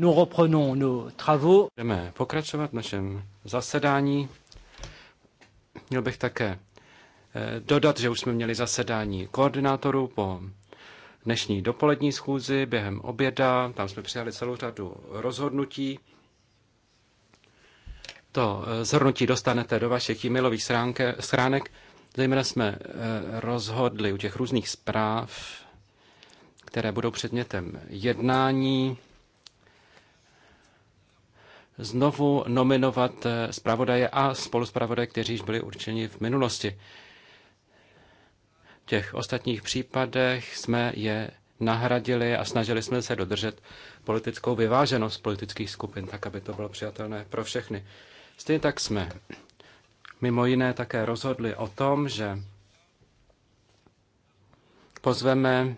Nous reprenons nos travaux. Budeme pokračovat v našem zasedání. Měl bych také eh, dodat, že už jsme měli zasedání koordinátorů po dnešní dopolední schůzi během oběda. Tam jsme přijali celou řadu rozhodnutí. To eh, zhrnutí dostanete do vašich e-mailových schránek. Zejména jsme eh, rozhodli u těch různých zpráv, které budou předmětem jednání znovu nominovat eh, zpravodaje a spoluzpravodaje, kteří již byli určeni v minulosti. V těch ostatních případech jsme je nahradili a snažili jsme se dodržet politickou vyváženost politických skupin, tak aby to bylo přijatelné pro všechny. Stejně tak jsme mimo jiné také rozhodli o tom, že pozveme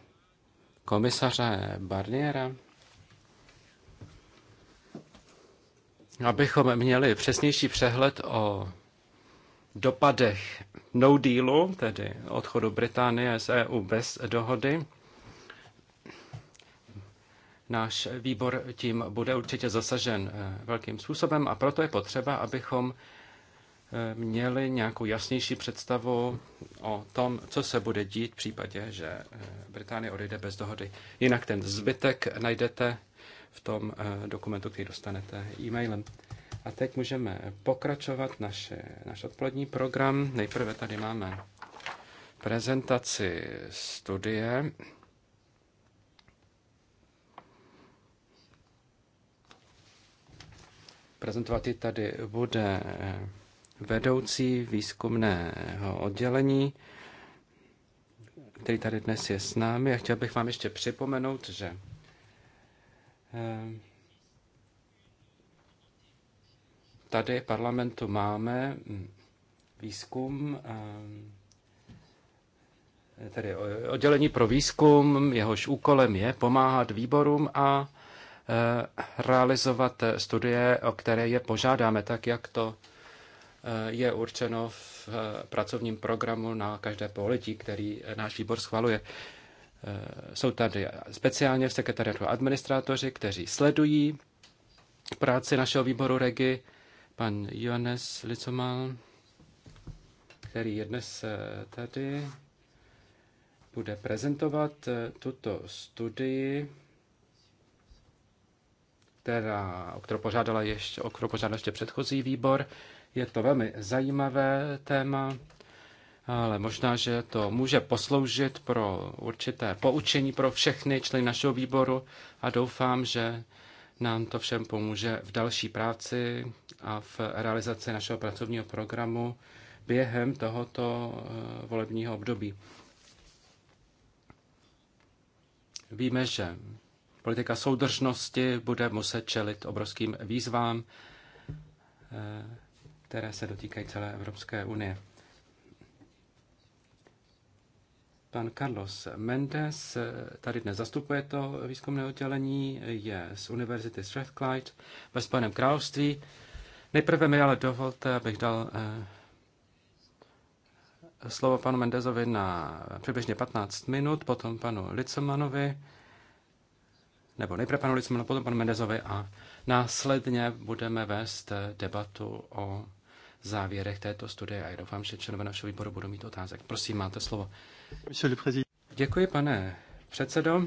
komisaře Barniera, abychom měli přesnější přehled o dopadech no dealu, tedy odchodu Británie z EU bez dohody. Náš výbor tím bude určitě zasažen eh, velkým způsobem a proto je potřeba, abychom eh, měli nějakou jasnější představu o tom, co se bude dít v případě, že eh, Británie odejde bez dohody. Jinak ten zbytek najdete v tom eh, dokumentu, který dostanete e-mailem. A teď můžeme pokračovat naše, naš odpolední program. Nejprve tady máme prezentaci studie. Prezentovat ji tady bude eh, vedoucí výzkumného oddělení, který tady dnes je s námi. A chtěl bych vám ještě připomenout, že Eh, tady v parlamentu máme hm, výzkum, eh, tedy oddělení pro výzkum, jehož úkolem je pomáhat výborům a eh, realizovat studie, o které je požádáme, tak jak to je určeno v pracovním programu na každé pohledí, který náš výbor schvaluje. Eh, jsou tady speciálně v sekretariatu administrátoři, kteří sledují práci našeho výboru REGI, pan Johannes Licomal, který je dnes eh, tady, bude prezentovat eh, tuto studii, která, o kterou požádala ještě, o kterou požádal ještě předchozí výbor. Je to velmi zajímavé téma ale možná, že to může posloužit pro určité poučení pro všechny členy našeho výboru a doufám, že nám to všem pomůže v další práci a v realizaci našeho pracovního programu během tohoto eh, volebního období. Víme, že politika soudržnosti bude muset čelit obrovským výzvám, eh, které se dotýkají celé Evropské unie. Pan Carlos Mendes eh, tady dnes zastupuje to výzkumné oddělení, je z Univerzity Strathclyde ve Spojeném království. Nejprve mi ale dovolte, abych dal eh, slovo panu Mendezovi na přibližně 15 minut, potom panu Licomanovi, nebo nejprve panu Licomanovi, potom panu Mendezovi a následně budeme vést eh, debatu o závěrech této studie a já doufám, že členové našeho výboru budou mít otázek. Prosím, máte slovo. Děkuji, pane předsedo.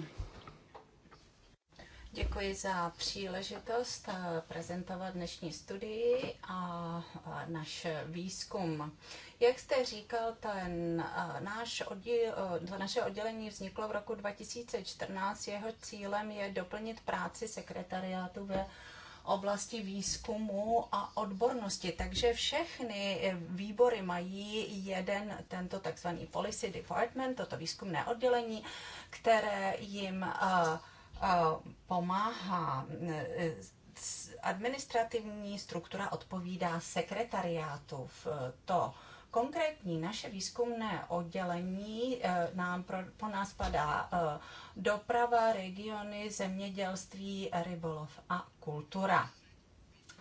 Děkuji za příležitost eh, prezentovat dnešní studii a náš výzkum. Jak jste říkal, ten eh, náš oddíl, eh, to naše oddělení vzniklo v roku 2014. Jeho cílem je doplnit práci sekretariátu ve oblasti výzkumu a odbornosti. Takže všechny výbory mají jeden tento takzvaný policy department, toto výzkumné oddělení, které jim eh, eh, pomáhá administrativní struktura odpovídá sekretariátu v to konkrétní naše výzkumné oddělení eh, nám pro, po nás padá eh, doprava, regiony, zemědělství, rybolov a kultura.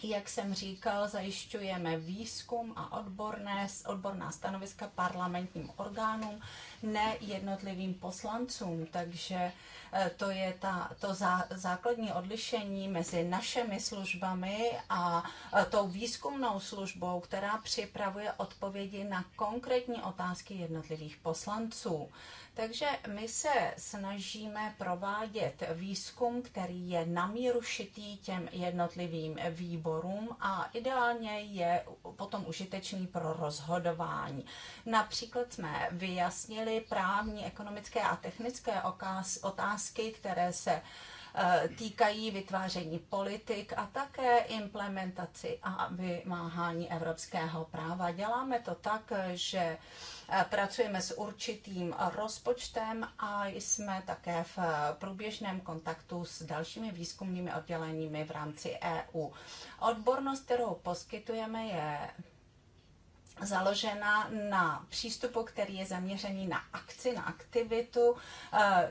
Jak jsem říkal, zajišťujeme výzkum a odborné, odborná stanoviska parlamentním orgánům, ne jednotlivým poslancům. Takže eh, to je ta, to zá, základní odlišení mezi našimi službami a eh, tou výzkumnou službou, která připravuje odpovědi na konkrétní otázky jednotlivých poslanců. Takže my se snažíme provádět výzkum, který je namíru šitý těm jednotlivým výborům a ideálně je potom užitečný pro rozhodování. Například jsme vyjasnili, řešili právní, ekonomické a technické otázky, které se eh, týkají vytváření politik a také implementaci a vymáhání evropského práva. Děláme to tak, že eh, pracujeme s určitým rozpočtem a jsme také v eh, průběžném kontaktu s dalšími výzkumnými odděleními v rámci EU. Odbornost, kterou poskytujeme, je založena na přístupu, který je zaměřený na akci, na aktivitu. Eh,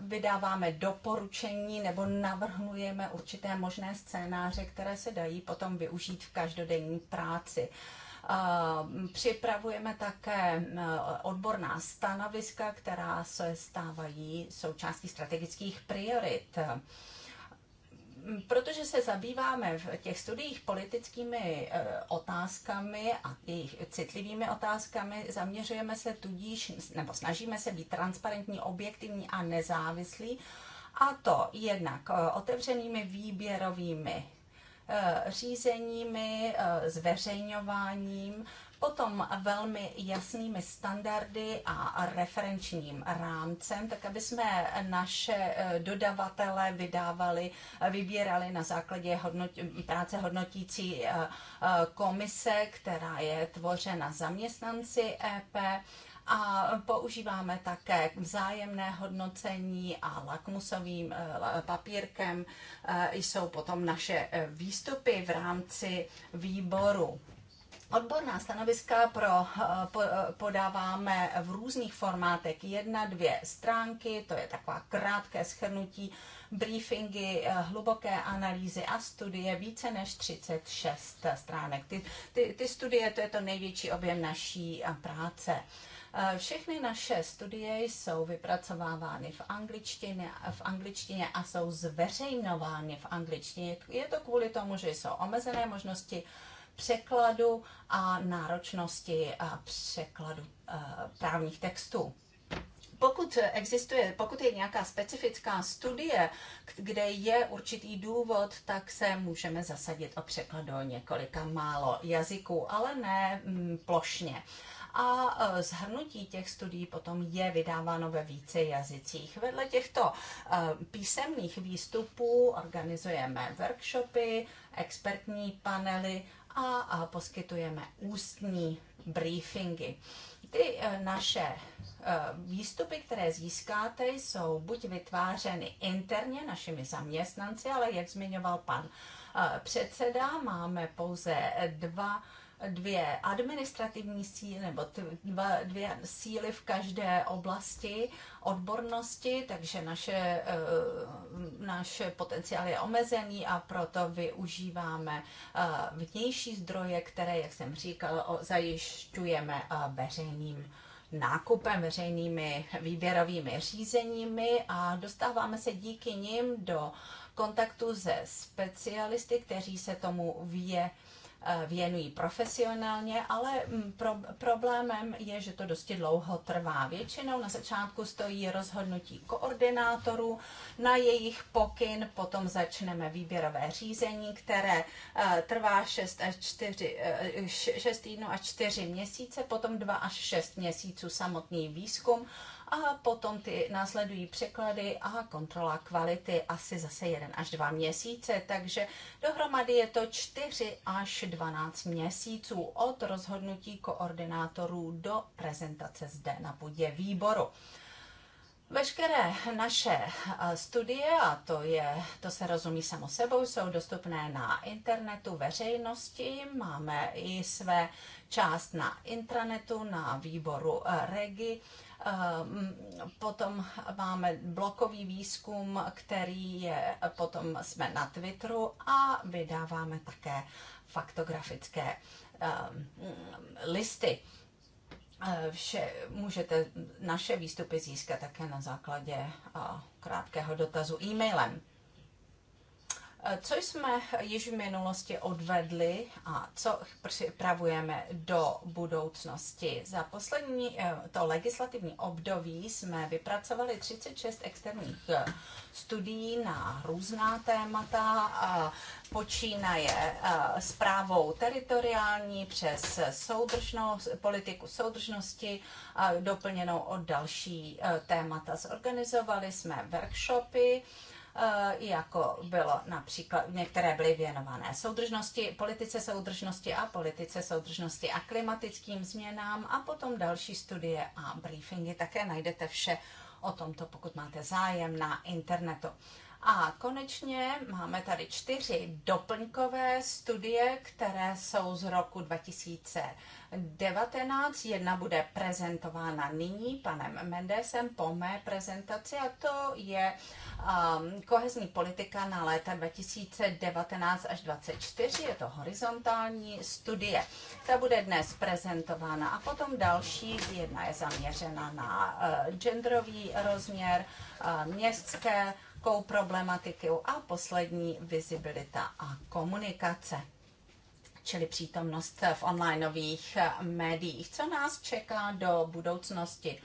vydáváme doporučení nebo navrhnujeme určité možné scénáře, které se dají potom využít v každodenní práci. Eh, připravujeme také eh, odborná stanoviska, která se stávají součástí strategických priorit protože se zabýváme v těch studiích politickými eh, otázkami a jejich citlivými otázkami, zaměřujeme se tudíž, nebo snažíme se být transparentní, objektivní a nezávislí, a to jednak eh, otevřenými výběrovými eh, řízeními, zveřejňováním potom velmi jasnými standardy a referenčním rámcem, tak aby jsme naše eh, dodavatele vydávali, eh, vybírali na základě hodnotí, práce hodnotící eh, komise, která je tvořena zaměstnanci EP a používáme také vzájemné hodnocení a lakmusovým papírkem jsou potom naše výstupy v rámci výboru. Odborná stanoviska pro, eh, po, eh, podáváme v různých formátech. Jedna, dvě stránky, to je taková krátké schrnutí, briefingy, eh, hluboké analýzy a studie, více než 36 stránek. Ty, ty, ty studie, to je to největší objem naší práce. Všechny naše studie jsou vypracovávány v angličtině, v angličtině a jsou zveřejňovány v angličtině. Je to kvůli tomu, že jsou omezené možnosti překladu a náročnosti překladu právních textů pokud existuje, pokud je nějaká specifická studie, kde je určitý důvod, tak se můžeme zasadit o překlad do několika málo jazyků, ale ne mm, plošně. A e, zhrnutí těch studií potom je vydáváno ve více jazycích. Vedle těchto e, písemných výstupů organizujeme workshopy, expertní panely a, poskytujeme ústní briefingy. Ty eh, naše eh, výstupy, které získáte, jsou buď vytvářeny interně našimi zaměstnanci, ale jak zmiňoval pan eh, předseda, máme pouze dva dvě administrativní síly nebo dva, dvě síly v každé oblasti odbornosti, takže naše, eh, náš potenciál je omezený a proto využíváme eh, vnější zdroje, které, jak jsem říkal, zajišťujeme eh, veřejným nákupem, veřejnými výběrovými řízeními a dostáváme se díky nim do kontaktu se specialisty, kteří se tomu věnují Eh, věnují profesionálně, ale mm, pro, problémem je, že to dosti dlouho trvá. Většinou na začátku stojí rozhodnutí koordinátorů, na jejich pokyn potom začneme výběrové řízení, které eh, trvá 6, až 4, 6 eh, týdnů až 4 měsíce, potom 2 až 6 měsíců samotný výzkum a potom ty následují překlady a kontrola kvality asi zase 1 až 2 měsíce, takže dohromady je to 4 až 12 měsíců od rozhodnutí koordinátorů do prezentace zde na půdě výboru. Veškeré naše eh, studie, a to, je, to se rozumí samo sebou, jsou dostupné na internetu veřejnosti. Máme i své část na intranetu, na výboru eh, Regi Ehm, potom máme blokový výzkum, který je, e, potom jsme na Twitteru a vydáváme také faktografické ehm, listy. E, vše, můžete naše výstupy získat také na základě krátkého dotazu e-mailem. Co jsme již v minulosti odvedli a co připravujeme do budoucnosti? Za poslední eh, to legislativní období jsme vypracovali 36 externích eh, studií na různá témata, počínaje eh, zprávou teritoriální přes soudržnost, politiku soudržnosti, doplněnou o další témata. Zorganizovali jsme workshopy, Eh, jako bylo například, některé byly věnované soudržnosti, politice soudržnosti a politice soudržnosti a klimatickým změnám a potom další studie a briefingy. Také najdete vše o tomto, pokud máte zájem na internetu. A konečně máme tady čtyři doplňkové studie, které jsou z roku 2019. Jedna bude prezentována nyní panem Mendesem po mé prezentaci a to je um, kohezní politika na léta 2019 až 2024. Je to horizontální studie. Ta bude dnes prezentována a potom další. Jedna je zaměřena na uh, genderový rozměr, uh, městské problematikou, problematikou a poslední vizibilita a komunikace čili přítomnost v onlineových médiích. Co nás čeká do budoucnosti?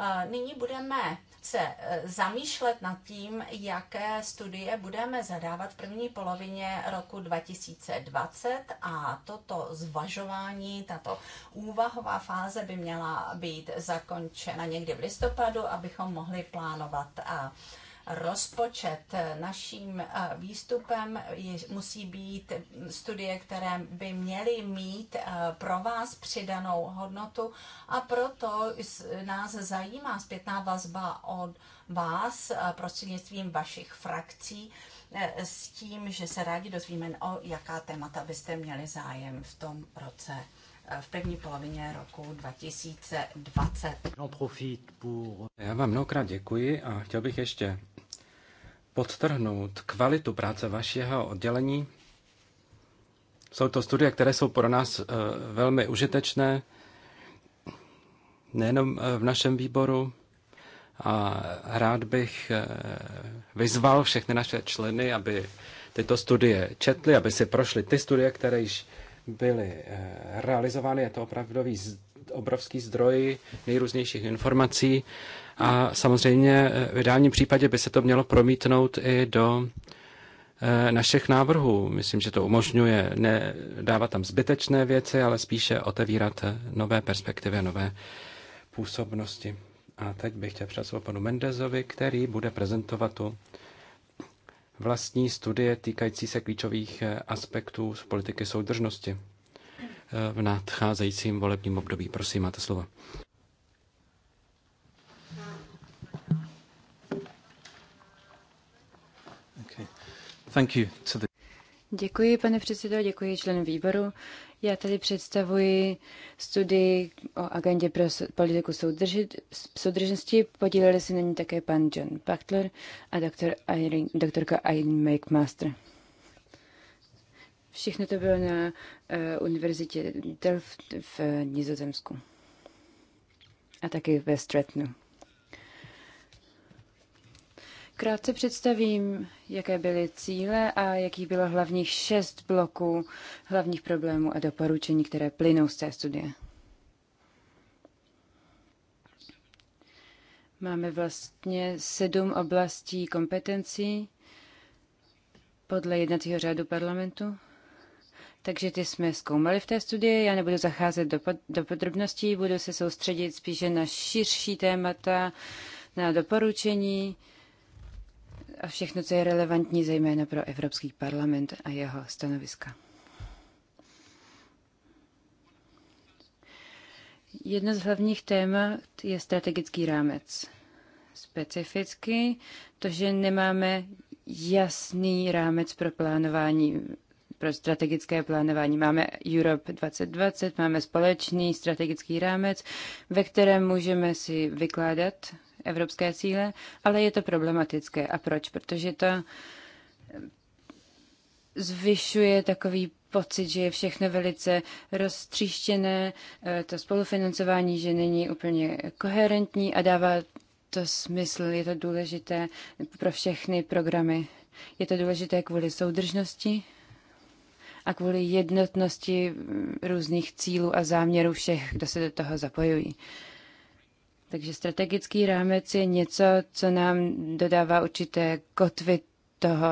Eh, nyní budeme se eh, zamýšlet nad tím, jaké studie budeme zadávat v první polovině roku 2020 a toto zvažování, tato úvahová fáze by měla být zakončena někdy v listopadu, abychom mohli plánovat eh, rozpočet. Naším eh, výstupem musí být studie, které by měly mít eh, pro vás přidanou hodnotu a proto nás zajímá zpětná vazba od vás eh, prostřednictvím vašich frakcí s tím, že se rádi dozvíme, o jaká témata byste měli zájem v tom roce v první polovině roku 2020. Já vám mnohokrát děkuji a chtěl bych ještě podtrhnout kvalitu práce vašeho oddělení. Jsou to studie, které jsou pro nás eh, velmi užitečné, nejenom eh, v našem výboru. A rád bych eh, vyzval všechny naše členy, aby tyto studie četli, aby si prošli ty studie, které již byly realizovány. Je to opravdový obrovský zdroj nejrůznějších informací a samozřejmě eh, v ideálním případě by se to mělo promítnout i do eh, našich návrhů. Myslím, že to umožňuje ne dávat tam zbytečné věci, ale spíše otevírat eh, nové perspektivy, nové působnosti. A teď bych chtěl předat panu Mendezovi, který bude prezentovat tu vlastní studie týkající se klíčových aspektů z politiky soudržnosti v nadcházejícím volebním období. Prosím, máte slovo. Děkuji, pane předsedo, děkuji členům výboru. Já tady představuji studii o agendě pro politiku soudržnosti. Podíleli se na ní také pan John Butler a doktor Irene, doktorka Irene McMaster. Všechno to bylo na uh, univerzitě Delft v eh, Nizozemsku a taky ve Stratnu. Krátce představím, jaké byly cíle a jakých bylo hlavních šest bloků hlavních problémů a doporučení, které plynou z té studie. Máme vlastně sedm oblastí kompetencí podle jednacího řádu parlamentu. Takže ty jsme zkoumali v té studii. Já nebudu zacházet do, pod, do podrobností, budu se soustředit spíše na širší témata, na doporučení, a všechno, co je relevantní, zejména pro Evropský parlament a jeho stanoviska. Jedno z hlavních témat je strategický rámec. Specificky to, že nemáme jasný rámec pro plánování, pro strategické plánování. Máme Europe 2020, máme společný strategický rámec, ve kterém můžeme si vykládat evropské cíle, ale je to problematické. A proč? Protože to zvyšuje takový pocit, že je všechno velice roztříštěné, eh, to spolufinancování, že není úplně koherentní a dává to smysl, je to důležité pro všechny programy. Je to důležité kvůli soudržnosti a kvůli jednotnosti mm, různých cílů a záměrů všech, kdo se do toho zapojují. Takže strategický rámec je něco, co nám dodává určité kotvy toho,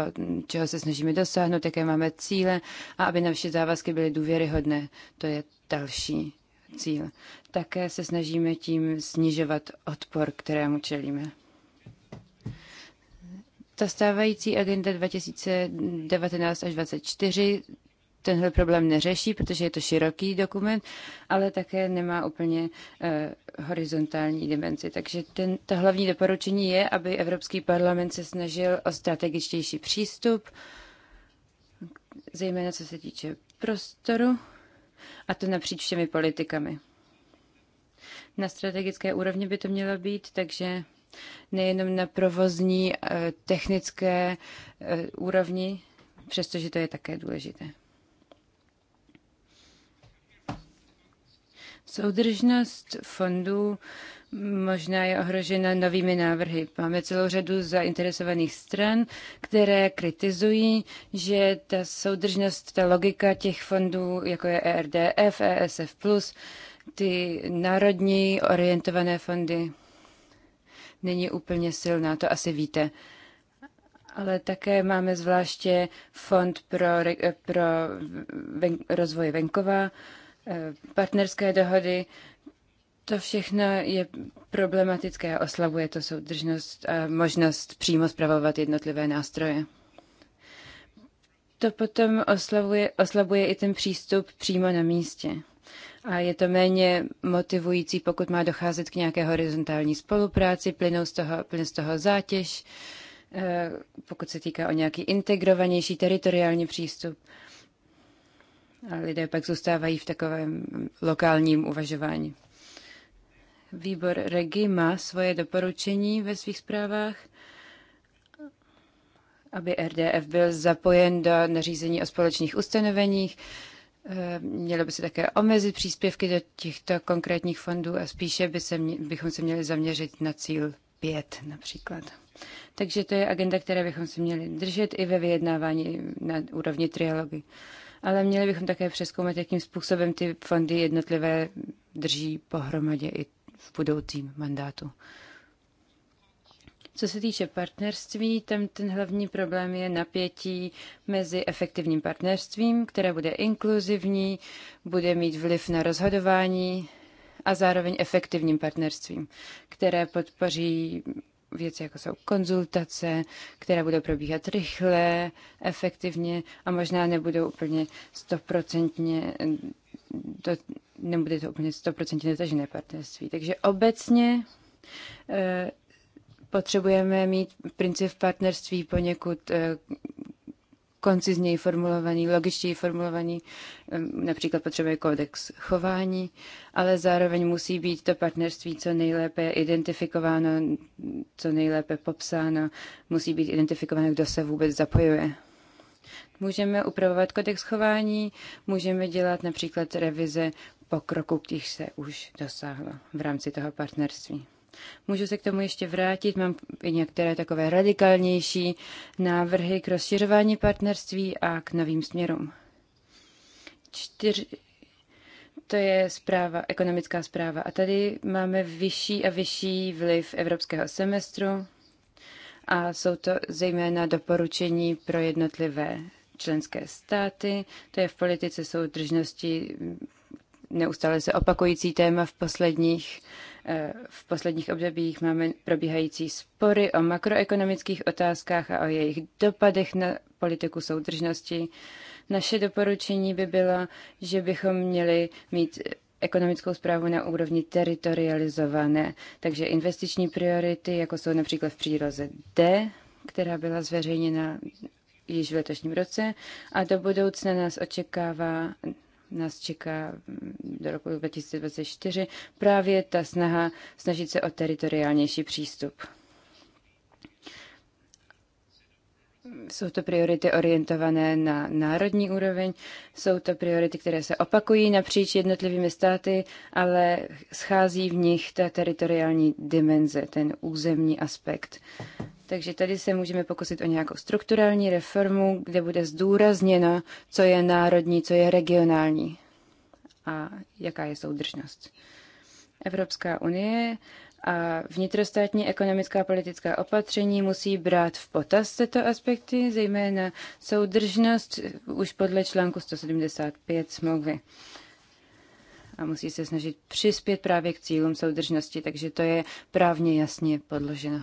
čeho se snažíme dosáhnout, jaké máme cíle a aby naše závazky byly důvěryhodné. To je další cíl. Také se snažíme tím snižovat odpor, kterému čelíme. Ta stávající agenda 2019 až 2024 tenhle problém neřeší, protože je to široký dokument, ale také nemá úplně uh, horizontální dimenzi. Takže ten, ta hlavní doporučení je, aby Evropský parlament se snažil o strategičtější přístup, zejména co se týče prostoru, a to napříč všemi politikami. Na strategické úrovni by to mělo být, takže nejenom na provozní, eh, technické eh, úrovni, přestože to je také důležité. Soudržnost fondů možná je ohrožena novými návrhy. Máme celou řadu zainteresovaných stran, které kritizují, že ta soudržnost, ta logika těch fondů, jako je ERDF, ESF+, ty národní orientované fondy, není úplně silná, to asi víte. Ale také máme zvláště fond pro, pro ven, rozvoj venkova, Eh, partnerské dohody, to všechno je problematické a oslabuje to soudržnost a možnost přímo zpravovat jednotlivé nástroje. To potom oslavuje, oslabuje i ten přístup přímo na místě. A je to méně motivující, pokud má docházet k nějaké horizontální spolupráci, plynou z toho, plyn z toho zátěž, eh, pokud se týká o nějaký integrovanější teritoriální přístup. A lidé pak zůstávají v takovém lokálním uvažování. Výbor Regi má svoje doporučení ve svých zprávách, aby RDF byl zapojen do nařízení o společných ustanoveních. Eh, mělo by se také omezit příspěvky do těchto konkrétních fondů a spíše by se, bychom se měli zaměřit na cíl 5 například. Takže to je agenda, které bychom si měli držet i ve vyjednávání na úrovni trialogy ale měli bychom také přeskoumat, jakým způsobem ty fondy jednotlivé drží pohromadě i v budoucím mandátu. Co se týče partnerství, tam ten hlavní problém je napětí mezi efektivním partnerstvím, které bude inkluzivní, bude mít vliv na rozhodování a zároveň efektivním partnerstvím, které podpoří věci, jako jsou konzultace, které budou probíhat rychle, efektivně a možná nebudou úplně stoprocentně do, nebude to úplně stoprocentně dotažené partnerství. Takže obecně e, potřebujeme mít princip partnerství poněkud e, koncizněji formulovaný, logičtěji formulovaný, například potřebuje kodex chování, ale zároveň musí být to partnerství co nejlépe identifikováno, co nejlépe popsáno, musí být identifikováno, kdo se vůbec zapojuje. Můžeme upravovat kodex chování, můžeme dělat například revize pokroku, když se už dosáhlo v rámci toho partnerství. Můžu se k tomu ještě vrátit, mám i některé takové radikálnější návrhy k rozšiřování partnerství a k novým směrům. Čtyř... To je zpráva, ekonomická zpráva. A tady máme vyšší a vyšší vliv evropského semestru a jsou to zejména doporučení pro jednotlivé členské státy. To je v politice soudržnosti neustále se opakující téma v posledních eh, v posledních obdobích máme probíhající spory o makroekonomických otázkách a o jejich dopadech na politiku soudržnosti. Naše doporučení by bylo, že bychom měli mít ekonomickou zprávu na úrovni teritorializované. Takže investiční priority, jako jsou například v příroze D, která byla zveřejněna již v letošním roce, a do budoucna nás očekává nás čeká mm, do roku 2024 právě ta snaha snažit se o teritoriálnější přístup. Jsou to priority orientované na národní úroveň, jsou to priority, které se opakují napříč jednotlivými státy, ale schází v nich ta teritoriální dimenze, ten územní aspekt. Takže tady se můžeme pokusit o nějakou strukturální reformu, kde bude zdůrazněno, co je národní, co je regionální a jaká je soudržnost. Evropská unie a vnitrostátní ekonomická a politická opatření musí brát v potaz tyto aspekty, zejména soudržnost už podle článku 175 smlouvy. A musí se snažit přispět právě k cílům soudržnosti, takže to je právně jasně podloženo.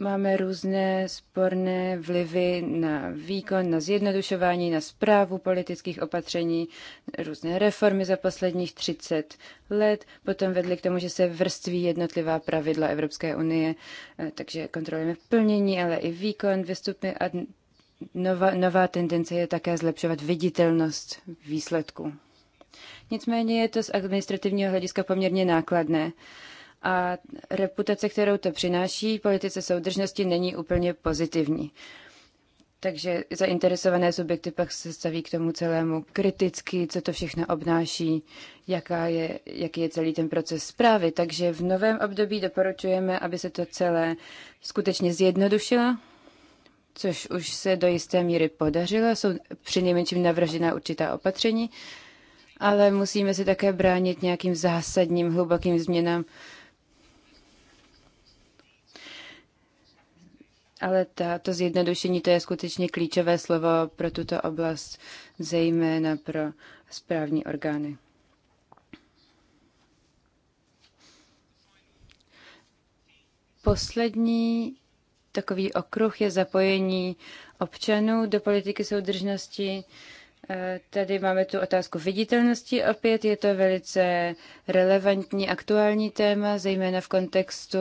Máme různé sporné vlivy na výkon, na zjednodušování, na zprávu politických opatření, různé reformy za posledních 30 let. Potom vedly k tomu, že se vrství jednotlivá pravidla Evropské unie, eh, takže kontrolujeme plnění, ale i výkon, vystupy a nová, nová tendence je také zlepšovat viditelnost výsledků. Nicméně je to z administrativního hlediska poměrně nákladné a reputace, kterou to přináší politice soudržnosti, není úplně pozitivní. Takže zainteresované subjekty pak se staví k tomu celému kriticky, co to všechno obnáší, jaká je, jaký je celý ten proces zprávy. Takže v novém období doporučujeme, aby se to celé skutečně zjednodušilo, což už se do jisté míry podařilo. Jsou nejmenším navržená určitá opatření, ale musíme se také bránit nějakým zásadním, hlubokým změnám Ale ta, to zjednodušení, to je skutečně klíčové slovo pro tuto oblast, zejména pro správní orgány. Poslední takový okruh je zapojení občanů do politiky soudržnosti. Tady máme tu otázku viditelnosti. Opět je to velice relevantní, aktuální téma, zejména v kontextu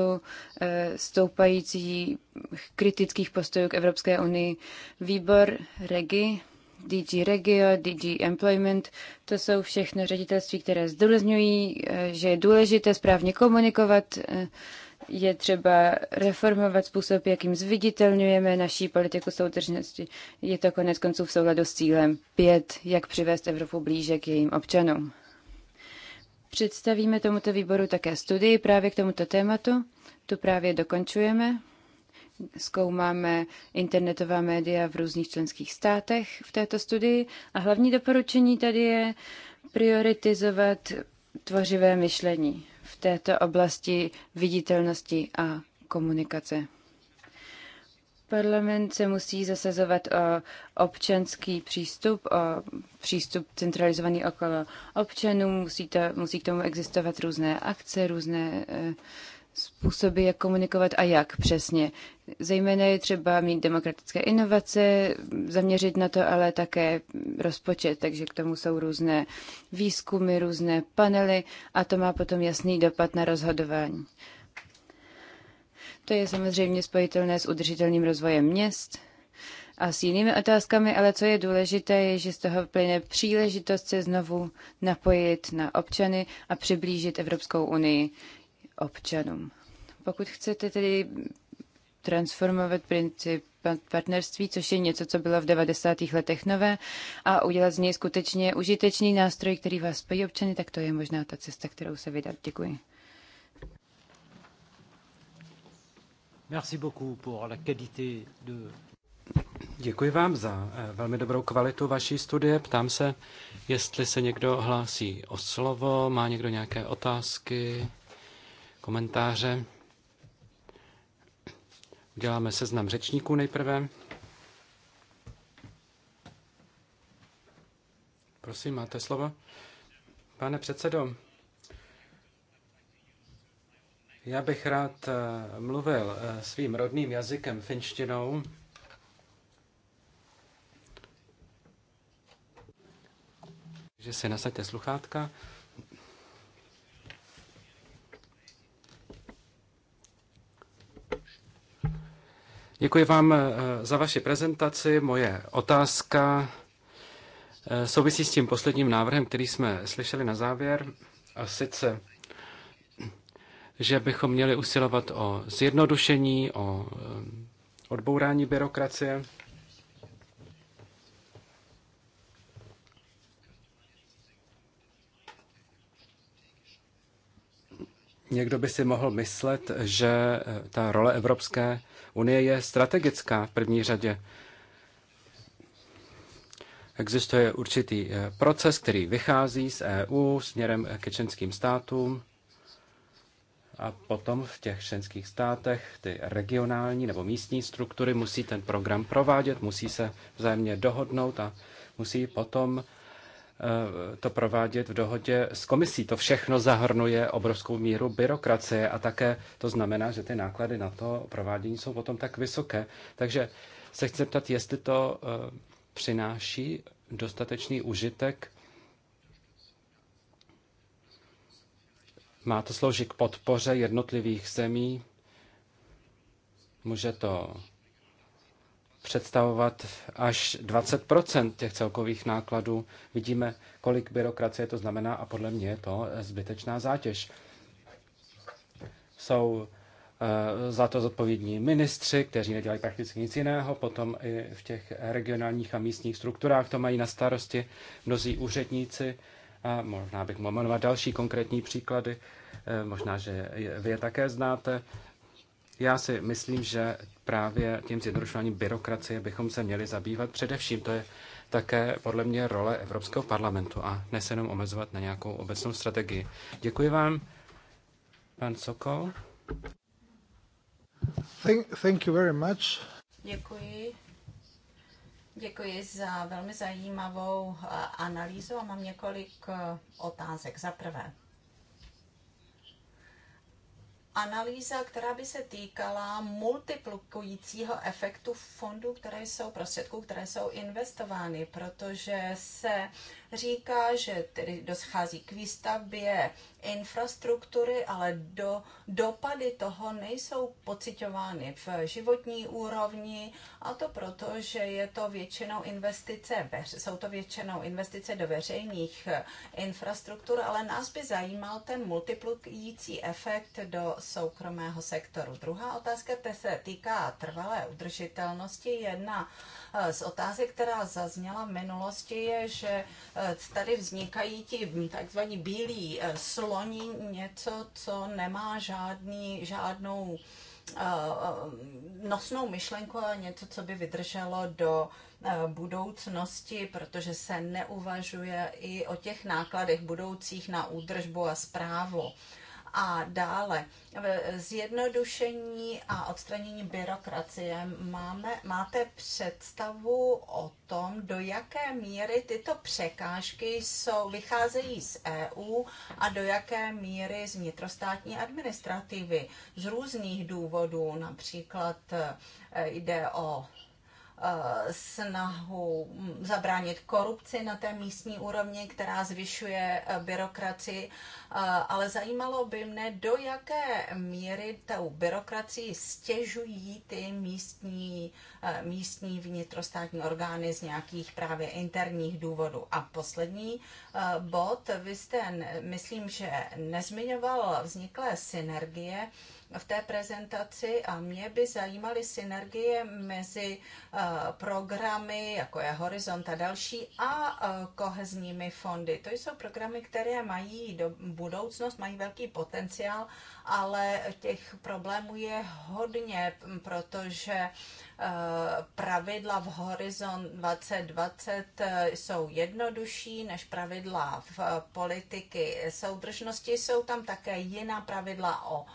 eh, stoupajících kritických postojů k Evropské unii. Výbor REGI, DG Regio, DG Employment, to jsou všechno ředitelství, které zdůrazňují, eh, že je důležité správně komunikovat eh, je třeba reformovat způsob, jakým zviditelňujeme naší politiku soudržnosti. Je to konec konců v souladu s cílem 5, jak přivést Evropu blíže k jejím občanům. Představíme tomuto výboru také studii právě k tomuto tématu. Tu právě dokončujeme. Zkoumáme internetová média v různých členských státech v této studii a hlavní doporučení tady je prioritizovat tvořivé myšlení v této oblasti viditelnosti a komunikace. Parlament se musí zasazovat o občanský přístup, o přístup centralizovaný okolo občanů. Musí, to, musí k tomu existovat různé akce, různé eh, způsoby, jak komunikovat a jak přesně. Zejména je třeba mít demokratické inovace, zaměřit na to ale také rozpočet, takže k tomu jsou různé výzkumy, různé panely a to má potom jasný dopad na rozhodování. To je samozřejmě spojitelné s udržitelným rozvojem měst a s jinými otázkami, ale co je důležité, je, že z toho plyne příležitost se znovu napojit na občany a přiblížit Evropskou unii občanům. Pokud chcete tedy transformovat princip partnerství, což je něco, co bylo v 90. letech nové, a udělat z něj skutečně užitečný nástroj, který vás spojí občany, tak to je možná ta cesta, kterou se vydat. Děkuji. Merci beaucoup pour la qualité de... Děkuji vám za eh, velmi dobrou kvalitu vaší studie. Ptám se, jestli se někdo hlásí o slovo, má někdo nějaké otázky komentáře. Uděláme seznam řečníků nejprve. Prosím, máte slovo. Pane předsedo, já bych rád eh, mluvil eh, svým rodným jazykem finštinou. Takže si nasaďte sluchátka. Děkuji vám eh, za vaši prezentaci. Moje otázka eh, souvisí s tím posledním návrhem, který jsme slyšeli na závěr, a sice, že bychom měli usilovat o zjednodušení, o eh, odbourání byrokracie. Někdo by si mohl myslet, že ta role Evropské Unie je strategická v první řadě. Existuje určitý eh, proces, který vychází z EU směrem eh, ke členským státům a potom v těch členských státech ty regionální nebo místní struktury musí ten program provádět, musí se vzájemně dohodnout a musí potom Eh, to provádět v dohodě s komisí. To všechno zahrnuje obrovskou míru byrokracie a také to znamená, že ty náklady na to provádění jsou potom tak vysoké. Takže se chci ptat, jestli to eh, přináší dostatečný užitek. Má to sloužit k podpoře jednotlivých zemí? Může to představovat až 20 těch celkových nákladů. Vidíme, kolik byrokracie to znamená a podle mě je to eh, zbytečná zátěž. Jsou eh, za to zodpovědní ministři, kteří nedělají prakticky nic jiného, potom i v těch regionálních a místních strukturách to mají na starosti mnozí úředníci a možná bych mohl jmenovat další konkrétní příklady, eh, možná, že vy je také znáte. Já si myslím, že právě tím zjednodušováním byrokracie bychom se měli zabývat. Především to je také podle mě role Evropského parlamentu a ne se jenom omezovat na nějakou obecnou strategii. Děkuji vám, pan Sokol. Thank, thank you very much. Děkuji. Děkuji za velmi zajímavou eh, analýzu a mám několik eh, otázek. Za prvé, analýza, která by se týkala multiplikujícího efektu fondů, které jsou prostředků, které jsou investovány, protože se říká, že tedy doschází k výstavbě infrastruktury, ale do, dopady toho nejsou pocitovány v životní úrovni a to proto, že je to většinou investice, jsou to většinou investice do veřejných eh, infrastruktur, ale nás by zajímal ten multiplikující efekt do soukromého sektoru. Druhá otázka ta se týká trvalé udržitelnosti. Jedna z otázek, která zazněla v minulosti, je, že eh, tady vznikají ti takzvaní bílí eh, sloni, něco, co nemá žádný, žádnou eh, nosnou myšlenku a něco, co by vydrželo do budoucnosti, protože se neuvažuje i o těch nákladech budoucích na údržbu a zprávu. A dále zjednodušení a odstranění byrokracie. Máme, máte představu o tom, do jaké míry tyto překážky jsou, vycházejí z EU a do jaké míry z vnitrostátní administrativy z různých důvodů, například eh, jde o snahu zabránit korupci na té místní úrovni, která zvyšuje eh, byrokracii, eh, ale zajímalo by mne, do jaké míry tou byrokracii stěžují ty místní, eh, místní vnitrostátní orgány z nějakých právě interních důvodů. A poslední bod, vy jste, myslím, že nezmiňoval vzniklé synergie v té prezentaci a mě by zajímaly synergie mezi eh, programy, jako je Horizont a další, a eh, kohezními fondy. To jsou programy, které mají do budoucnost, mají velký potenciál ale těch problémů je hodně, protože eh, pravidla v Horizon 2020 eh, jsou jednodušší než pravidla v eh, politiky soudržnosti. Jsou tam také jiná pravidla o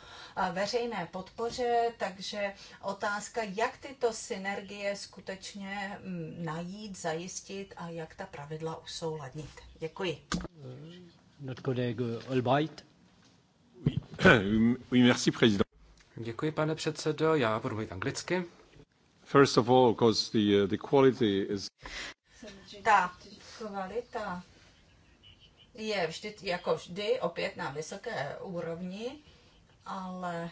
veřejné podpoře, takže otázka, jak tyto synergie skutečně mm, najít, zajistit a jak ta pravidla usouladnit. Děkuji. Notre kolega Albright. Děkuji, pane předsedo. Já budu mluvit anglicky. First of all, because the, uh, the quality is... Ta kvalita je vždy, jako vždy, opět na vysoké úrovni, ale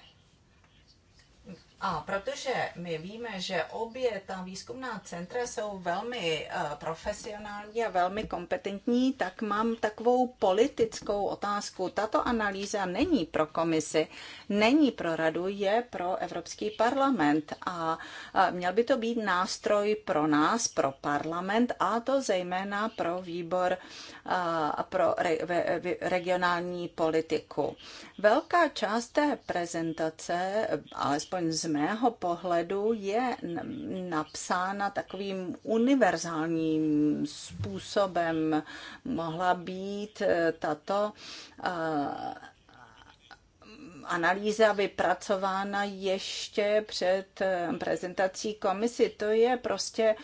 a protože my víme, že obě ta výzkumná centra jsou velmi eh, profesionální a velmi kompetentní, tak mám takovou politickou otázku. Tato analýza není pro komisi, není pro radu, je pro Evropský parlament a eh, měl by to být nástroj pro nás, pro parlament a to zejména pro výbor eh, pro regionální politiku. Velká část té prezentace, alespoň z z mého pohledu je napsána takovým univerzálním způsobem. Mohla být eh, tato eh, analýza vypracována ještě před eh, prezentací komisi. To je prostě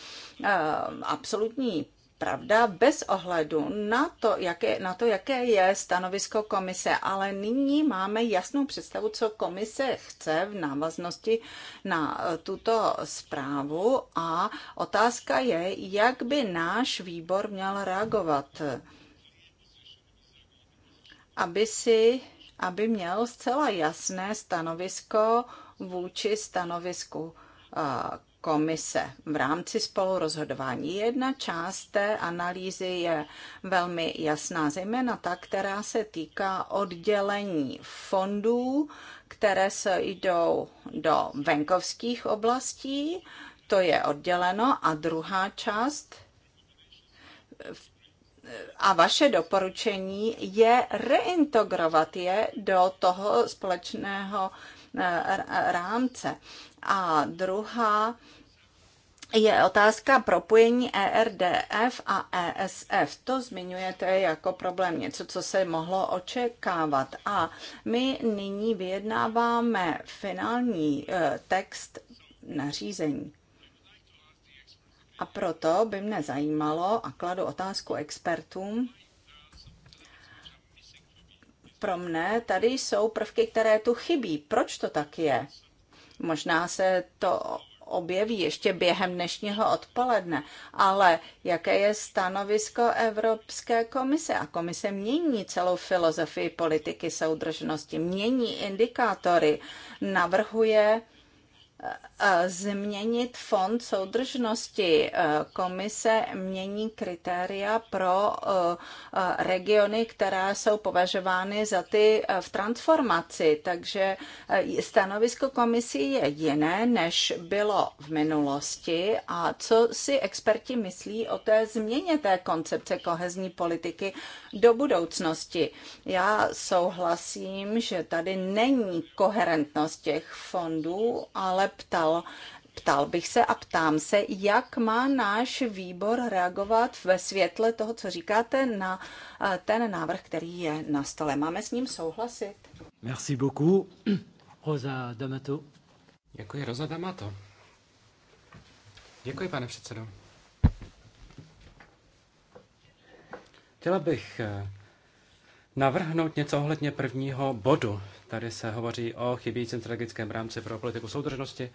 absolutní pravda bez ohledu na to, jaké, na to, jaké je stanovisko komise, ale nyní máme jasnou představu, co komise chce v návaznosti na eh, tuto zprávu a otázka je, jak by náš výbor měl reagovat, aby si aby měl zcela jasné stanovisko vůči stanovisku eh, komise v rámci spolurozhodování. Jedna část té analýzy je velmi jasná, zejména ta, která se týká oddělení fondů, které se jdou do venkovských oblastí, to je odděleno, a druhá část a vaše doporučení je reintegrovat je do toho společného eh, eh, rámce. A druhá je otázka propojení ERDF a ESF. To zmiňujete jako problém, něco, co se mohlo očekávat. A my nyní vyjednáváme finální e, text nařízení. A proto by mne zajímalo, a kladu otázku expertům, pro mne tady jsou prvky, které tu chybí. Proč to tak je? Možná se to objeví ještě během dnešního odpoledne, ale jaké je stanovisko Evropské komise? A komise mění celou filozofii politiky soudržnosti, mění indikátory, navrhuje změnit fond soudržnosti. E, komise mění kritéria pro e, e, regiony, které jsou považovány za ty v transformaci, takže stanovisko komisí je jiné, než bylo v minulosti. A co si experti myslí o té změně té koncepce kohezní politiky do budoucnosti? Já souhlasím, že tady není koherentnost těch fondů, ale ptal. Ptal bych se a ptám se, jak má náš výbor reagovat ve světle toho, co říkáte, na eh, ten návrh, který je na stole. Máme s ním souhlasit. Merci beaucoup, Rosa D'Amato. Děkuji, Rosa D'Amato. Děkuji, pane předsedo. Chtěla bych eh, navrhnout něco ohledně prvního bodu. Tady se hovoří o chybějícím strategickém rámci pro politiku soudržnosti.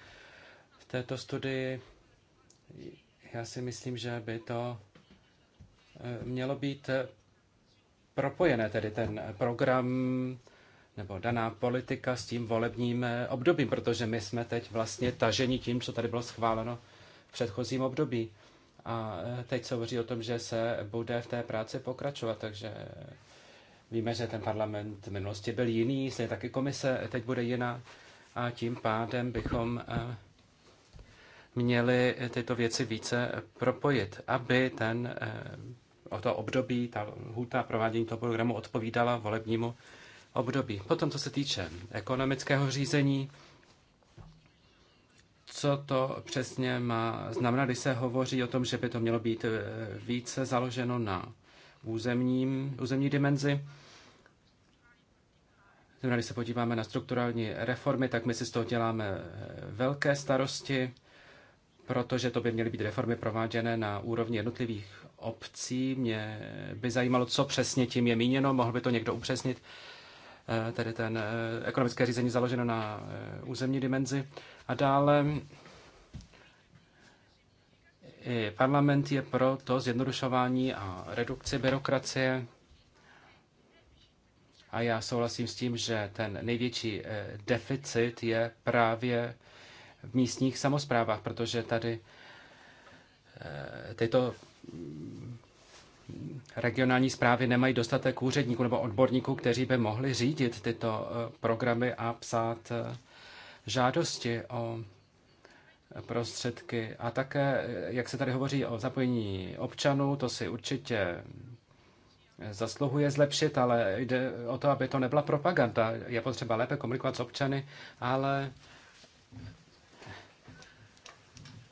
V této studii já si myslím, že by to eh, mělo být eh, propojené, tedy ten program nebo daná politika s tím volebním eh, obdobím, protože my jsme teď vlastně taženi tím, co tady bylo schváleno v předchozím období. A teď se hovoří o tom, že se bude v té práci pokračovat, takže Víme, že ten parlament v minulosti byl jiný, stejně taky komise teď bude jiná a tím pádem bychom eh, měli tyto věci více propojit, aby ten, eh, o to období, ta hůta provádění toho programu odpovídala volebnímu období. Potom, co se týče ekonomického řízení, co to přesně má znamenat, když se hovoří o tom, že by to mělo být eh, více založeno na územním, územní dimenzi. když se podíváme na strukturální reformy, tak my si z toho děláme eh, velké starosti, protože to by měly být reformy prováděné na úrovni jednotlivých obcí. Mě by zajímalo, co přesně tím je míněno, mohl by to někdo upřesnit, eh, tedy ten eh, ekonomické řízení založeno na územní dimenzi. A dále i parlament je pro to zjednodušování a redukci byrokracie. A já souhlasím s tím, že ten největší eh, deficit je právě v místních samozprávách, protože tady eh, tyto mm, regionální zprávy nemají dostatek úředníků nebo odborníků, kteří by mohli řídit tyto eh, programy a psát žádosti o prostředky. A také, jak se tady hovoří o zapojení občanů, to si určitě zasluhuje zlepšit, ale jde o to, aby to nebyla propaganda. Je potřeba lépe komunikovat s občany, ale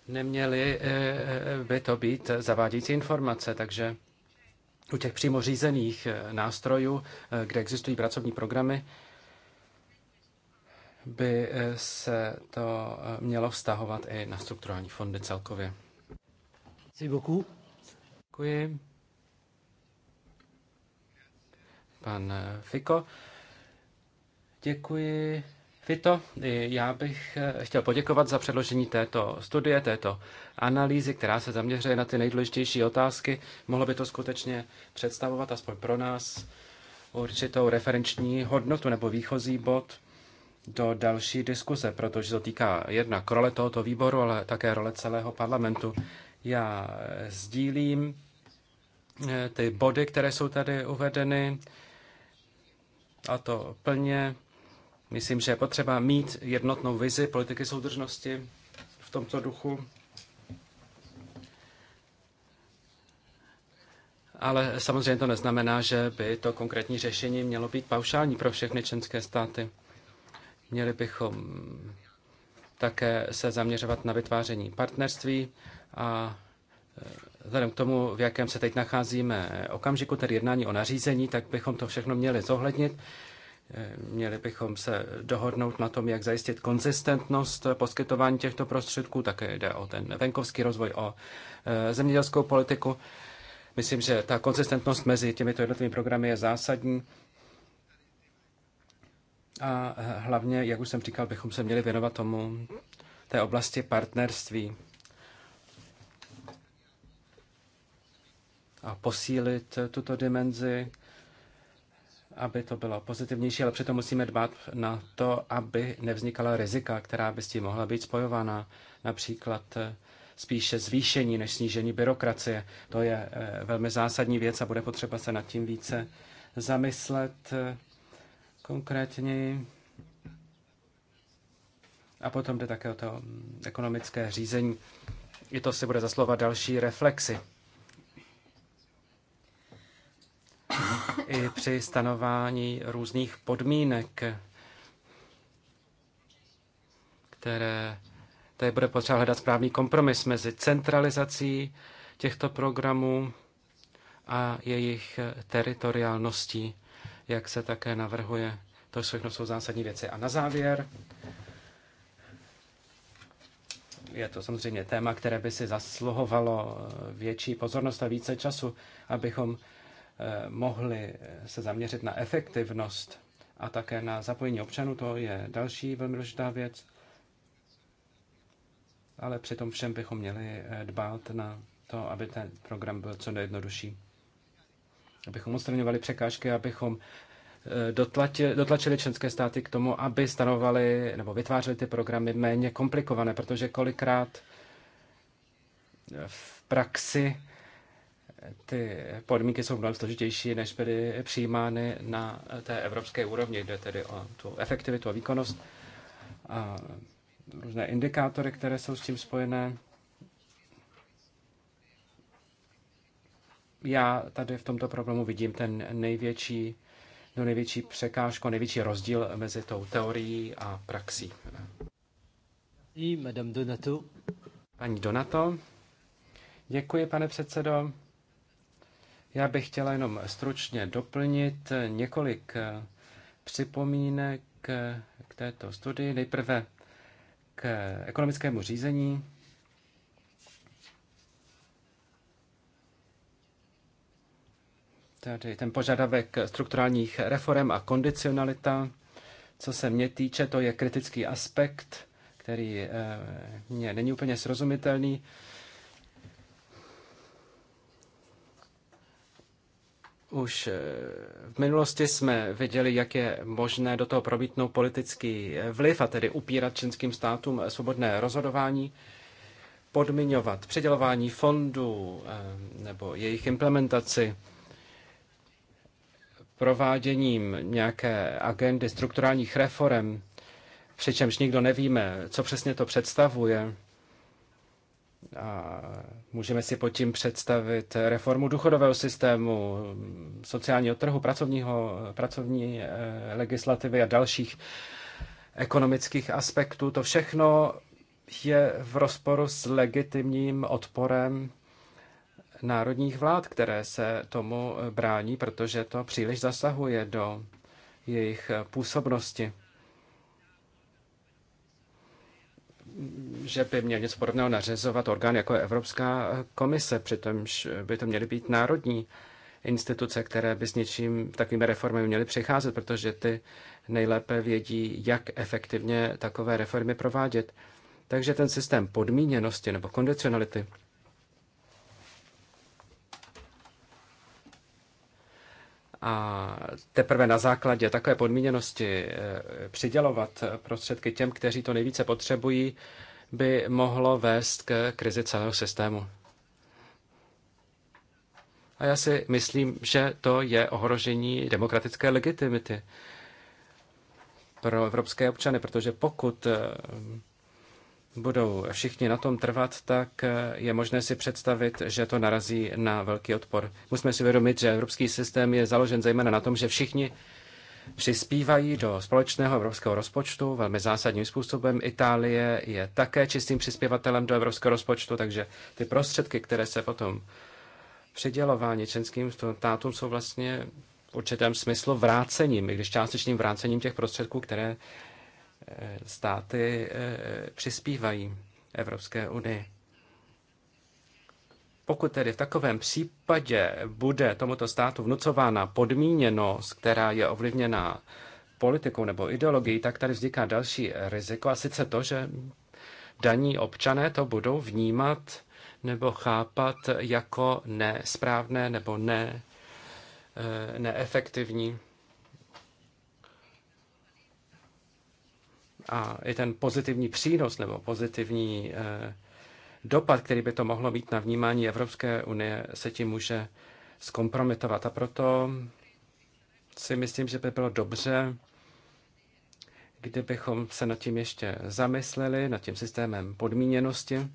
neměly eh, eh, by to být zavádějící informace, takže u těch přímo řízených eh, nástrojů, kde existují pracovní programy, by eh, se to eh, mělo vztahovat i na strukturální fondy celkově. Děkuji. Pan eh, Fiko. Děkuji. Fito, já bych chtěl poděkovat za předložení této studie, této analýzy, která se zaměřuje na ty nejdůležitější otázky. Mohlo by to skutečně představovat, aspoň pro nás, určitou referenční hodnotu nebo výchozí bod do další diskuze, protože to týká jedna role tohoto výboru, ale také role celého parlamentu. Já sdílím eh, ty body, které jsou tady uvedeny, a to plně. Myslím, že je potřeba mít jednotnou vizi politiky soudržnosti v tomto duchu. Ale samozřejmě to neznamená, že by to konkrétní řešení mělo být paušální pro všechny členské státy. Měli bychom také se zaměřovat na vytváření partnerství a e, vzhledem k tomu, v jakém se teď nacházíme okamžiku, tedy jednání o nařízení, tak bychom to všechno měli zohlednit. E, měli bychom se dohodnout na tom, jak zajistit konzistentnost poskytování těchto prostředků, také jde o ten venkovský rozvoj, o e, zemědělskou politiku. Myslím, že ta konzistentnost mezi těmito jednotlivými programy je zásadní a eh, hlavně, jak už jsem říkal, bychom se měli věnovat tomu té oblasti partnerství a posílit tuto dimenzi, aby to bylo pozitivnější, ale přitom musíme dbát na to, aby nevznikala rizika, která by s tím mohla být spojována. Například eh, spíše zvýšení než snížení byrokracie. To je eh, velmi zásadní věc a bude potřeba se nad tím více zamyslet. Konkrétně A potom jde také o to ekonomické řízení. I to si bude zaslovat další reflexy. I při stanování různých podmínek, které tady bude potřeba hledat správný kompromis mezi centralizací těchto programů a jejich teritoriálností jak se také navrhuje. To všechno jsou zásadní věci. A na závěr je to samozřejmě téma, které by si zasluhovalo větší pozornost a více času, abychom eh, mohli se zaměřit na efektivnost a také na zapojení občanů. To je další velmi důležitá věc. Ale přitom všem bychom měli eh, dbát na to, aby ten program byl co nejjednodušší abychom odstraňovali překážky, abychom eh, dotlačili, dotlačili členské státy k tomu, aby stanovali nebo vytvářeli ty programy méně komplikované, protože kolikrát eh, v praxi eh, ty podmínky jsou mnohem složitější, než byly přijímány na té evropské úrovni. Jde tedy o tu efektivitu a výkonnost a různé indikátory, které jsou s tím spojené. já tady v tomto problému vidím ten největší, no největší překážko, největší rozdíl mezi tou teorií a praxí. I Madame Donato. Paní Donato, děkuji, pane předsedo. Já bych chtěla jenom stručně doplnit několik připomínek k této studii. Nejprve k ekonomickému řízení. tedy ten požadavek strukturálních reform a kondicionalita, co se mě týče, to je kritický aspekt, který eh, mě není úplně srozumitelný. Už eh, v minulosti jsme viděli, jak je možné do toho probítnout politický eh, vliv a tedy upírat členským státům svobodné rozhodování, podmiňovat přidělování fondů nebo jejich implementaci prováděním nějaké agendy strukturálních reform, přičemž nikdo nevíme, co přesně to představuje. A můžeme si pod tím představit reformu důchodového systému, sociálního trhu, pracovního, pracovní eh, legislativy a dalších ekonomických aspektů. To všechno je v rozporu s legitimním odporem národních vlád, které se tomu brání, protože to příliš zasahuje do jejich působnosti. Že by měl něco podobného nařizovat orgán jako Evropská komise, přitomž by to měly být národní instituce, které by s něčím takovými reformami měly přicházet, protože ty nejlépe vědí, jak efektivně takové reformy provádět. Takže ten systém podmíněnosti nebo kondicionality a teprve na základě takové podmíněnosti eh, přidělovat prostředky těm, kteří to nejvíce potřebují, by mohlo vést k krizi celého systému. A já si myslím, že to je ohrožení demokratické legitimity pro evropské občany, protože pokud eh, budou všichni na tom trvat, tak je možné si představit, že to narazí na velký odpor. Musíme si uvědomit, že evropský systém je založen zejména na tom, že všichni přispívají do společného evropského rozpočtu velmi zásadním způsobem. Itálie je také čistým přispěvatelem do evropského rozpočtu, takže ty prostředky, které se potom přidělování členským státům jsou vlastně v určitém smyslu vrácením, i když částečným vrácením těch prostředků, které Eh, státy eh, přispívají Evropské unii. Pokud tedy v takovém případě bude tomuto státu vnucována podmíněnost, která je ovlivněna politikou nebo ideologií, tak tady vzniká další riziko, a sice to, že daní občané to budou vnímat nebo chápat jako nesprávné nebo ne, eh, neefektivní. a i ten pozitivní přínos nebo pozitivní eh, dopad, který by to mohlo mít na vnímání Evropské unie, se tím může zkompromitovat. A proto si myslím, že by bylo dobře, kdybychom se nad tím ještě zamysleli, nad tím systémem podmíněnosti.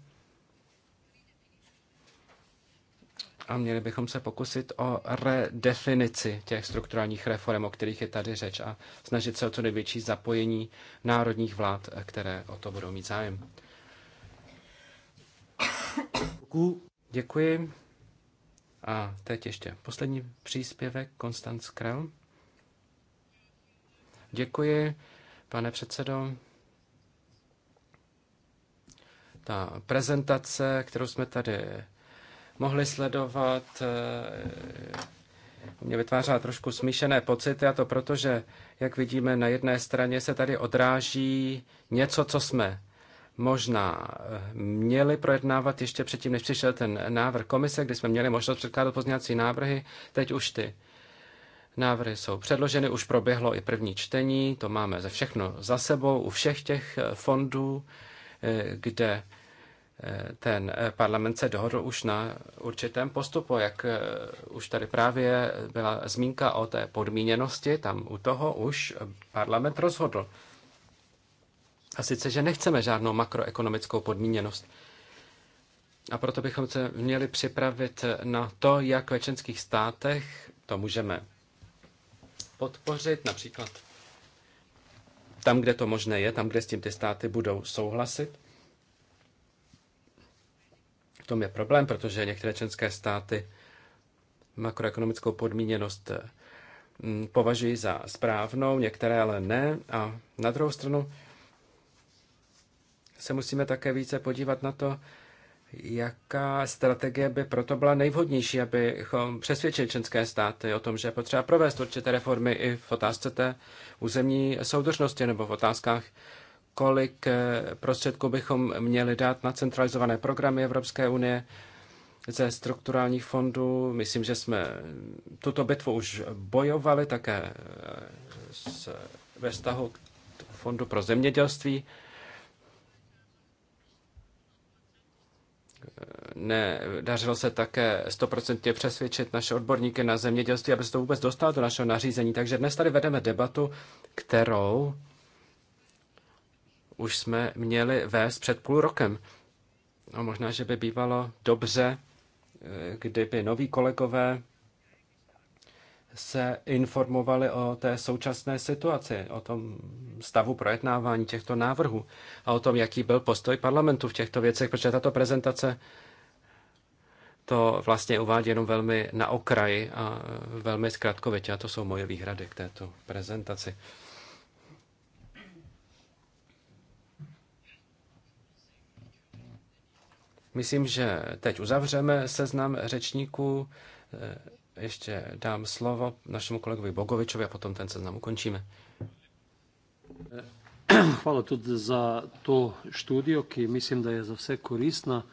a měli bychom se pokusit o redefinici těch strukturálních reform, o kterých je tady řeč a snažit se o co největší zapojení národních vlád, které o to budou mít zájem. Děkuji. A teď ještě poslední příspěvek, Konstanc Krell. Děkuji, pane předsedo. Ta prezentace, kterou jsme tady mohli sledovat, eh, mě vytvářela trošku smíšené pocity a to proto, že, jak vidíme, na jedné straně se tady odráží něco, co jsme možná eh, měli projednávat ještě předtím, než přišel ten návrh komise, kdy jsme měli možnost předkládat pozměňovací návrhy. Teď už ty návrhy jsou předloženy, už proběhlo i první čtení, to máme ze všechno za sebou u všech těch eh, fondů, kde ten parlament se dohodl už na určitém postupu, jak eh, už tady právě byla zmínka o té podmíněnosti, tam u toho už parlament rozhodl. A sice, že nechceme žádnou makroekonomickou podmíněnost. A proto bychom se měli připravit na to, jak ve členských státech to můžeme podpořit, například tam, kde to možné je, tam, kde s tím ty státy budou souhlasit tom je problém, protože některé členské státy makroekonomickou podmíněnost eh, mm, považují za správnou, některé ale ne. A na druhou stranu se musíme také více podívat na to, jaká strategie by proto byla nejvhodnější, abychom přesvědčili členské státy o tom, že je potřeba provést určité reformy i v otázce té územní soudržnosti nebo v otázkách kolik eh, prostředků bychom měli dát na centralizované programy Evropské unie ze strukturálních fondů. Myslím, že jsme tuto bitvu už bojovali také eh, s, ve vztahu k Fondu pro zemědělství. Eh, ne, dařilo se také stoprocentně přesvědčit naše odborníky na zemědělství, aby se to vůbec dostalo do našeho nařízení. Takže dnes tady vedeme debatu, kterou už jsme měli vést před půl rokem. A možná, že by bývalo dobře, eh, kdyby noví kolegové se informovali o té současné situaci, o tom stavu projednávání těchto návrhů a o tom, jaký byl postoj parlamentu v těchto věcech, protože tato prezentace to vlastně uvádí jenom velmi na okraji a velmi zkratkovitě. A to jsou moje výhrady k této prezentaci. Myslím, že teď uzavřeme seznam řečníků. Eh, ještě dám slovo našemu kolegovi Bogovičovi a potom ten seznam ukončíme. Eh, hvala tudi za to študijo, ki myslím, da je za vse koristna.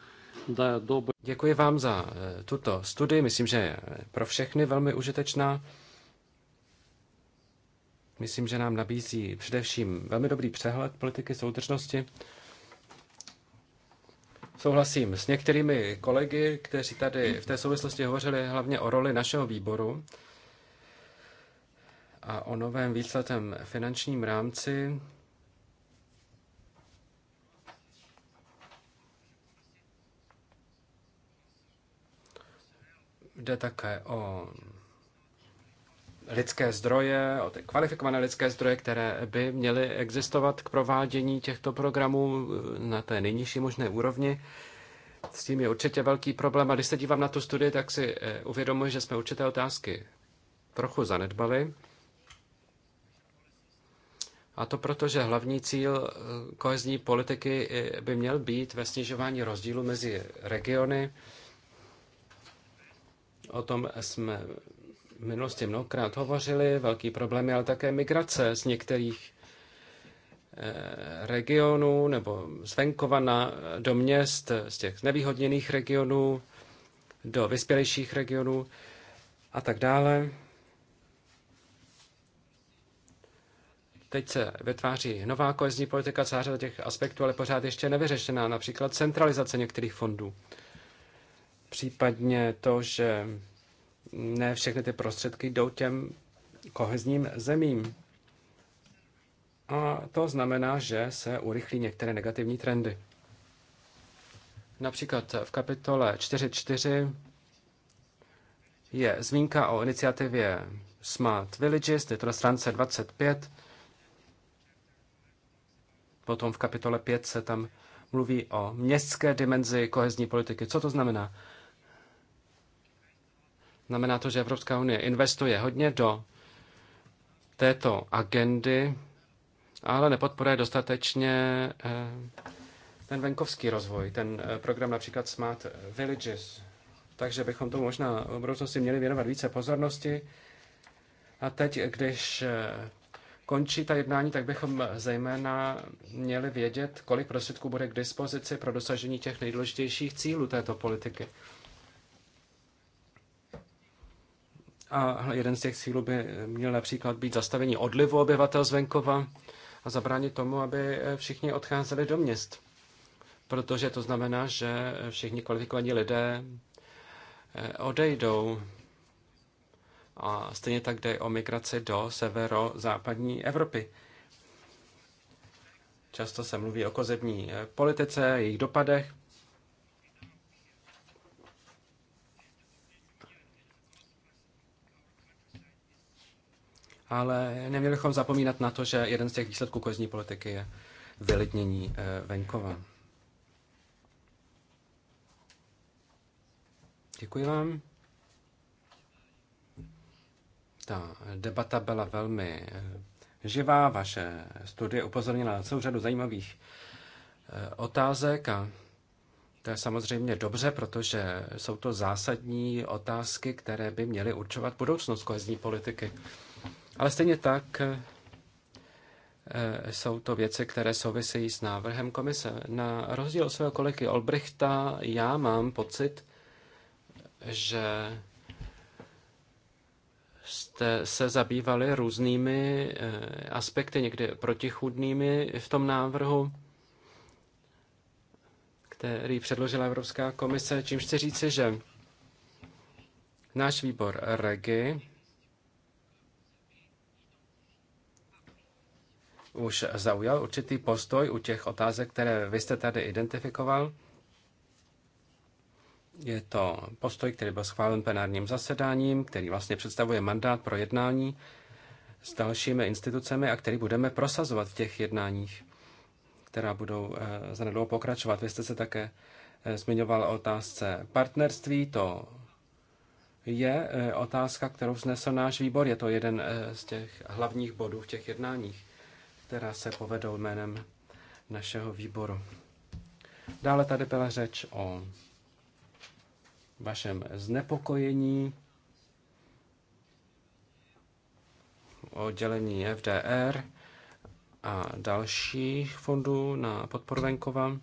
Da je dobro. Děkuji vám za eh, tuto studii, myslím, že je pro všechny velmi užitečná. Myslím, že nám nabízí především velmi dobrý přehled politiky soudržnosti. Souhlasím s některými kolegy, kteří tady v té souvislosti hovořili hlavně o roli našeho výboru a o novém výsledném finančním rámci. Jde také o lidské zdroje, o ty kvalifikované lidské zdroje, které by měly existovat k provádění těchto programů eh, na té nejnižší možné úrovni. S tím je určitě velký problém. A když se dívám na tu studii, tak si eh, uvědomuji, že jsme určité otázky trochu zanedbali. A to proto, že hlavní cíl eh, kohezní politiky by měl být ve snižování rozdílu mezi regiony. O tom jsme v minulosti mnohokrát hovořili. Velký problém je ale také migrace z některých eh, regionů nebo zvenkovana eh, do měst, eh, z těch nevýhodněných regionů do vyspělejších regionů a tak dále. Teď se vytváří nová kohezní politika, celá řada těch aspektů, ale pořád ještě nevyřešená, například centralizace některých fondů. Případně to, že ne všechny ty prostředky jdou těm kohezním zemím. A to znamená, že se urychlí některé negativní trendy. Například v kapitole 4.4 je zmínka o iniciativě Smart Villages, je to na stránce 25. Potom v kapitole 5 se tam mluví o městské dimenzi kohezní politiky. Co to znamená? Znamená to, že Evropská unie investuje hodně do této agendy, ale nepodporuje dostatečně eh, ten venkovský rozvoj, ten eh, program například Smart eh, Villages. Takže bychom tomu možná v budoucnosti měli věnovat více pozornosti. A teď, když končí ta jednání, tak bychom zejména měli vědět, kolik prostředků bude k dispozici pro dosažení těch nejdůležitějších cílů této politiky. A jeden z těch cílů by měl například být zastavení odlivu obyvatel z venkova a zabránit tomu, aby eh, všichni odcházeli do měst. Protože to znamená, že eh, všichni kvalifikovaní lidé eh, odejdou. A stejně tak jde o migraci do severozápadní Evropy. Často se mluví o kozební politice, jejich dopadech, ale neměli bychom zapomínat na to, že jeden z těch výsledků kozní politiky je vylidnění eh, venkova. Děkuji vám. Ta debata byla velmi eh, živá, vaše studie upozornila na celou řadu zajímavých eh, otázek a to je samozřejmě dobře, protože jsou to zásadní otázky, které by měly určovat budoucnost kohezní politiky. Ale stejně tak eh, eh, jsou to věci, které souvisejí s návrhem komise. Na rozdíl od svého kolegy Olbrichta já mám pocit, že jste se zabývali různými eh, aspekty, někdy protichudnými v tom návrhu, který předložila Evropská komise, čímž chci říci, že náš výbor REGI už zaujal určitý postoj u těch otázek, které vy jste tady identifikoval. Je to postoj, který byl schválen plenárním zasedáním, který vlastně představuje mandát pro jednání s dalšími institucemi a který budeme prosazovat v těch jednáních, která budou eh, zanedlouho pokračovat. Vy jste se také eh, zmiňoval o otázce partnerství. To je eh, otázka, kterou vznesl náš výbor. Je to jeden z těch hlavních bodů v těch jednáních která se povedou jménem našeho výboru. Dále tady byla řeč o vašem znepokojení, o dělení FDR a dalších fondů na podporu venkova.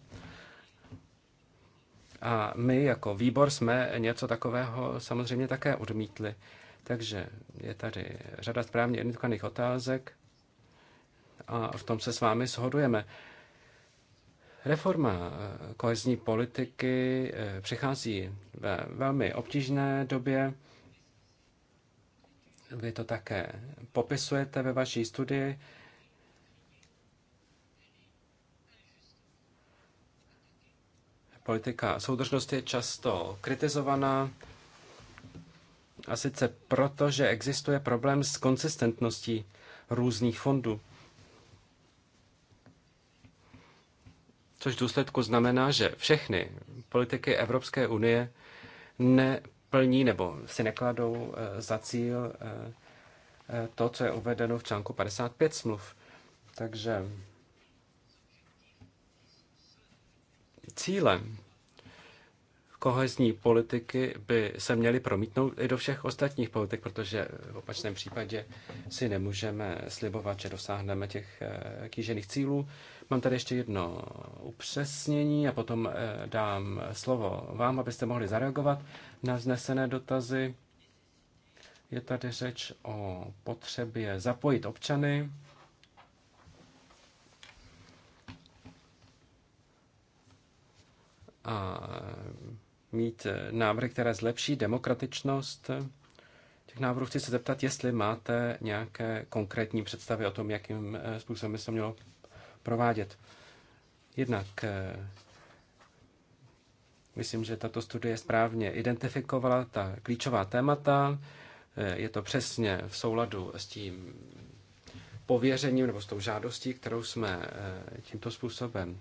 A my jako výbor jsme něco takového samozřejmě také odmítli. Takže je tady řada správně identifikovaných otázek, a v tom se s vámi shodujeme. Reforma eh, kohezní politiky eh, přichází ve velmi obtížné době. Vy to také popisujete ve vaší studii. Politika soudržnosti je často kritizovaná, a sice proto, že existuje problém s konsistentností různých fondů. což v důsledku znamená, že všechny politiky Evropské unie neplní nebo si nekladou eh, za cíl eh, eh, to, co je uvedeno v článku 55 smluv. Takže cílem kohezní politiky by se měly promítnout i do všech ostatních politik, protože v opačném případě si nemůžeme slibovat, že dosáhneme těch kýžených cílů. Mám tady ještě jedno upřesnění a potom eh, dám slovo vám, abyste mohli zareagovat na znesené dotazy. Je tady řeč o potřebě zapojit občany. A mít návrhy, které zlepší demokratičnost těch návrhů. Chci se zeptat, jestli máte nějaké konkrétní představy o tom, jakým eh, způsobem by se mělo provádět. Jednak eh, myslím, že tato studie správně identifikovala ta klíčová témata. Eh, je to přesně v souladu s tím pověřením nebo s tou žádostí, kterou jsme eh, tímto způsobem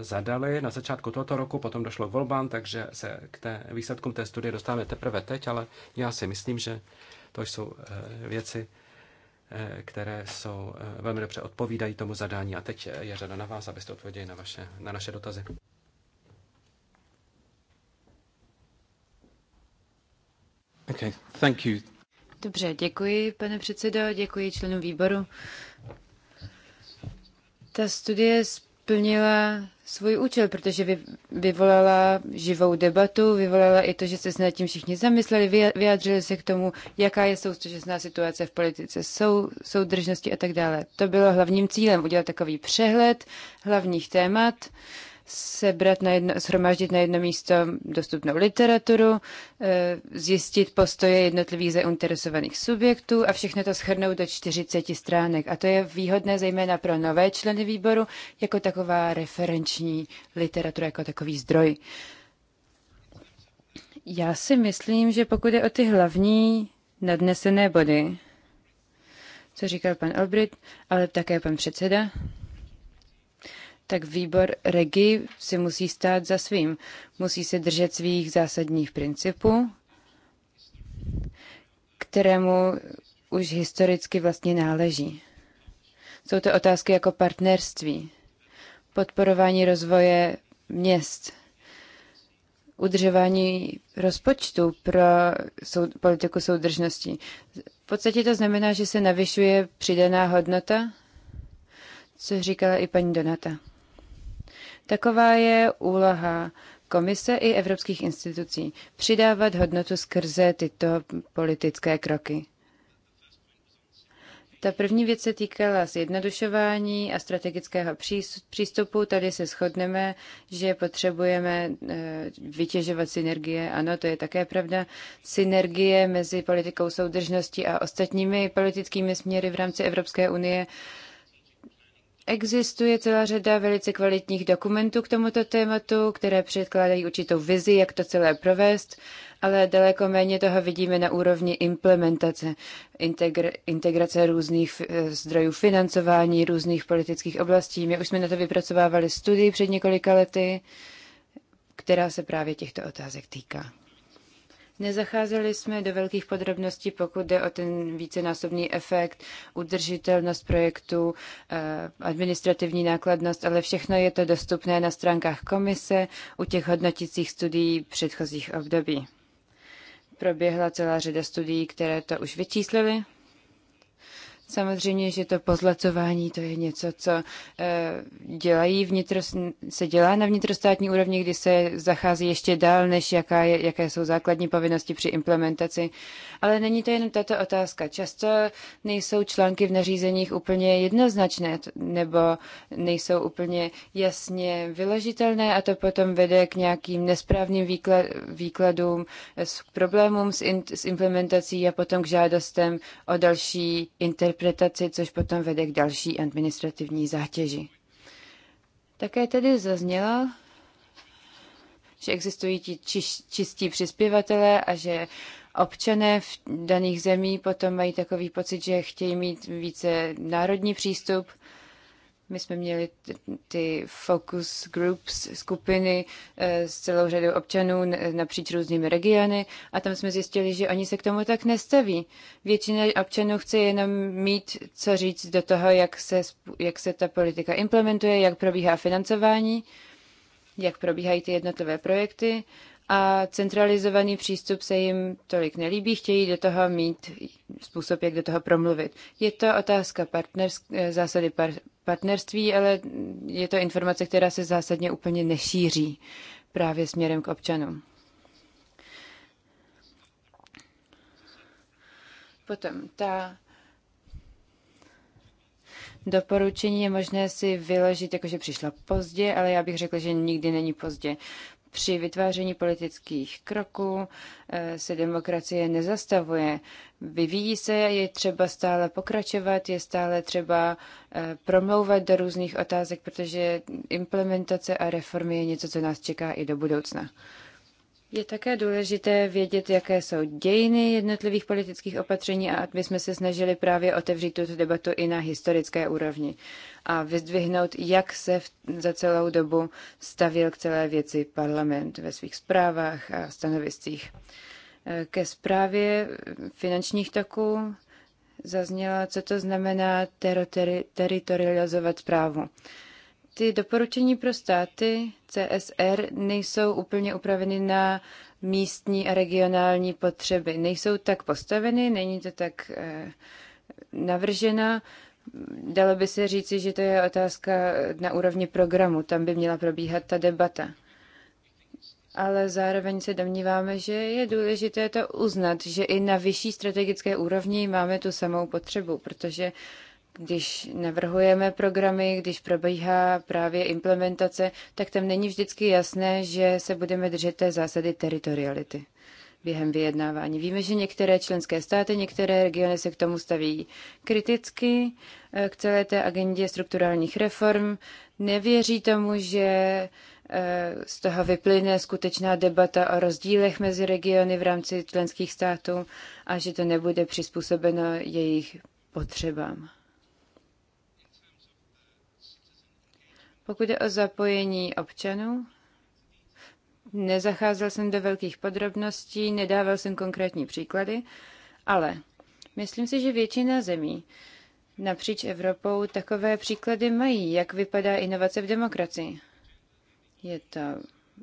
zadali na začátku tohoto roku, potom došlo k volbám, takže se k té, výsledkům té studie dostáváme teprve teď, ale já si myslím, že to jsou věci, Eh, které jsou eh, velmi dobře odpovídají tomu zadání. A teď je řada na vás, abyste odpověděli na, vaše, na naše dotazy. Okay, thank you. Dobře, děkuji, pane předsedo, děkuji členům výboru. Ta studie z splnila svůj účel, protože vy, vyvolala živou debatu, vyvolala i to, že se s nad tím všichni zamysleli, vyjádřili se k tomu, jaká je současná situace v politice, sou, soudržnosti a tak dále. To bylo hlavním cílem, udělat takový přehled hlavních témat, sebrat na jedno, shromáždit na jedno místo dostupnou literaturu, eh, zjistit postoje jednotlivých zainteresovaných subjektů a všechno to schrnout do 40 stránek. A to je výhodné zejména pro nové členy výboru jako taková referenční literatura, jako takový zdroj. Já si myslím, že pokud je o ty hlavní nadnesené body, co říkal pan Albrit, ale také pan předseda, tak výbor regi si musí stát za svým. Musí se držet svých zásadních principů, kterému už historicky vlastně náleží. Jsou to otázky jako partnerství, podporování rozvoje měst, udržování rozpočtu pro sou, politiku soudržnosti. V podstatě to znamená, že se navyšuje přidaná hodnota, co říkala i paní Donata. Taková je úloha komise i evropských institucí přidávat hodnotu skrze tyto politické kroky. Ta první věc se týkala zjednodušování a strategického přístupu. Tady se shodneme, že potřebujeme eh, vytěžovat synergie. Ano, to je také pravda. Synergie mezi politikou soudržnosti a ostatními politickými směry v rámci Evropské unie Existuje celá řada velice kvalitních dokumentů k tomuto tématu, které předkládají určitou vizi, jak to celé provést, ale daleko méně toho vidíme na úrovni implementace, integr, integrace různých eh, zdrojů financování, různých politických oblastí. My už jsme na to vypracovávali studii před několika lety, která se právě těchto otázek týká. Nezacházeli jsme do velkých podrobností, pokud jde o ten vícenásobný efekt, udržitelnost projektu, eh, administrativní nákladnost, ale všechno je to dostupné na stránkách komise u těch hodnotících studií předchozích období. Proběhla celá řada studií, které to už vyčíslili. Samozřejmě, že to pozlacování to je něco, co eh, dělají vnitro, se dělá na vnitrostátní úrovni, kdy se zachází ještě dál, než jaká je, jaké jsou základní povinnosti při implementaci. Ale není to jenom tato otázka. Často nejsou články v nařízeních úplně jednoznačné nebo nejsou úplně jasně vyložitelné a to potom vede k nějakým nesprávným výklad, výkladům, eh, s problémům s, in, s implementací a potom k žádostem o další interpretaci interpretaci, což potom vede k další administrativní zátěži. Také tedy zazněla, že existují ti čistí přispěvatelé a že občané v daných zemí potom mají takový pocit, že chtějí mít více národní přístup my jsme měli ty focus groups, skupiny s eh, celou řadou občanů napříč různými regiony a tam jsme zjistili, že oni se k tomu tak nestaví. Většina občanů chce jenom mít co říct do toho, jak se, jak se ta politika implementuje, jak probíhá financování, jak probíhají ty jednotlivé projekty a centralizovaný přístup se jim tolik nelíbí, chtějí do toho mít způsob, jak do toho promluvit. Je to otázka partnersk- eh, zásady par- partnerství, ale je to informace, která se zásadně úplně nešíří právě směrem k občanům. Potom ta doporučení je možné si vyložit, jakože přišla pozdě, ale já bych řekla, že nikdy není pozdě. Při vytváření politických kroků eh, se demokracie nezastavuje. Vyvíjí se, je třeba stále pokračovat, je stále třeba eh, promlouvat do různých otázek, protože implementace a reformy je něco, co nás čeká i do budoucna. Je také důležité vědět, jaké jsou dějiny jednotlivých politických opatření a aby jsme se snažili právě otevřít tuto debatu i na historické úrovni a vyzdvihnout, jak se v, za celou dobu stavil k celé věci parlament ve svých zprávách a stanoviscích. Eh, ke zprávě finančních toků zaznělo, co to znamená teritorializovat zprávu. Ty doporučení pro státy CSR nejsou úplně upraveny na místní a regionální potřeby. Nejsou tak postaveny, není to tak eh, navržena. Dalo by se říci, že to je otázka na úrovni programu, tam by měla probíhat ta debata. Ale zároveň se domníváme, že je důležité to uznat, že i na vyšší strategické úrovni máme tu samou potřebu, protože uh, když navrhujeme programy, když probíhá právě implementace, tak tam není vždycky jasné, že se budeme držet té zásady teritoriality během vyjednávání. Víme, že některé členské státy, některé regiony se k tomu staví kriticky, eh, k celé té agendě strukturálních reform. Nevěří tomu, že eh, z toho vyplyne skutečná debata o rozdílech mezi regiony v rámci členských států a že to nebude přizpůsobeno jejich potřebám. Pokud je o zapojení občanů, nezacházel jsem do velkých podrobností, nedával jsem konkrétní příklady, ale myslím si, že většina zemí napříč Evropou takové příklady mají, jak vypadá inovace v demokracii. Je to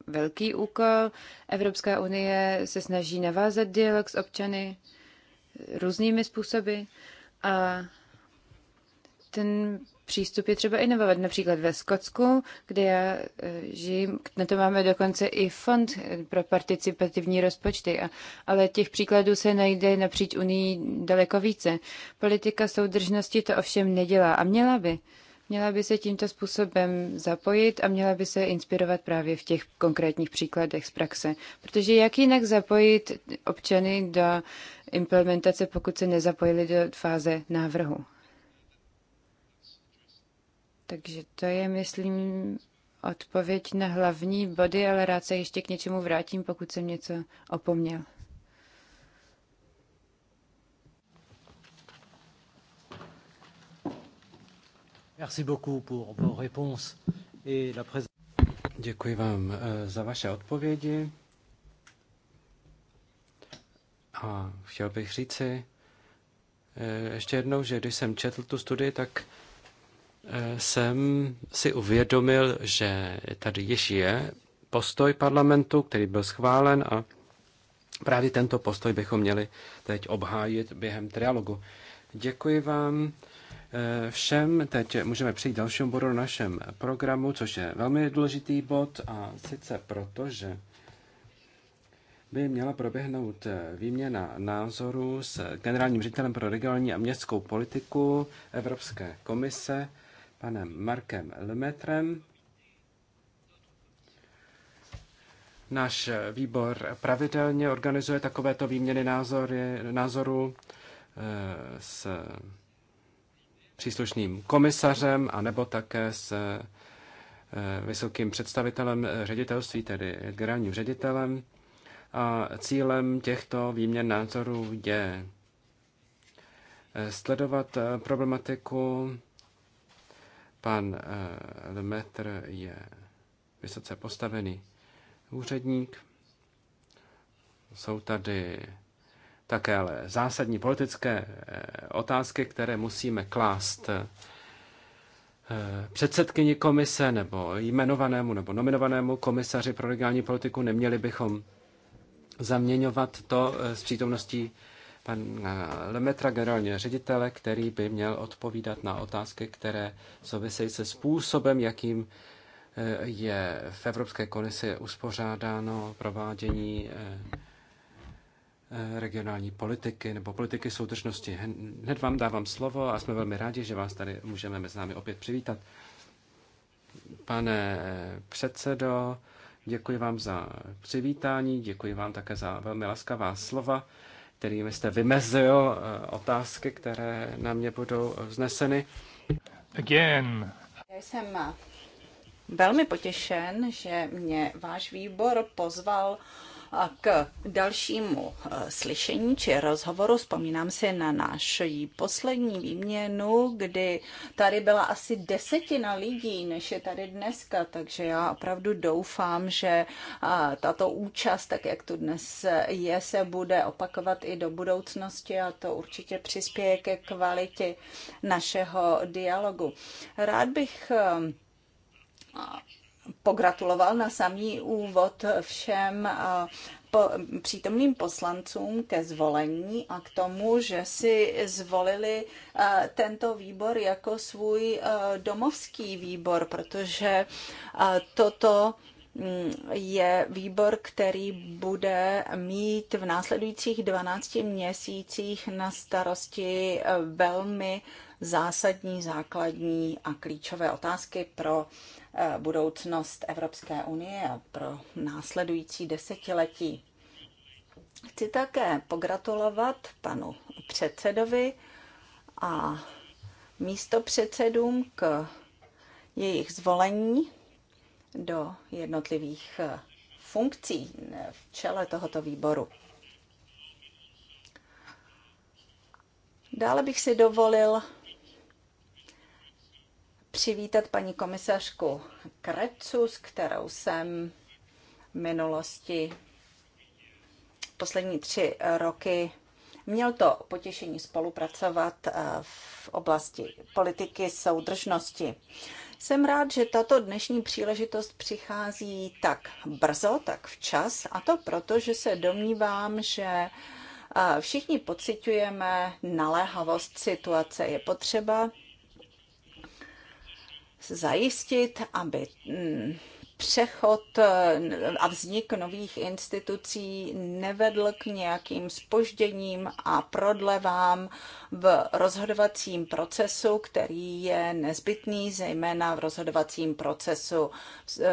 velký úkol. Evropská unie se snaží navázat dialog s občany různými způsoby a ten přístup je třeba inovovat. Například ve Skotsku, kde já e, žiju, na to máme dokonce i fond e, pro participativní rozpočty, a, ale těch příkladů se najde napříč Unii daleko více. Politika soudržnosti to ovšem nedělá a měla by. Měla by se tímto způsobem zapojit a měla by se inspirovat právě v těch konkrétních příkladech z praxe. Protože jak jinak zapojit občany do implementace, pokud se nezapojili do fáze návrhu? Takže to je, myslím, odpověď na hlavní body, ale rád se ještě k něčemu vrátím, pokud jsem něco opomněl. Merci beaucoup pour vos réponses et la présence. Děkuji vám eh, za vaše odpovědi. A chtěl bych říci eh, ještě jednou, že když jsem četl tu studii, tak Eh, jsem si uvědomil, že tady již je postoj parlamentu, který byl schválen a právě tento postoj bychom měli teď obhájit během trialogu. Děkuji vám eh, všem. Teď můžeme přijít dalšímu bodu na našem programu, což je velmi důležitý bod a sice proto, že by měla proběhnout eh, výměna názorů s generálním ředitelem pro regionální a městskou politiku Evropské komise panem Markem Lemetrem. Náš výbor pravidelně organizuje takovéto výměny názory, názoru eh, s příslušným komisařem a nebo také s eh, vysokým představitelem ředitelství, tedy generálním ředitelem. A cílem těchto výměn názorů je eh, sledovat problematiku Pan eh, Lemetr je vysoce postavený úředník. Jsou tady také ale zásadní politické eh, otázky, které musíme klást eh, předsedkyni komise nebo jmenovanému nebo nominovanému komisaři pro regionální politiku. Neměli bychom zaměňovat to s přítomností pan eh, Lemetra, generálního ředitele, který by měl odpovídat na otázky, které souvisejí se způsobem, jakým eh, je v Evropské komisi uspořádáno provádění eh, regionální politiky nebo politiky soudržnosti. Hned vám dávám slovo a jsme velmi rádi, že vás tady můžeme mezi námi opět přivítat. Pane předsedo, děkuji vám za přivítání, děkuji vám také za velmi laskavá slova kterými jste vymezil eh, otázky, které na mě budou vzneseny. Again. Já jsem eh, velmi potěšen, že mě váš výbor pozval k dalšímu eh, slyšení či rozhovoru. Vzpomínám si na naši poslední výměnu, kdy tady byla asi desetina lidí, než je tady dneska, takže já opravdu doufám, že eh, tato účast, tak jak tu dnes je, se bude opakovat i do budoucnosti a to určitě přispěje ke kvalitě našeho dialogu. Rád bych eh, pogratuloval na samý úvod všem po, přítomným poslancům ke zvolení a k tomu, že si zvolili tento výbor jako svůj domovský výbor, protože toto mm, je výbor, který bude mít v následujících 12 měsících na starosti velmi zásadní, základní a klíčové otázky pro uh, Eh, budoucnost Evropské unie a pro následující desetiletí. Chci také pogratulovat panu předsedovi a místopředsedům k jejich zvolení do jednotlivých eh, funkcí v čele tohoto výboru. Dále bych si dovolil přivítat paní komisařku Krecu, s kterou jsem v minulosti poslední tři roky měl to potěšení spolupracovat eh, v oblasti politiky soudržnosti. Jsem rád, že tato dnešní příležitost přichází tak brzo, tak včas, a to proto, že se domnívám, že eh, všichni pociťujeme naléhavost situace. Je potřeba zajistit, aby mm, přechod eh, a vznik nových institucí nevedl k nějakým spožděním a prodlevám v rozhodovacím procesu, který je nezbytný, zejména v rozhodovacím procesu eh,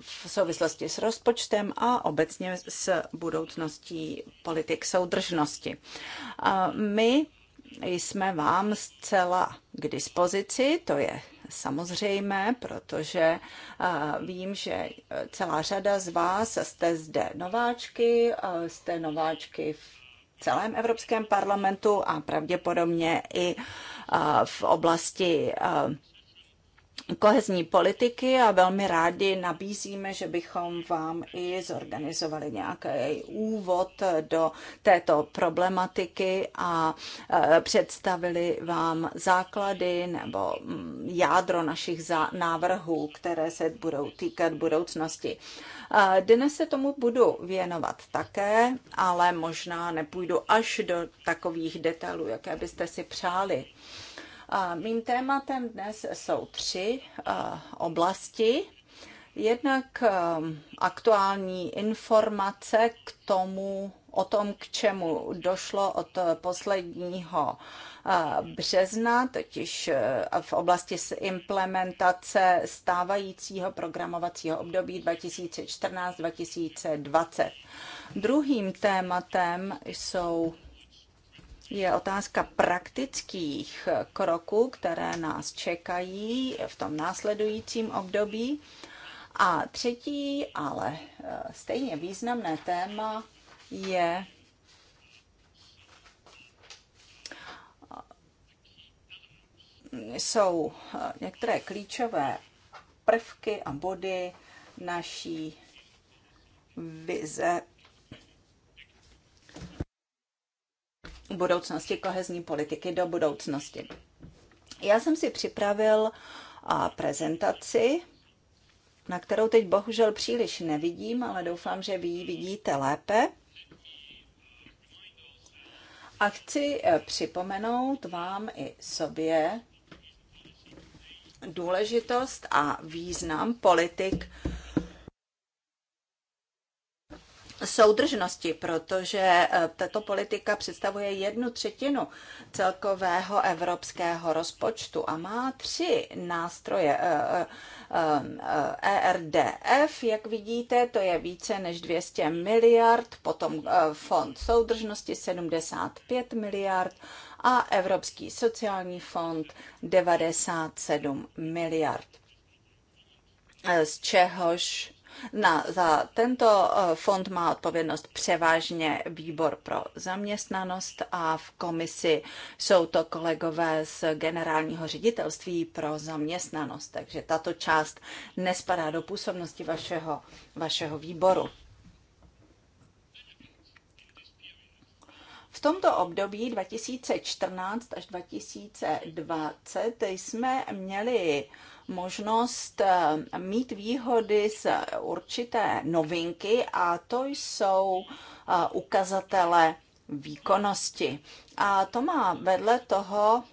v souvislosti s rozpočtem a obecně s budoucností politik soudržnosti. Eh, my jsme vám zcela k dispozici, to je samozřejmé, protože eh, vím, že eh, celá řada z vás jste zde nováčky, eh, jste nováčky v celém Evropském parlamentu a pravděpodobně i v oblasti kohezní politiky a velmi rádi nabízíme, že bychom vám i zorganizovali nějaký úvod do této problematiky a e, představili vám základy nebo mm, jádro našich návrhů, které se budou týkat budoucnosti. E, dnes se tomu budu věnovat také, ale možná nepůjdu až do takových detailů, jaké byste si přáli. Mým tématem dnes jsou tři eh, oblasti. Jednak eh, aktuální informace k tomu, o tom, k čemu došlo od posledního eh, března, totiž v oblasti s implementace stávajícího programovacího období 2014-2020. Druhým tématem jsou je otázka praktických kroků, které nás čekají v tom následujícím období. A třetí, ale eh, stejně významné téma je eh, jsou eh, některé klíčové prvky a body naší vize budoucnosti kohezní politiky do budoucnosti. Já jsem si připravil prezentaci, na kterou teď bohužel příliš nevidím, ale doufám, že vy ji vidíte lépe. A chci e, připomenout vám i sobě důležitost a význam politik soudržnosti, protože eh, tato politika představuje jednu třetinu celkového evropského rozpočtu a má tři nástroje. ERDF, eh, eh, e jak vidíte, to je více než 200 miliard, potom fond soudržnosti 75 miliard a Evropský sociální fond 97 miliard, z čehož na, za tento eh, fond má odpovědnost převážně výbor pro zaměstnanost a v komisi jsou to kolegové z generálního ředitelství pro zaměstnanost. Takže tato část nespadá do působnosti vašeho, vašeho výboru. V tomto období 2014 až 2020 jsme měli možnost eh, mít výhody z určité novinky a to jsou eh, ukazatele výkonnosti. A to má vedle toho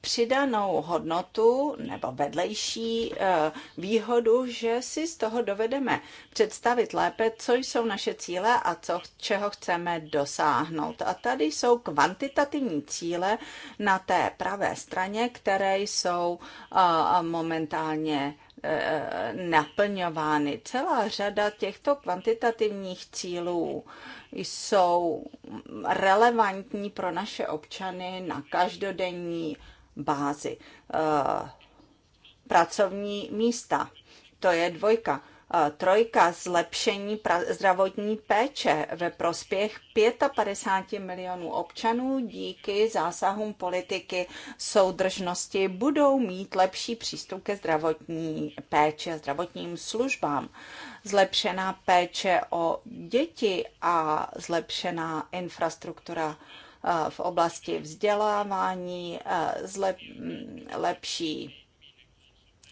přidanou hodnotu nebo vedlejší eh, výhodu, že si z toho dovedeme představit lépe, co jsou naše cíle a co, čeho chceme dosáhnout. A tady jsou kvantitativní cíle na té pravé straně, které jsou eh, momentálně eh, naplňovány. Celá řada těchto kvantitativních cílů jsou relevantní pro naše občany na každodenní bázi. Eh, pracovní místa, to je dvojka. Eh, trojka zlepšení zdravotní péče ve prospěch 55 milionů občanů díky zásahům politiky soudržnosti budou mít lepší přístup ke zdravotní péči a zdravotním službám. Zlepšená péče o děti a zlepšená infrastruktura Eh, v oblasti vzdělávání, eh, zlep, mm, lepší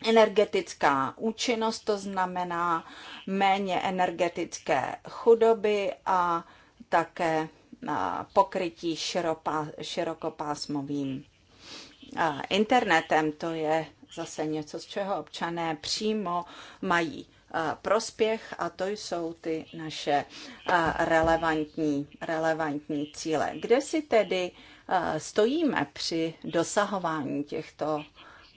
energetická účinnost, to znamená méně energetické chudoby a také eh, pokrytí širopa, širokopásmovým internetem. To je zase něco, z čeho občané přímo mají prospěch a to jsou ty naše relevantní, relevantní cíle. Kde si tedy stojíme při dosahování těchto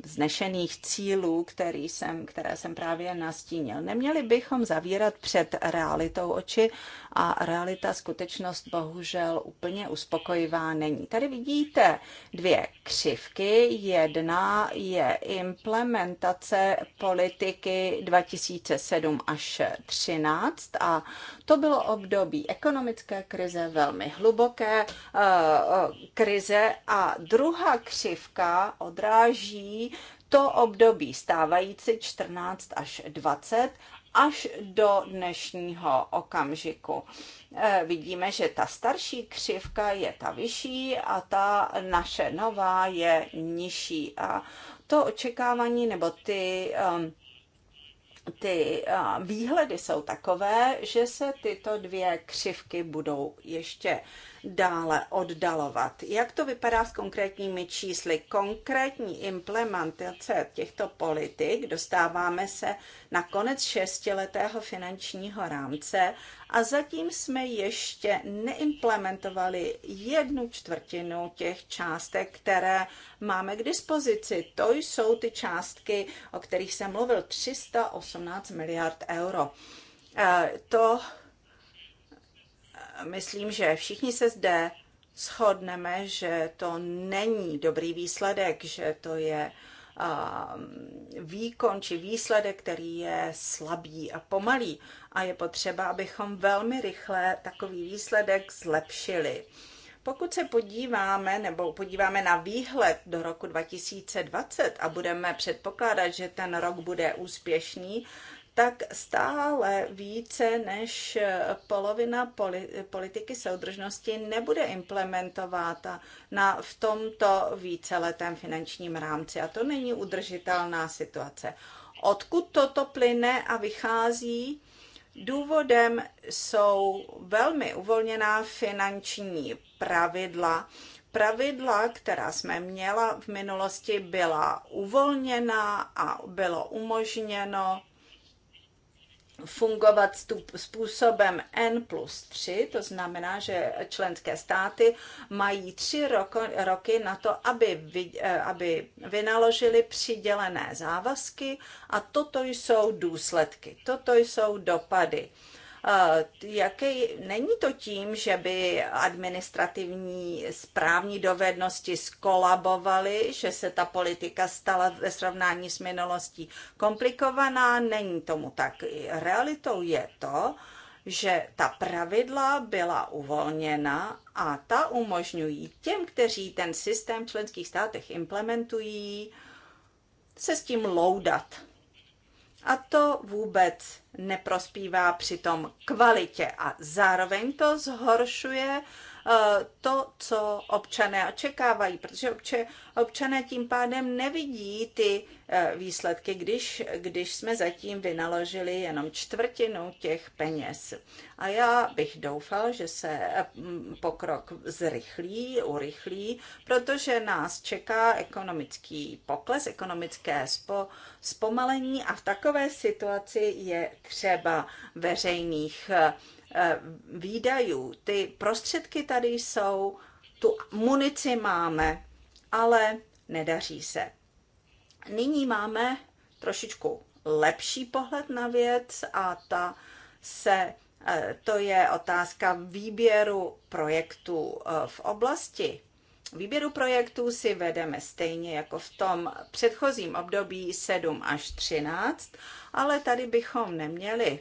znešených cílů, který jsem, které jsem právě nastínil. Neměli bychom zavírat před realitou oči a realita, skutečnost bohužel úplně uspokojivá není. Tady vidíte dvě křivky. Jedna je implementace politiky 2007 až 2013 a to bylo období ekonomické krize, velmi hluboké eh, eh, krize a druhá křivka odráží to období stávající 14 až 20 až do dnešního okamžiku. Eh, vidíme, že ta starší křivka je ta vyšší a ta naše nová je nižší. A to očekávání nebo ty ty výhledy jsou takové, že se tyto dvě křivky budou ještě dále oddalovat. Jak to vypadá s konkrétními čísly? Konkrétní implementace těchto politik dostáváme se na konec šestiletého finančního rámce a zatím jsme ještě neimplementovali jednu čtvrtinu těch částek, které máme k dispozici. To jsou ty částky, o kterých jsem mluvil, 318 miliard euro. Eh, to myslím, že všichni se zde shodneme, že to není dobrý výsledek, že to je um, výkon či výsledek, který je slabý a pomalý a je potřeba, abychom velmi rychle takový výsledek zlepšili. Pokud se podíváme nebo podíváme na výhled do roku 2020 a budeme předpokládat, že ten rok bude úspěšný, tak stále více než eh, polovina politiky soudržnosti nebude implementována na, v tomto víceletém finančním rámci. A to není udržitelná situace. Odkud toto plyne a vychází? Důvodem jsou velmi uvolněná finanční pravidla, pravidla, která jsme měla v minulosti, byla uvolněna a bylo umožněno fungovat způsobem N plus 3, to znamená, že členské státy mají tři roko, roky na to, aby, vy, eh, aby vynaložili přidělené závazky a toto jsou důsledky, toto jsou dopady. Jaký, není to tím, že by administrativní správní dovednosti skolabovaly, že se ta politika stala ve srovnání s minulostí komplikovaná? Není tomu tak. Realitou je to, že ta pravidla byla uvolněna a ta umožňují těm, kteří ten systém v členských státech implementují, se s tím loudat. A to vůbec neprospívá přitom kvalitě a zároveň to zhoršuje Eh, to, co občané očekávají, protože obče, občané tím pádem nevidí ty eh, výsledky, když, když jsme zatím vynaložili jenom čtvrtinu těch peněz. A já bych doufal, že se eh, pokrok zrychlí, urychlí, protože nás čeká ekonomický pokles, ekonomické spo, zpomalení a v takové situaci je třeba veřejných Eh, výdajů. Ty prostředky tady jsou, tu munici máme, ale nedaří se. Nyní máme trošičku lepší pohled na věc a ta se, eh, to je otázka výběru projektů eh, v oblasti. Výběru projektů si vedeme stejně jako v tom předchozím období 7 až 13, ale tady bychom neměli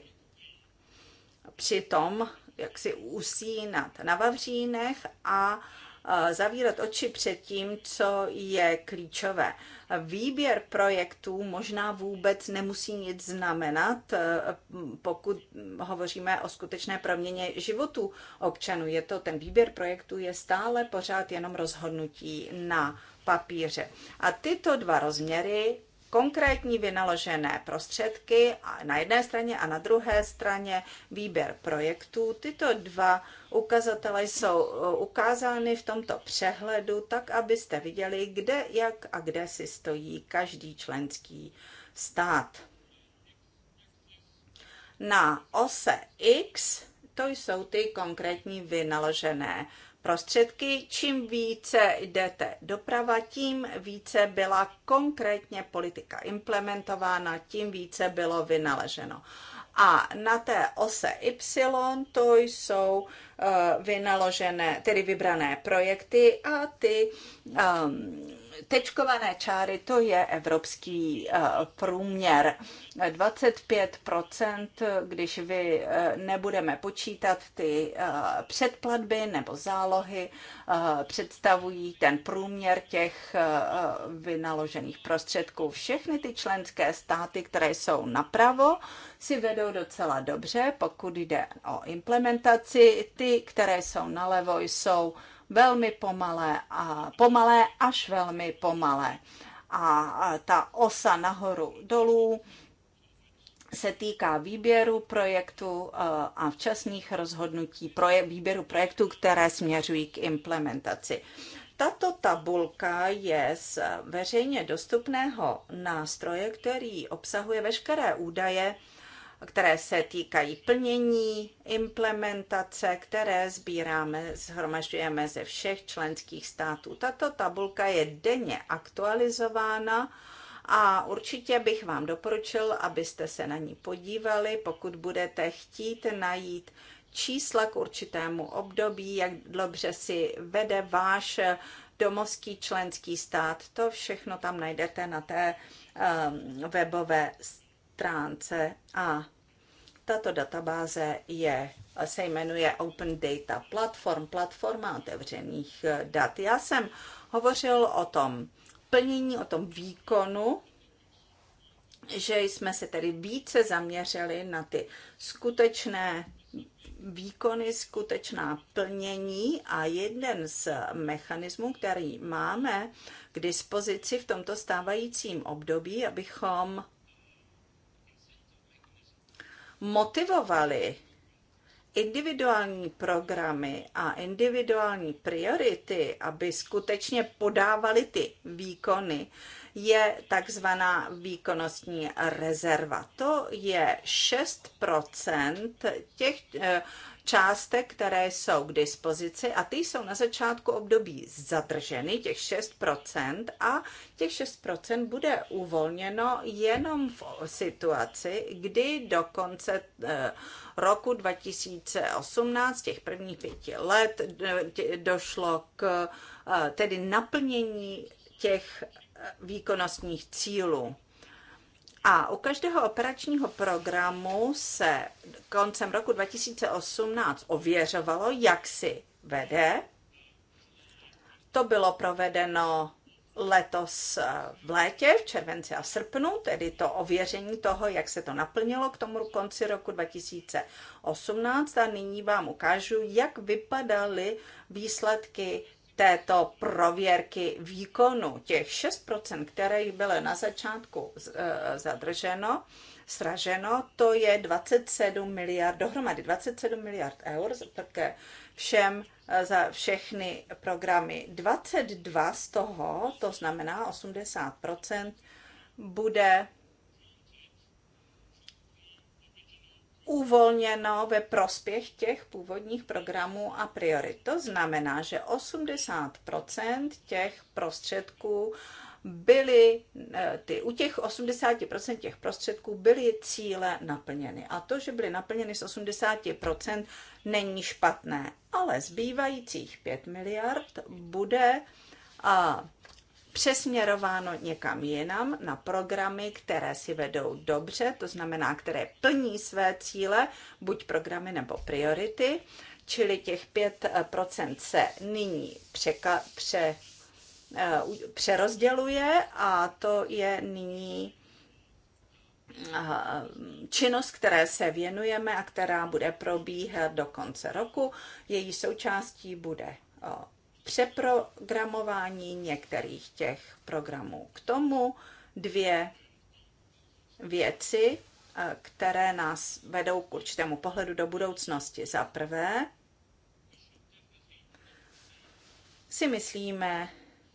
přitom jak si usínat na vavřínech a e, zavírat oči před tím, co je klíčové. Výběr projektů možná vůbec nemusí nic znamenat, e, pokud hovoříme o skutečné proměně životu občanů. Je to ten výběr projektů je stále pořád jenom rozhodnutí na papíře. A tyto dva rozměry konkrétní vynaložené prostředky na jedné straně a na druhé straně výběr projektů. Tyto dva ukazatele jsou eh, ukázány v tomto přehledu tak, abyste viděli, kde, jak a kde si stojí každý členský stát. Na ose X to jsou ty konkrétní vynaložené prostředky. Čím více jdete doprava, tím více byla konkrétně politika implementována, tím více bylo vynaleženo. A na té ose Y to jsou eh, vynaložené, tedy vybrané projekty a ty um, tečkované čáry, to je evropský eh, průměr. 25%, když vy eh, nebudeme počítat ty eh, předplatby nebo zálohy, představují ten průměr těch vynaložených prostředků. Všechny ty členské státy, které jsou napravo, si vedou docela dobře, pokud jde o implementaci. Ty, které jsou nalevo, jsou velmi pomalé a pomalé až velmi pomalé. A ta osa nahoru dolů se týká výběru projektu e, a včasných rozhodnutí proje, výběru projektu, které směřují k implementaci. Tato tabulka je z veřejně dostupného nástroje, který obsahuje veškeré údaje které se týkají plnění, implementace, které sbíráme, zhromažďujeme ze všech členských států. Tato tabulka je denně aktualizována a určitě bych vám doporučil, abyste se na ní podívali, pokud budete chtít najít čísla k určitému období, jak dobře si vede váš domovský členský stát. To všechno tam najdete na té ehm, webové stránce stránce a tato databáze je, se jmenuje Open Data Platform, platforma otevřených dat. Já jsem hovořil o tom plnění, o tom výkonu, že jsme se tedy více zaměřili na ty skutečné výkony, skutečná plnění a jeden z mechanismů, který máme k dispozici v tomto stávajícím období, abychom motivovali individuální programy a individuální priority, aby skutečně podávali ty výkony, je takzvaná výkonnostní rezerva. To je 6 těch eh, částek, které jsou k dispozici a ty jsou na začátku období zadrženy, těch 6% a těch 6% bude uvolněno jenom v situaci, kdy do konce eh, roku 2018, těch prvních pěti let, eh, došlo k eh, tedy naplnění těch výkonnostních cílů. A u každého operačního programu se koncem roku 2018 ověřovalo, jak si vede. To bylo provedeno letos eh, v létě, v červenci a srpnu, tedy to ověření toho, jak se to naplnilo k tomu konci roku 2018. A nyní vám ukážu, jak vypadaly výsledky této prověrky výkonu. Těch 6%, které jich bylo na začátku e, zadrženo, sraženo, to je 27 miliard, dohromady 27 miliard eur, také všem e, za všechny programy. 22 z toho, to znamená 80%, bude uvolněno ve prospěch těch původních programů a priorit. To znamená, že 80 těch prostředků byly, eh, ty, u těch 80% těch prostředků byly cíle naplněny. A to, že byly naplněny z 80%, není špatné. Ale zbývajících 5 miliard bude a přesměrováno někam jinam na programy, které si vedou dobře, to znamená, které plní své cíle, buď programy nebo priority, čili těch 5% eh, se nyní překa, pře, eh, přerozděluje a to je nyní eh, činnost, které se věnujeme a která bude probíhat do konce roku. Její součástí bude přeprogramování některých těch programů. K tomu dvě věci, eh, které nás vedou k určitému pohledu do budoucnosti. Za prvé, si myslíme,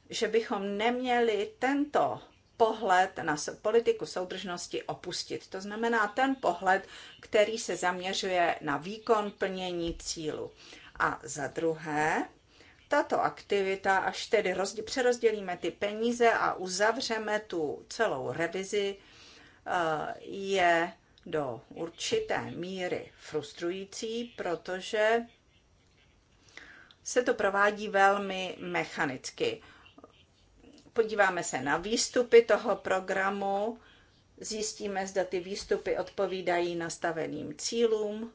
že bychom neměli tento pohled na politiku soudržnosti opustit. To znamená ten pohled, který se zaměřuje na výkon plnění cílu. A za druhé, tato aktivita, až tedy přerozdělíme ty peníze a uzavřeme tu celou revizi, eh, je do určité míry frustrující, protože se to provádí velmi mechanicky. Podíváme se na výstupy toho programu, zjistíme, zda ty výstupy odpovídají nastaveným cílům,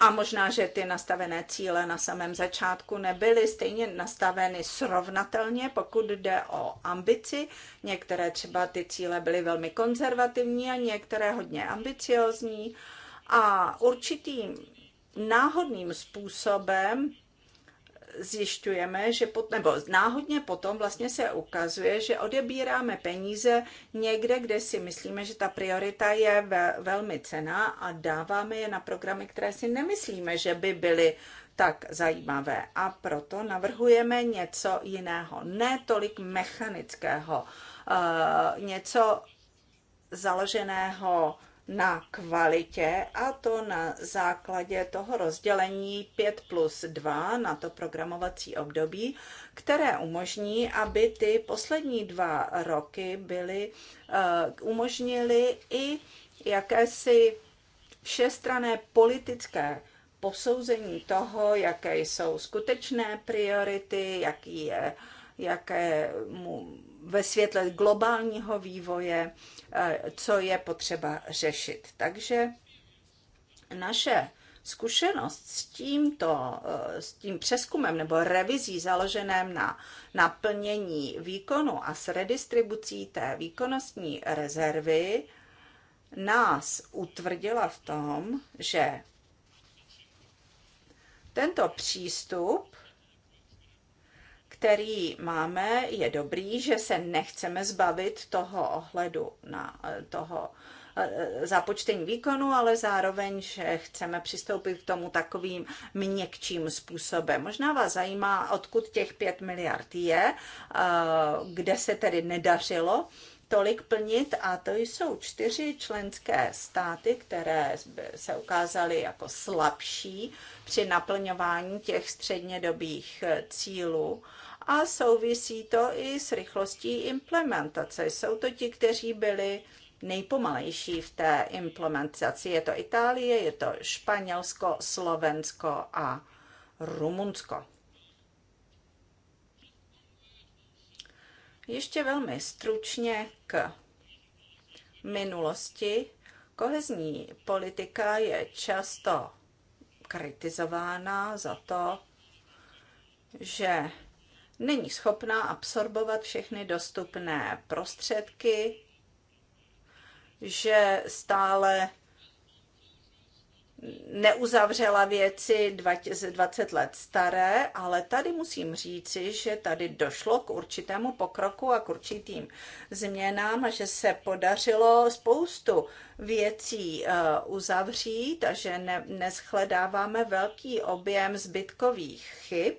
a možná, že ty nastavené cíle na samém začátku nebyly stejně nastaveny srovnatelně, pokud jde o ambici. Některé třeba ty cíle byly velmi konzervativní a některé hodně ambiciozní. A určitým náhodným způsobem zjišťujeme, že pot, nebo náhodně potom vlastně se ukazuje, že odebíráme peníze někde, kde si myslíme, že ta priorita je ve, velmi cená a dáváme je na programy, které si nemyslíme, že by byly tak zajímavé. A proto navrhujeme něco jiného, ne tolik mechanického, uh, něco založeného na kvalitě a to na základě toho rozdělení 5 plus 2 na to programovací období, které umožní, aby ty poslední dva roky byly, uh, eh, umožnily i jakési všestrané politické posouzení toho, jaké jsou skutečné priority, jaký je, jaké mu, ve světle globálního vývoje Eh, co je potřeba řešit. Takže naše zkušenost s tímto, eh, s tím přeskumem nebo revizí založeném na naplnění výkonu a s redistribucí té výkonnostní rezervy nás utvrdila v tom, že tento přístup který máme, je dobrý, že se nechceme zbavit toho ohledu na eh, toho eh, započtení výkonu, ale zároveň, že chceme přistoupit k tomu takovým měkčím způsobem. Možná vás zajímá, odkud těch 5 miliard je, eh, kde se tedy nedařilo tolik plnit a to jsou čtyři členské státy, které se ukázaly jako slabší při naplňování těch střednědobých cílů a souvisí to i s rychlostí implementace. Jsou to ti, kteří byli nejpomalejší v té implementaci. Je to Itálie, je to Španělsko, Slovensko a Rumunsko. Ještě velmi stručně k minulosti. Kohezní politika je často kritizována za to, že není schopná absorbovat všechny dostupné prostředky, že stále neuzavřela věci 20 let staré, ale tady musím říci, že tady došlo k určitému pokroku a k určitým změnám a že se podařilo spoustu věcí eh, uzavřít a že ne, neschledáváme velký objem zbytkových chyb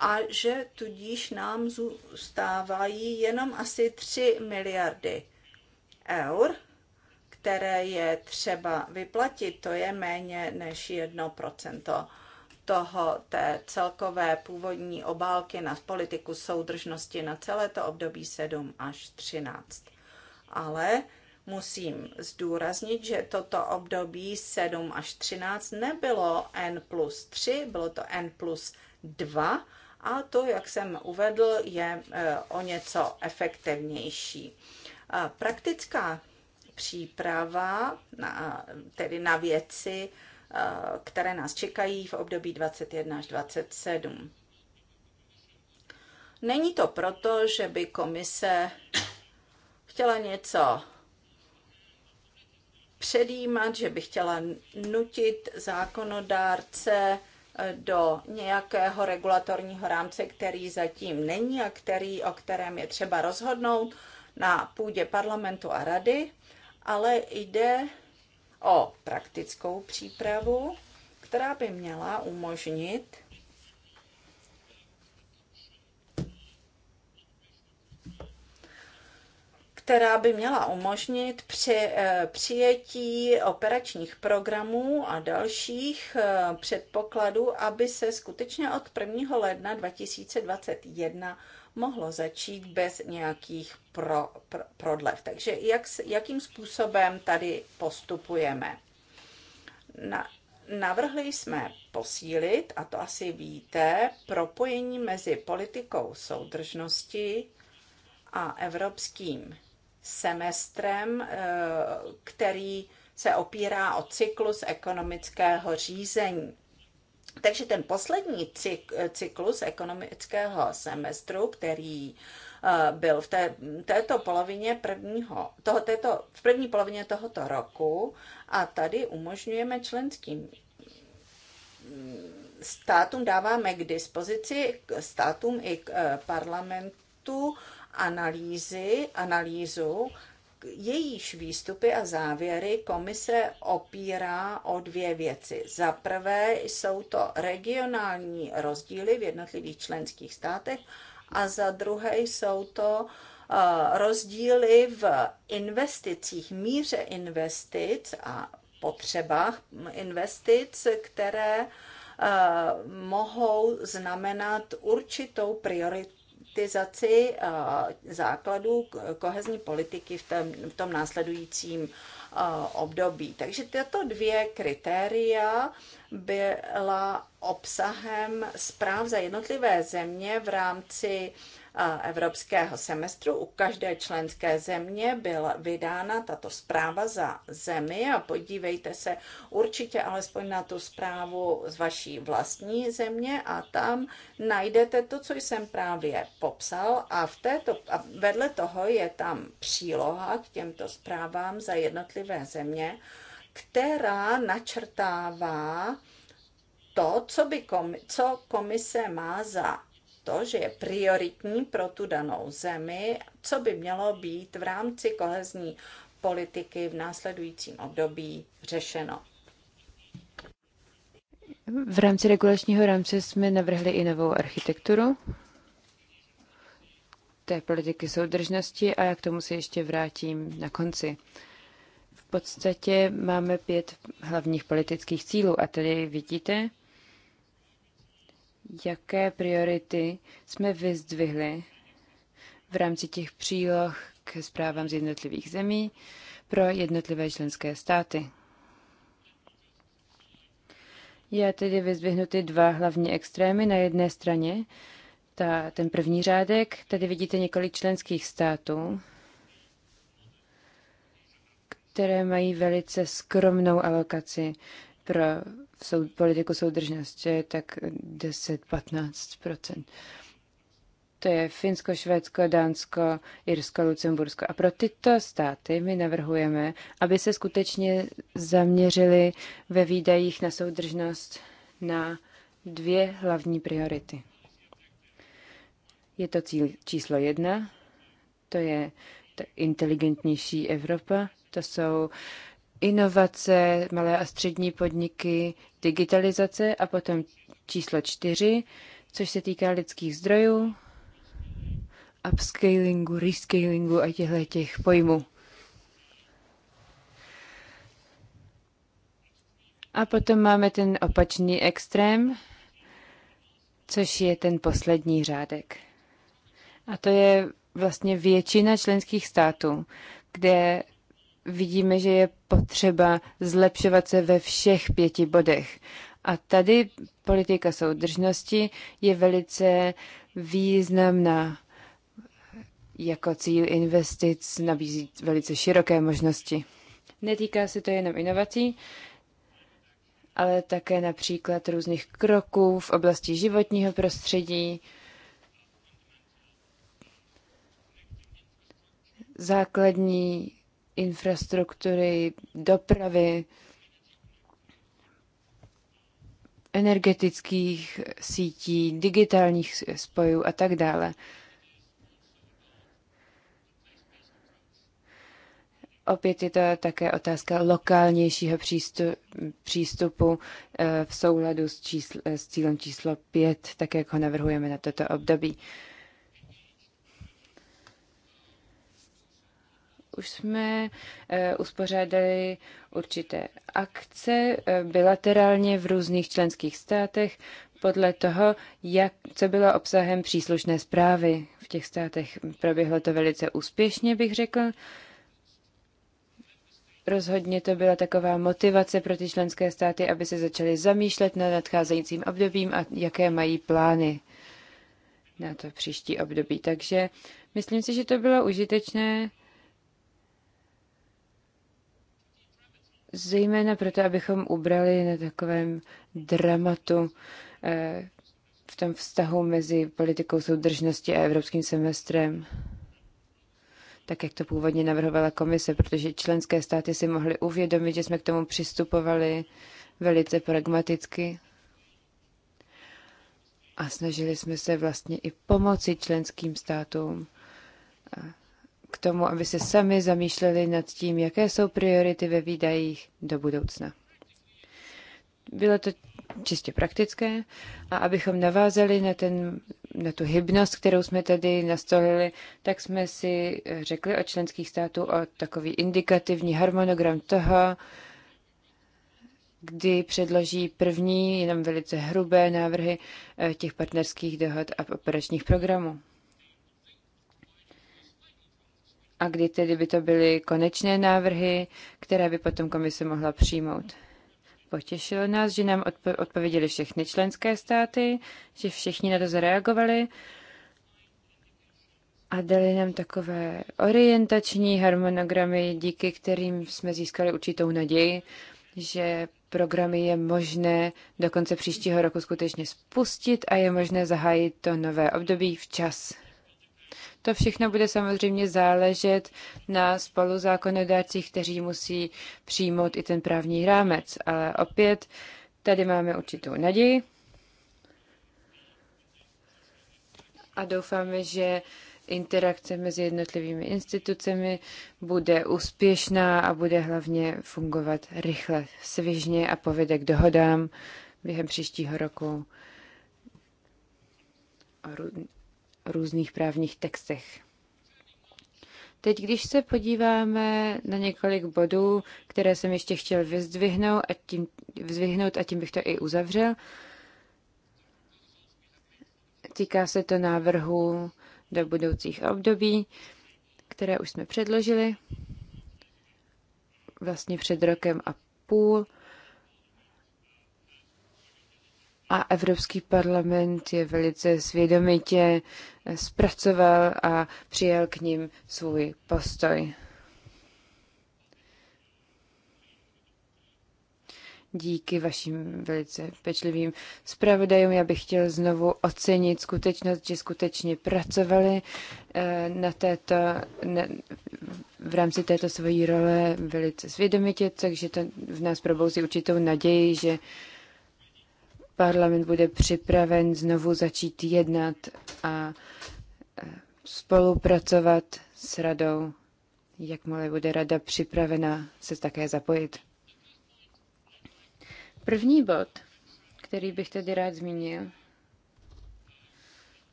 a že tudíž nám zůstávají jenom asi 3 miliardy eur, které je třeba vyplatit. To je méně než 1% toho té celkové původní obálky na politiku soudržnosti na celé to období 7 až 13. Ale musím zdůraznit, že toto období 7 až 13 nebylo N plus 3, bylo to N plus 2 a to, jak jsem uvedl, je e, o něco efektivnější. E, praktická příprava, na, tedy na věci, e, které nás čekají v období 21 až 27. Není to proto, že by komise chtěla něco předjímat, že by chtěla nutit zákonodárce do nějakého regulatorního rámce, který zatím není a který, o kterém je třeba rozhodnout na půdě parlamentu a rady, ale jde o praktickou přípravu, která by měla umožnit která by měla umožnit při eh, přijetí operačních programů a dalších eh, předpokladů, aby se skutečně od 1. ledna 2021 mohlo začít bez nějakých pro, pro, prodlev. Takže jak, jakým způsobem tady postupujeme? Na, navrhli jsme posílit, a to asi víte, propojení mezi politikou soudržnosti a evropským semestrem, eh, který se opírá o cyklus ekonomického řízení. Takže ten poslední cyklus ekonomického semestru, který eh, byl v té, této polovině prvního, toho, této, v první polovině tohoto roku a tady umožňujeme členským mm, státům, dáváme k dispozici státům i k eh, parlamentu analýzy, analýzu, jejíž výstupy a závěry komise opírá o dvě věci. Za prvé jsou to regionální rozdíly v jednotlivých členských státech a za druhé jsou to eh, rozdíly v investicích, míře investic a potřebách investic, které eh, mohou znamenat určitou prioritu prioritizaci eh, základů kohezní politiky v tom, v tom následujícím eh, období. Takže tyto dvě kritéria byla obsahem zpráv za jednotlivé země v rámci evropského semestru. U každé členské země byla vydána tato zpráva za zemi a podívejte se určitě alespoň na tu zprávu z vaší vlastní země a tam najdete to, co jsem právě popsal a, v této, a vedle toho je tam příloha k těmto zprávám za jednotlivé země, která načrtává to, co, by komi- co komise má za to, že je prioritní pro tu danou zemi, co by mělo být v rámci kohezní politiky v následujícím období řešeno. V rámci regulačního rámce jsme navrhli i novou architekturu té politiky soudržnosti a já k tomu se ještě vrátím na konci. V podstatě máme pět hlavních politických cílů a tady vidíte, jaké priority jsme vyzdvihli v rámci těch příloh k zprávám z jednotlivých zemí pro jednotlivé členské státy. Já tedy vyzvihnu ty dva hlavní extrémy. Na jedné straně ta, ten první řádek, tady vidíte několik členských států, které mají velice skromnou alokaci pro sou, politiku soudržnosti, tak 10-15%. To je Finsko, Švédsko, Dánsko, Irsko, Lucembursko. A pro tyto státy my navrhujeme, aby se skutečně zaměřili ve výdajích na soudržnost na dvě hlavní priority. Je to cíl číslo jedna, to je inteligentnější Evropa, to jsou inovace, malé a střední podniky, digitalizace a potom číslo čtyři, což se týká lidských zdrojů, upscalingu, rescalingu a těchto těch pojmů. A potom máme ten opačný extrém, což je ten poslední řádek. A to je vlastně většina členských států, kde vidíme, že je potřeba zlepšovat se ve všech pěti bodech. A tady politika soudržnosti je velice významná jako cíl investic, nabízí velice široké možnosti. Netýká se to jenom inovací, ale také například různých kroků v oblasti životního prostředí, základní infrastruktury, dopravy, energetických sítí, digitálních spojů a tak dále. Opět je to také otázka lokálnějšího přístupu eh, v souladu s, číslo, s cílem číslo 5, tak jak ho navrhujeme na toto období. Už jsme eh, uspořádali určité akce eh, bilaterálně v různých členských státech podle toho, jak, co bylo obsahem příslušné zprávy v těch státech. Proběhlo to velice úspěšně, bych řekl. Rozhodně to byla taková motivace pro ty členské státy, aby se začaly zamýšlet nad nadcházejícím obdobím a jaké mají plány na to příští období. Takže myslím si, že to bylo užitečné zejména proto, abychom ubrali na takovém dramatu eh, v tom vztahu mezi politikou soudržnosti a evropským semestrem, tak jak to původně navrhovala komise, protože členské státy si mohly uvědomit, že jsme k tomu přistupovali velice pragmaticky a snažili jsme se vlastně i pomoci členským státům eh, k tomu, aby se sami zamýšleli nad tím, jaké jsou priority ve výdajích do budoucna. Bylo to čistě praktické a abychom navázali na, ten, na tu hybnost, kterou jsme tady nastolili, tak jsme si eh, řekli od členských států o takový indikativní harmonogram toho, kdy předloží první, jenom velice hrubé návrhy eh, těch partnerských dohod a operačních programů a kdy tedy by to byly konečné návrhy, které by potom komise mohla přijmout. Potěšilo nás, že nám odpo- odpověděli všechny členské státy, že všichni na to zareagovali a dali nám takové orientační harmonogramy, díky kterým jsme získali určitou naději, že programy je možné do konce příštího roku skutečně spustit a je možné zahájit to nové období včas. To všechno bude samozřejmě záležet na spoluzákonodárcích, kteří musí přijmout i ten právní rámec. Ale opět tady máme určitou naději a doufáme, že interakce mezi jednotlivými institucemi bude úspěšná a bude hlavně fungovat rychle, svižně a povede k dohodám během příštího roku různých právních textech. Teď, když se podíváme na několik bodů, které jsem ještě chtěl vyzdvihnout a tím, vyzdvihnout a tím bych to i uzavřel, týká se to návrhu do budoucích období, které už jsme předložili vlastně před rokem a půl a Evropský parlament je velice svědomitě zpracoval a přijal k ním svůj postoj. díky vašim velice pečlivým zpravodajům. Já bych chtěl znovu ocenit skutečnost, že skutečně pracovali eh, na této, na, v rámci této své role velice svědomitě, takže to v nás probouzí určitou naději, že parlament bude připraven znovu začít jednat a e, spolupracovat s radou, jakmile bude rada připravena se také zapojit. První bod, který bych tedy rád zmínil,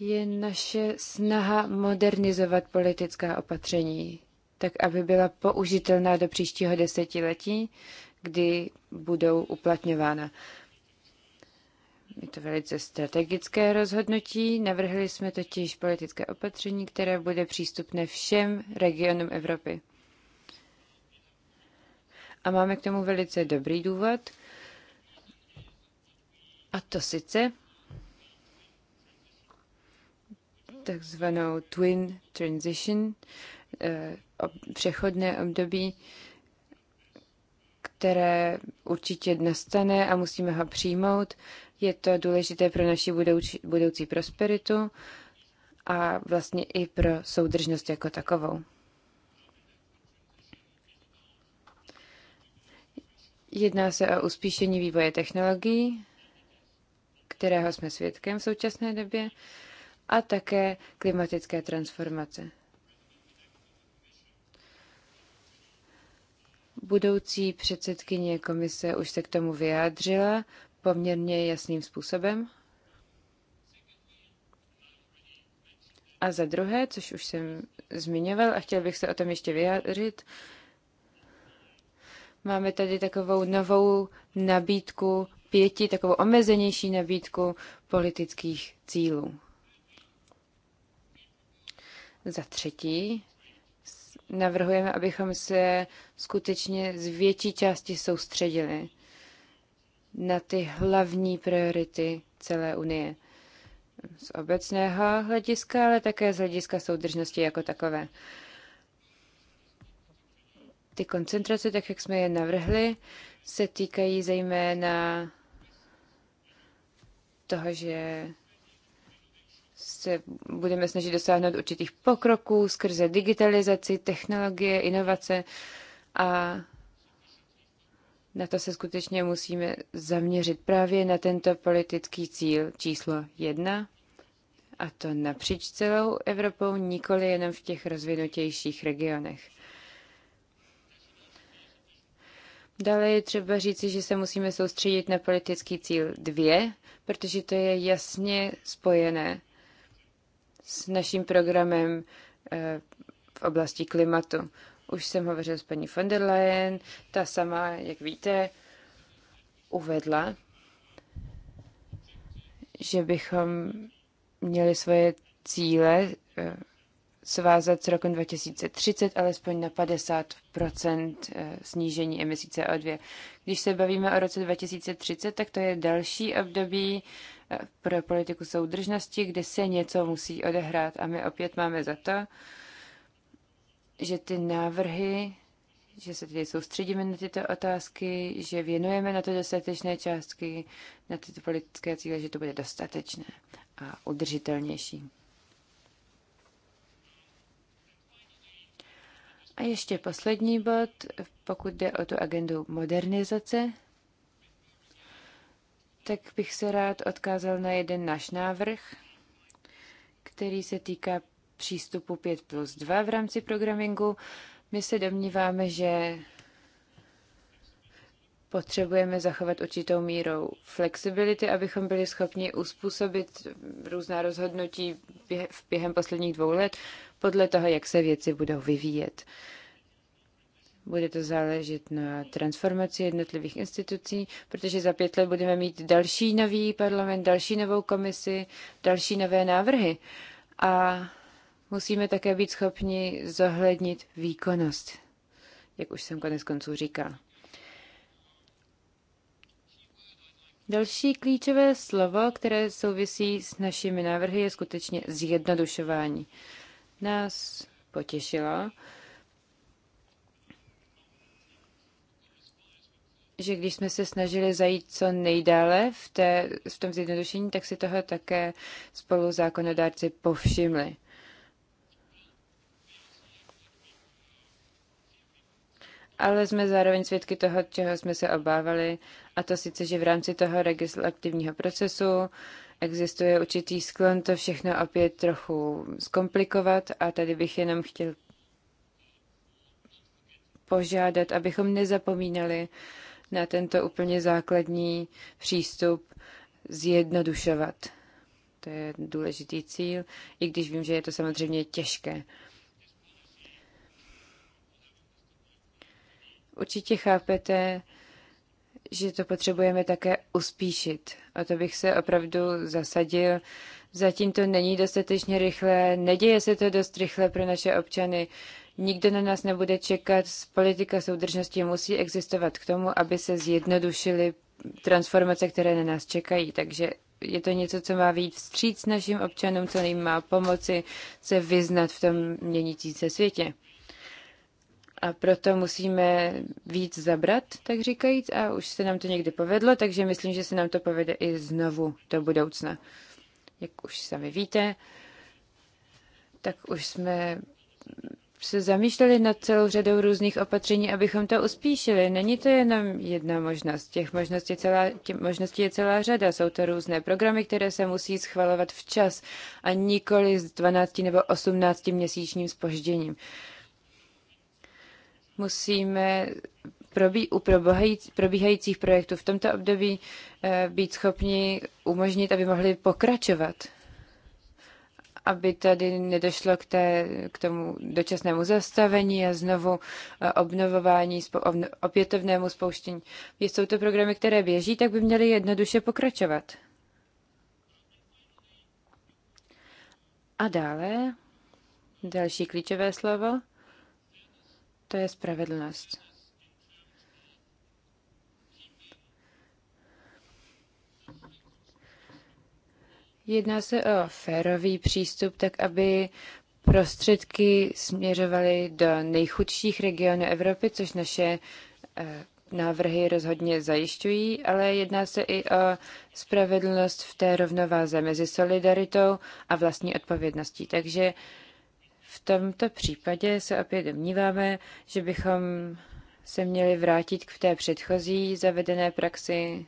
je naše snaha modernizovat politická opatření, tak aby byla použitelná do příštího desetiletí, kdy budou uplatňována. Je to velice strategické rozhodnutí. Navrhli jsme totiž politické opatření, které bude přístupné všem regionům Evropy. A máme k tomu velice dobrý důvod. A to sice takzvanou twin transition, eh, přechodné období které určitě nastane a musíme ho přijmout. Je to důležité pro naši budoucí, budoucí prosperitu a vlastně i pro soudržnost jako takovou. Jedná se o uspíšení vývoje technologií, kterého jsme svědkem v současné době, a také klimatické transformace. Budoucí předsedkyně komise už se k tomu vyjádřila poměrně jasným způsobem. A za druhé, což už jsem zmiňoval a chtěl bych se o tom ještě vyjádřit, máme tady takovou novou nabídku pěti, takovou omezenější nabídku politických cílů. Za třetí, navrhujeme, abychom se skutečně z větší části soustředili na ty hlavní priority celé Unie. Z obecného hlediska, ale také z hlediska soudržnosti jako takové. Ty koncentrace, tak jak jsme je navrhli, se týkají zejména toho, že se budeme snažit dosáhnout určitých pokroků skrze digitalizaci, technologie, inovace a na to se skutečně musíme zaměřit právě na tento politický cíl číslo jedna, a to napříč celou Evropou, nikoli jenom v těch rozvinutějších regionech. Dále je třeba říci, že se musíme soustředit na politický cíl dvě, protože to je jasně spojené s naším programem eh, v oblasti klimatu. Už jsem hovořil s paní von der Leyen, ta sama, jak víte, uvedla, že bychom měli svoje cíle eh, svázat s rokem 2030 alespoň na 50 eh, snížení emisí CO2. Když se bavíme o roce 2030, tak to je další období eh, pro politiku soudržnosti, kde se něco musí odehrát. A my opět máme za to, že ty návrhy, že se tedy soustředíme na tyto otázky, že věnujeme na to dostatečné částky, na tyto politické cíle, že to bude dostatečné a udržitelnější. A ještě poslední bod, pokud jde o tu agendu modernizace, tak bych se rád odkázal na jeden náš návrh, který se týká přístupu 5 plus 2 v rámci programingu. My se domníváme, že potřebujeme zachovat určitou mírou flexibility, abychom byli schopni uspůsobit různá rozhodnutí v během posledních dvou let podle toho, jak se věci budou vyvíjet. Bude to záležet na transformaci jednotlivých institucí, protože za pět let budeme mít další nový parlament, další novou komisi, další nové návrhy. A musíme také být schopni zohlednit výkonnost, jak už jsem konec konců říkal. Další klíčové slovo, které souvisí s našimi návrhy, je skutečně zjednodušování nás potěšilo, že když jsme se snažili zajít co nejdále v, té, v tom zjednodušení, tak si toho také spolu zákonodárci povšimli. ale jsme zároveň svědky toho, čeho jsme se obávali, a to sice, že v rámci toho legislativního procesu existuje určitý sklon to všechno opět trochu zkomplikovat a tady bych jenom chtěl požádat, abychom nezapomínali na tento úplně základní přístup zjednodušovat. To je důležitý cíl, i když vím, že je to samozřejmě těžké. Určitě chápete, že to potřebujeme také uspíšit. A to bych se opravdu zasadil. Zatím to není dostatečně rychlé, neděje se to dost rychle pro naše občany. Nikdo na nás nebude čekat. Politika soudržnosti musí existovat k tomu, aby se zjednodušily transformace, které na nás čekají. Takže je to něco, co má víc vstříc našim občanům, co jim má pomoci se vyznat v tom měnící se světě a proto musíme víc zabrat, tak říkajíc, a už se nám to někdy povedlo, takže myslím, že se nám to povede i znovu do budoucna. Jak už sami víte, tak už jsme se zamýšleli nad celou řadou různých opatření, abychom to uspíšili. Není to jenom jedna možnost. Těch možností, celá, těch možností je celá řada. Jsou to různé programy, které se musí schvalovat včas a nikoli s 12 nebo 18 měsíčním spožděním musíme probí, u probíhajících projektů v tomto období eh, být schopni umožnit, aby mohli pokračovat, aby tady nedošlo k, té, k tomu dočasnému zastavení a znovu eh, obnovování, opětovnému spouštění. Když jsou to programy, které běží, tak by měly jednoduše pokračovat. A dále další klíčové slovo to je spravedlnost. Jedná se o férový přístup, tak aby prostředky směřovaly do nejchudších regionů Evropy, což naše eh, návrhy rozhodně zajišťují, ale jedná se i o spravedlnost v té rovnováze mezi solidaritou a vlastní odpovědností. Takže v tomto případě se opět domníváme, že bychom se měli vrátit k té předchozí zavedené praxi,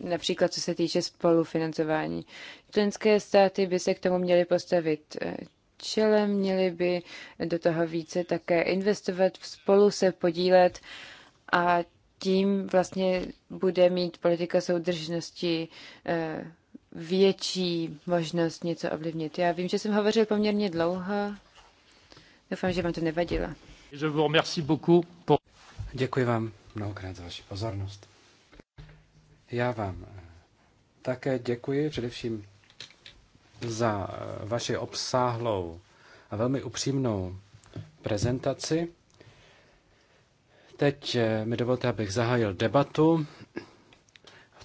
například co se týče spolufinancování. Členské státy by se k tomu měly postavit eh, čelem, měly by do toho více také investovat, spolu se podílet a tím vlastně bude mít politika soudržnosti eh, větší možnost něco ovlivnit. Já vím, že jsem hovořil poměrně dlouho. Doufám, že vám to nevadilo. Děkuji vám mnohokrát za vaši pozornost. Já vám eh, také děkuji především za eh, vaši obsáhlou a velmi upřímnou prezentaci. Teď eh, mi dovolte, abych zahájil debatu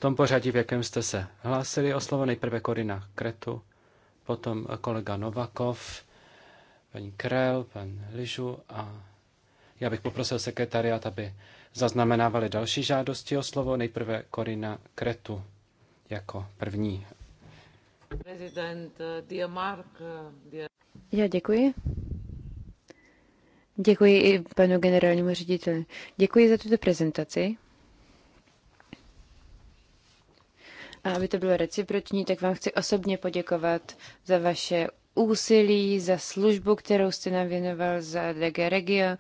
tom pořadí, v jakém jste se hlásili o slovo. Nejprve Korina Kretu, potom kolega Novakov, paní Krel, pan Ližu a já bych poprosil sekretariat, aby zaznamenávali další žádosti o slovo. Nejprve Korina Kretu jako první. Eh, eh, já děkuji. Děkuji i panu generálnímu řediteli. Děkuji za tuto prezentaci. A aby to bylo reciproční, tak vám chci osobně poděkovat za vaše úsilí, za službu, kterou jste nám věnoval za DG Regio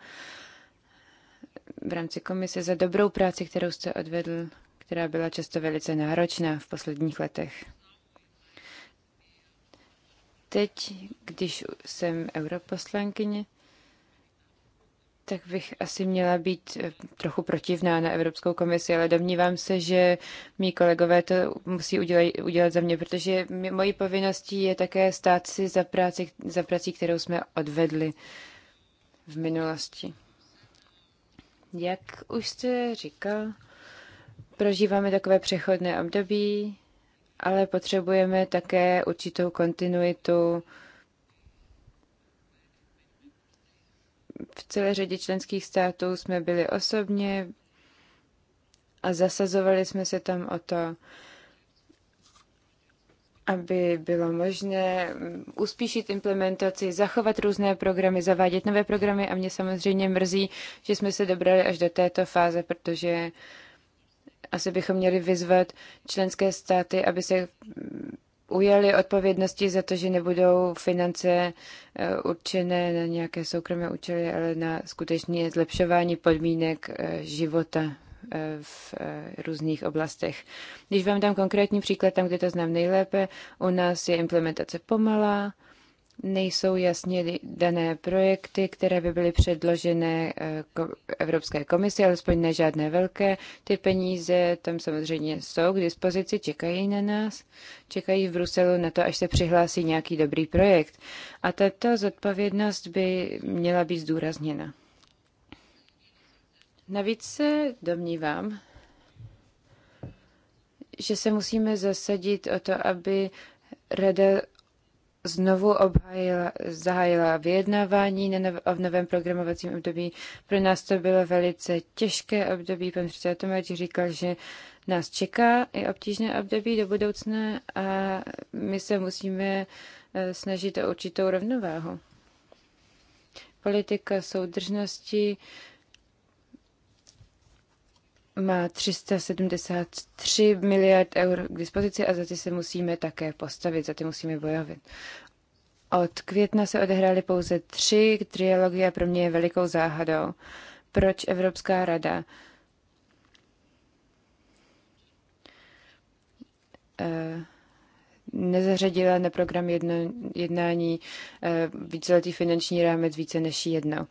v rámci komise, za dobrou práci, kterou jste odvedl, která byla často velice náročná v posledních letech. Teď, když jsem europoslankyně, tak bych asi měla být eh, trochu protivná na Evropskou komisi, ale domnívám se, že mý kolegové to musí udělat, udělat za mě, protože mojí povinností je také stát si za, práci, za prací, kterou jsme odvedli v minulosti. Jak už jste říkal, prožíváme takové přechodné období, ale potřebujeme také určitou kontinuitu v celé řadě členských států jsme byli osobně a zasazovali jsme se tam o to, aby bylo možné mm, uspíšit implementaci, zachovat různé programy, zavádět nové programy a mě samozřejmě mrzí, že jsme se dobrali až do této fáze, protože asi bychom měli vyzvat členské státy, aby se mm, ujeli odpovědnosti za to, že nebudou finance eh, určené na nějaké soukromé účely, ale na skutečně zlepšování podmínek eh, života eh, v různých oblastech. Když vám dám konkrétní příklad, tam, kde to znám nejlépe, u nás je implementace pomalá, nejsou jasně dané projekty, které by byly předložené eh, Evropské komisi, alespoň ne žádné velké. Ty peníze tam samozřejmě jsou k dispozici, čekají na nás, čekají v Bruselu na to, až se přihlásí nějaký dobrý projekt. A tato zodpovědnost by měla být zdůrazněna. Navíc se domnívám, že se musíme zasadit o to, aby Rada znovu obhájila, zahájila vyjednávání na nov, v novém programovacím období. Pro nás to bylo velice těžké období. Pan předseda Tomáč říkal, že nás čeká i obtížné období do budoucna a my se musíme e, snažit o určitou rovnováhu. Politika soudržnosti má 373 miliard eur k dispozici a za ty se musíme také postavit, za ty musíme bojovat. Od května se odehrály pouze tři trialogy a pro mě je velikou záhadou, proč Evropská rada eh, nezařadila na program jedno, jednání eh, víceletý finanční rámec více než jednou.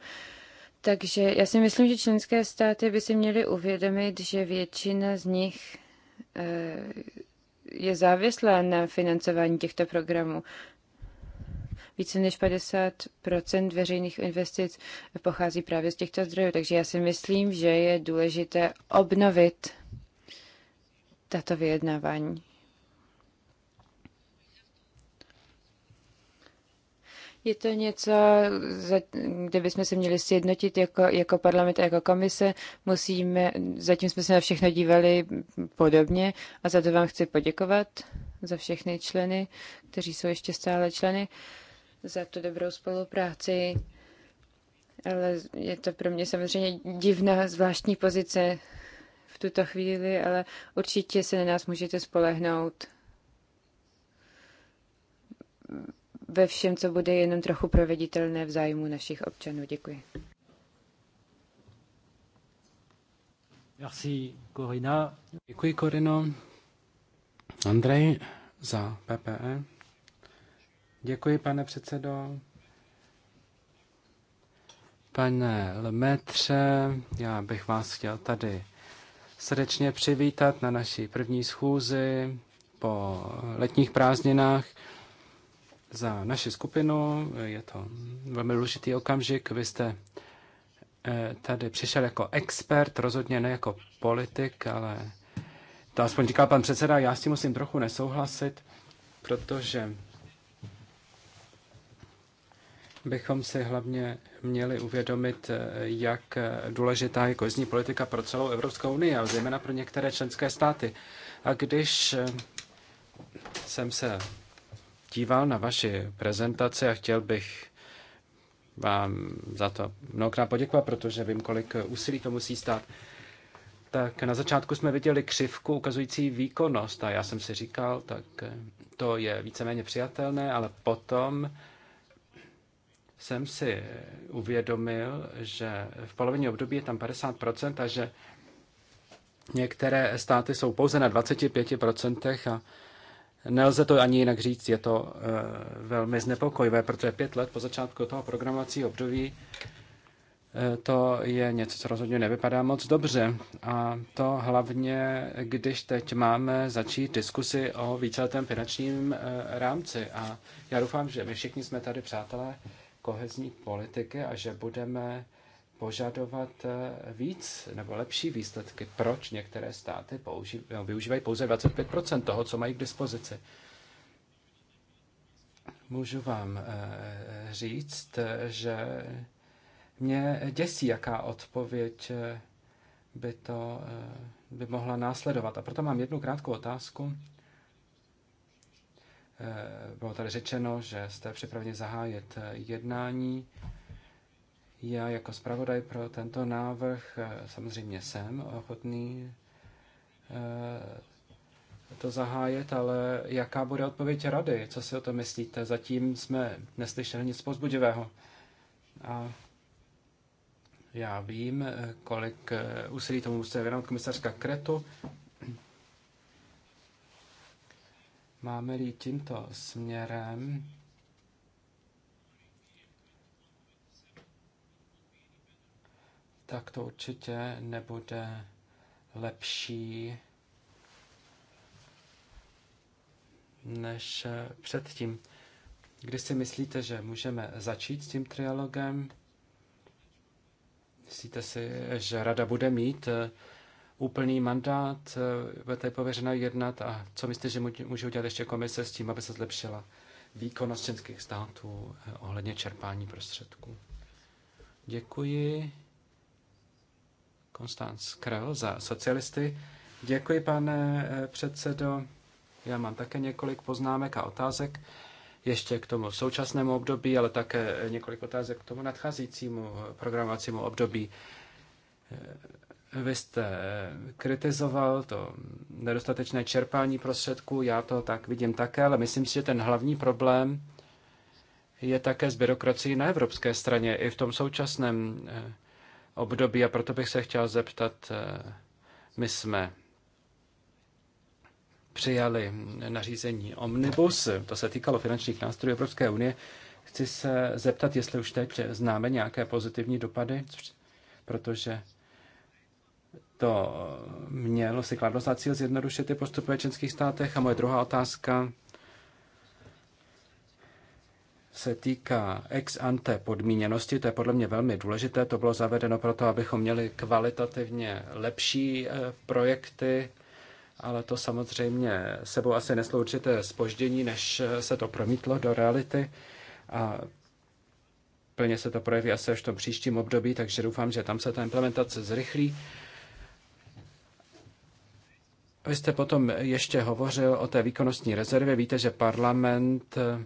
Takže já si myslím, že členské státy by si měly uvědomit, že většina z nich eh, je závislá na financování těchto programů. Více než 50 veřejných investic pochází právě z těchto zdrojů, takže já si myslím, že je důležité obnovit tato vyjednávání. Je to něco, kde bychom se měli sjednotit jako, jako parlament a jako komise. Musíme, zatím jsme se na všechno dívali podobně a za to vám chci poděkovat, za všechny členy, kteří jsou ještě stále členy, za tu dobrou spolupráci. Ale je to pro mě samozřejmě divná, zvláštní pozice v tuto chvíli, ale určitě se na nás můžete spolehnout ve všem, co bude jenom trochu proveditelné v zájmu našich občanů. Děkuji. Merci, Corina. Děkuji, Corino. Andrej za PPE. Děkuji, pane předsedo. Pane Lmetře, já bych vás chtěl tady srdečně přivítat na naší první schůzi po letních prázdninách za naši skupinu. Je to velmi důležitý okamžik. Vy jste eh, tady přišel jako expert, rozhodně ne jako politik, ale to aspoň říká pan předseda, já s tím musím trochu nesouhlasit, protože bychom si hlavně měli uvědomit, eh, jak eh, důležitá je kozní politika pro celou Evropskou unii a zejména pro některé členské státy. A když jsem se díval na vaši prezentaci a chtěl bych vám za to mnohokrát poděkovat, protože vím, kolik úsilí to musí stát. Tak na začátku jsme viděli křivku ukazující výkonnost a já jsem si říkal, tak to je víceméně přijatelné, ale potom jsem si uvědomil, že v polovině období je tam 50% a že některé státy jsou pouze na 25% a Nelze to ani jinak říct, je to eh, velmi znepokojivé, protože pět let po začátku toho programovacího období eh, to je něco, co rozhodně nevypadá moc dobře. A to hlavně, když teď máme začít diskusy o víceletém finančním eh, rámci. A já doufám, že my všichni jsme tady přátelé kohezní politiky a že budeme požadovat eh, víc nebo lepší výsledky. Proč některé státy použi- no, využívají pouze 25 toho, co mají k dispozici? Můžu vám eh, říct, že mě děsí, jaká odpověď eh, by to by mohla následovat. A proto mám jednu krátkou otázku. Bylo tady řečeno, že jste připraveni zahájit jednání já jako zpravodaj pro tento návrh eh, samozřejmě jsem ochotný eh, to zahájit, ale jaká bude odpověď rady? Co si o to myslíte? Zatím jsme neslyšeli nic pozbudivého. A já vím, eh, kolik úsilí tomu musí věnovat komisařka Kretu. Máme-li tímto směrem tak to určitě nebude lepší než předtím. Kdy si myslíte, že můžeme začít s tím trialogem? Myslíte si, že rada bude mít eh, úplný mandát, bude eh, pověřena jednat a co myslíte, že může udělat ještě komise s tím, aby se zlepšila výkonnost členských států eh, ohledně čerpání prostředků? Děkuji. Konstanc Krell za socialisty. Děkuji, pane eh, předsedo. Já mám také několik poznámek a otázek ještě k tomu současnému období, ale také eh, několik otázek k tomu nadcházícímu eh, programovacímu období. Vy jste kritizoval to nedostatečné čerpání prostředků, já to tak vidím také, ale myslím si, že ten hlavní problém je také s byrokracií na evropské straně. I v tom současném období a proto bych se chtěl zeptat, eh, my jsme přijali nařízení Omnibus, to se týkalo finančních nástrojů Evropské unie. Chci se zeptat, jestli už teď známe nějaké pozitivní dopady, protože to mělo si kladlo za cíl zjednodušit ty postupy v členských státech. A moje druhá otázka se týká ex ante podmíněnosti, to je podle mě velmi důležité. To bylo zavedeno proto, abychom měli kvalitativně lepší eh, projekty, ale to samozřejmě sebou asi neslo určité spoždění, než eh, se to promítlo do reality. A plně se to projeví asi až v tom příštím období, takže doufám, že tam se ta implementace zrychlí. Vy jste potom ještě hovořil o té výkonnostní rezervě. Víte, že parlament eh,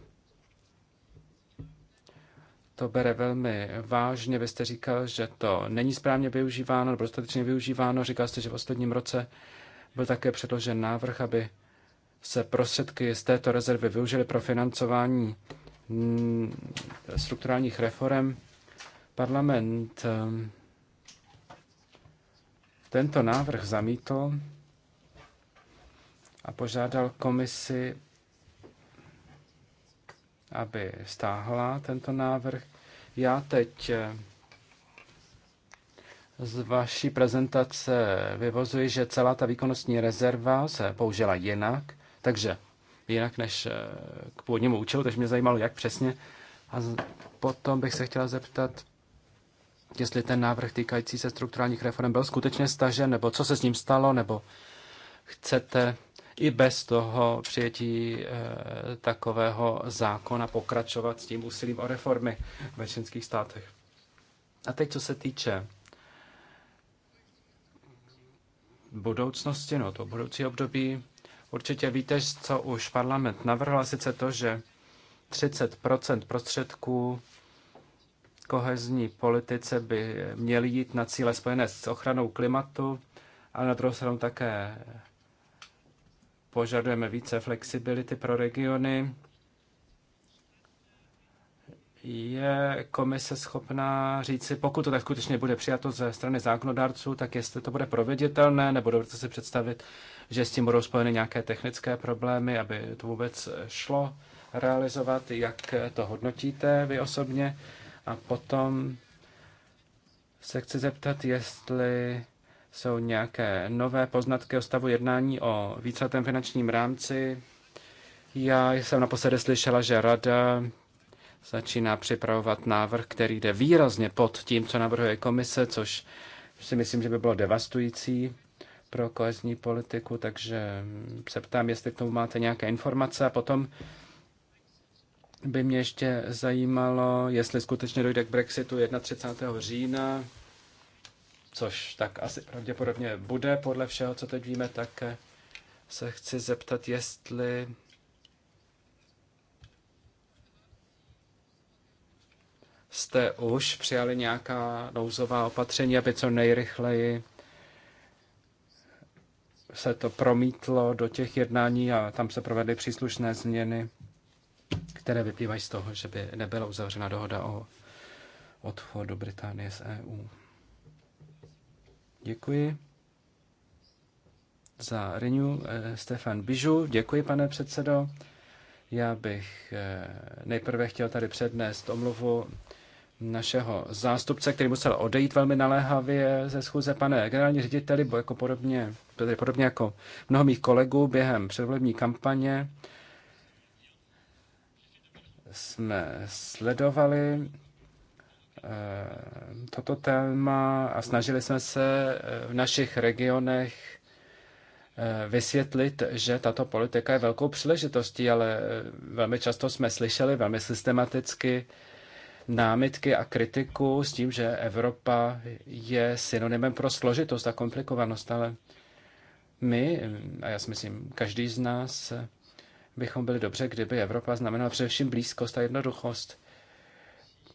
to bere velmi vážně. Vy jste říkal, že to není správně využíváno nebo dostatečně využíváno. Říkal jste, že v posledním roce byl také předložen návrh, aby se prostředky z této rezervy využily pro financování mm, strukturálních reform. Parlament ehm, tento návrh zamítl a požádal komisi aby stáhla tento návrh. Já teď eh, z vaší prezentace vyvozuji, že celá ta výkonnostní rezerva se použila jinak, takže jinak než eh, k původnímu účelu, takže mě zajímalo, jak přesně. A potom bych se chtěla zeptat, jestli ten návrh týkající se strukturálních reform byl skutečně stažen, nebo co se s ním stalo, nebo chcete i bez toho přijetí eh, takového zákona pokračovat s tím úsilím o reformy ve členských státech. A teď, co se týče budoucnosti, no to budoucí období, určitě víte, co už parlament navrhl, sice to, že 30 prostředků kohezní politice by měly jít na cíle spojené s ochranou klimatu, ale na druhou stranu také Požadujeme více flexibility pro regiony. Je komise schopná říci, pokud to tak skutečně bude přijato ze strany zákonodárců, tak jestli to bude proveditelné, nebo dovedete si představit, že s tím budou spojeny nějaké technické problémy, aby to vůbec šlo realizovat, jak to hodnotíte vy osobně. A potom se chci zeptat, jestli jsou nějaké nové poznatky o stavu jednání o víceletém finančním rámci. Já jsem naposledy slyšela, že rada začíná připravovat návrh, který jde výrazně pod tím, co navrhuje komise, což si myslím, že by bylo devastující pro kohezní politiku, takže se ptám, jestli k tomu máte nějaké informace a potom by mě ještě zajímalo, jestli skutečně dojde k Brexitu 31. října, což tak asi pravděpodobně bude podle všeho, co teď víme, tak eh, se chci zeptat, jestli jste už přijali nějaká nouzová opatření, aby co nejrychleji se to promítlo do těch jednání a tam se provedly příslušné změny, které vyplývají z toho, že by nebyla uzavřena dohoda o odchodu Británie z EU. Děkuji. Za Renew eh, Stefan Bižu. Děkuji, pane předsedo. Já bych eh, nejprve chtěl tady přednést omluvu našeho zástupce, který musel odejít velmi naléhavě ze schůze, pane generální řediteli, bo jako podobně, tedy podobně jako mnoho mých kolegů během předvolební kampaně jsme sledovali Eh, toto téma a snažili jsme se eh, v našich regionech eh, vysvětlit, že tato politika je velkou příležitostí, ale velmi často jsme slyšeli velmi systematicky námitky a kritiku s tím, že Evropa je synonymem pro složitost a komplikovanost, ale my, a já si myslím, každý z nás, bychom byli dobře, kdyby Evropa znamenala především blízkost a jednoduchost.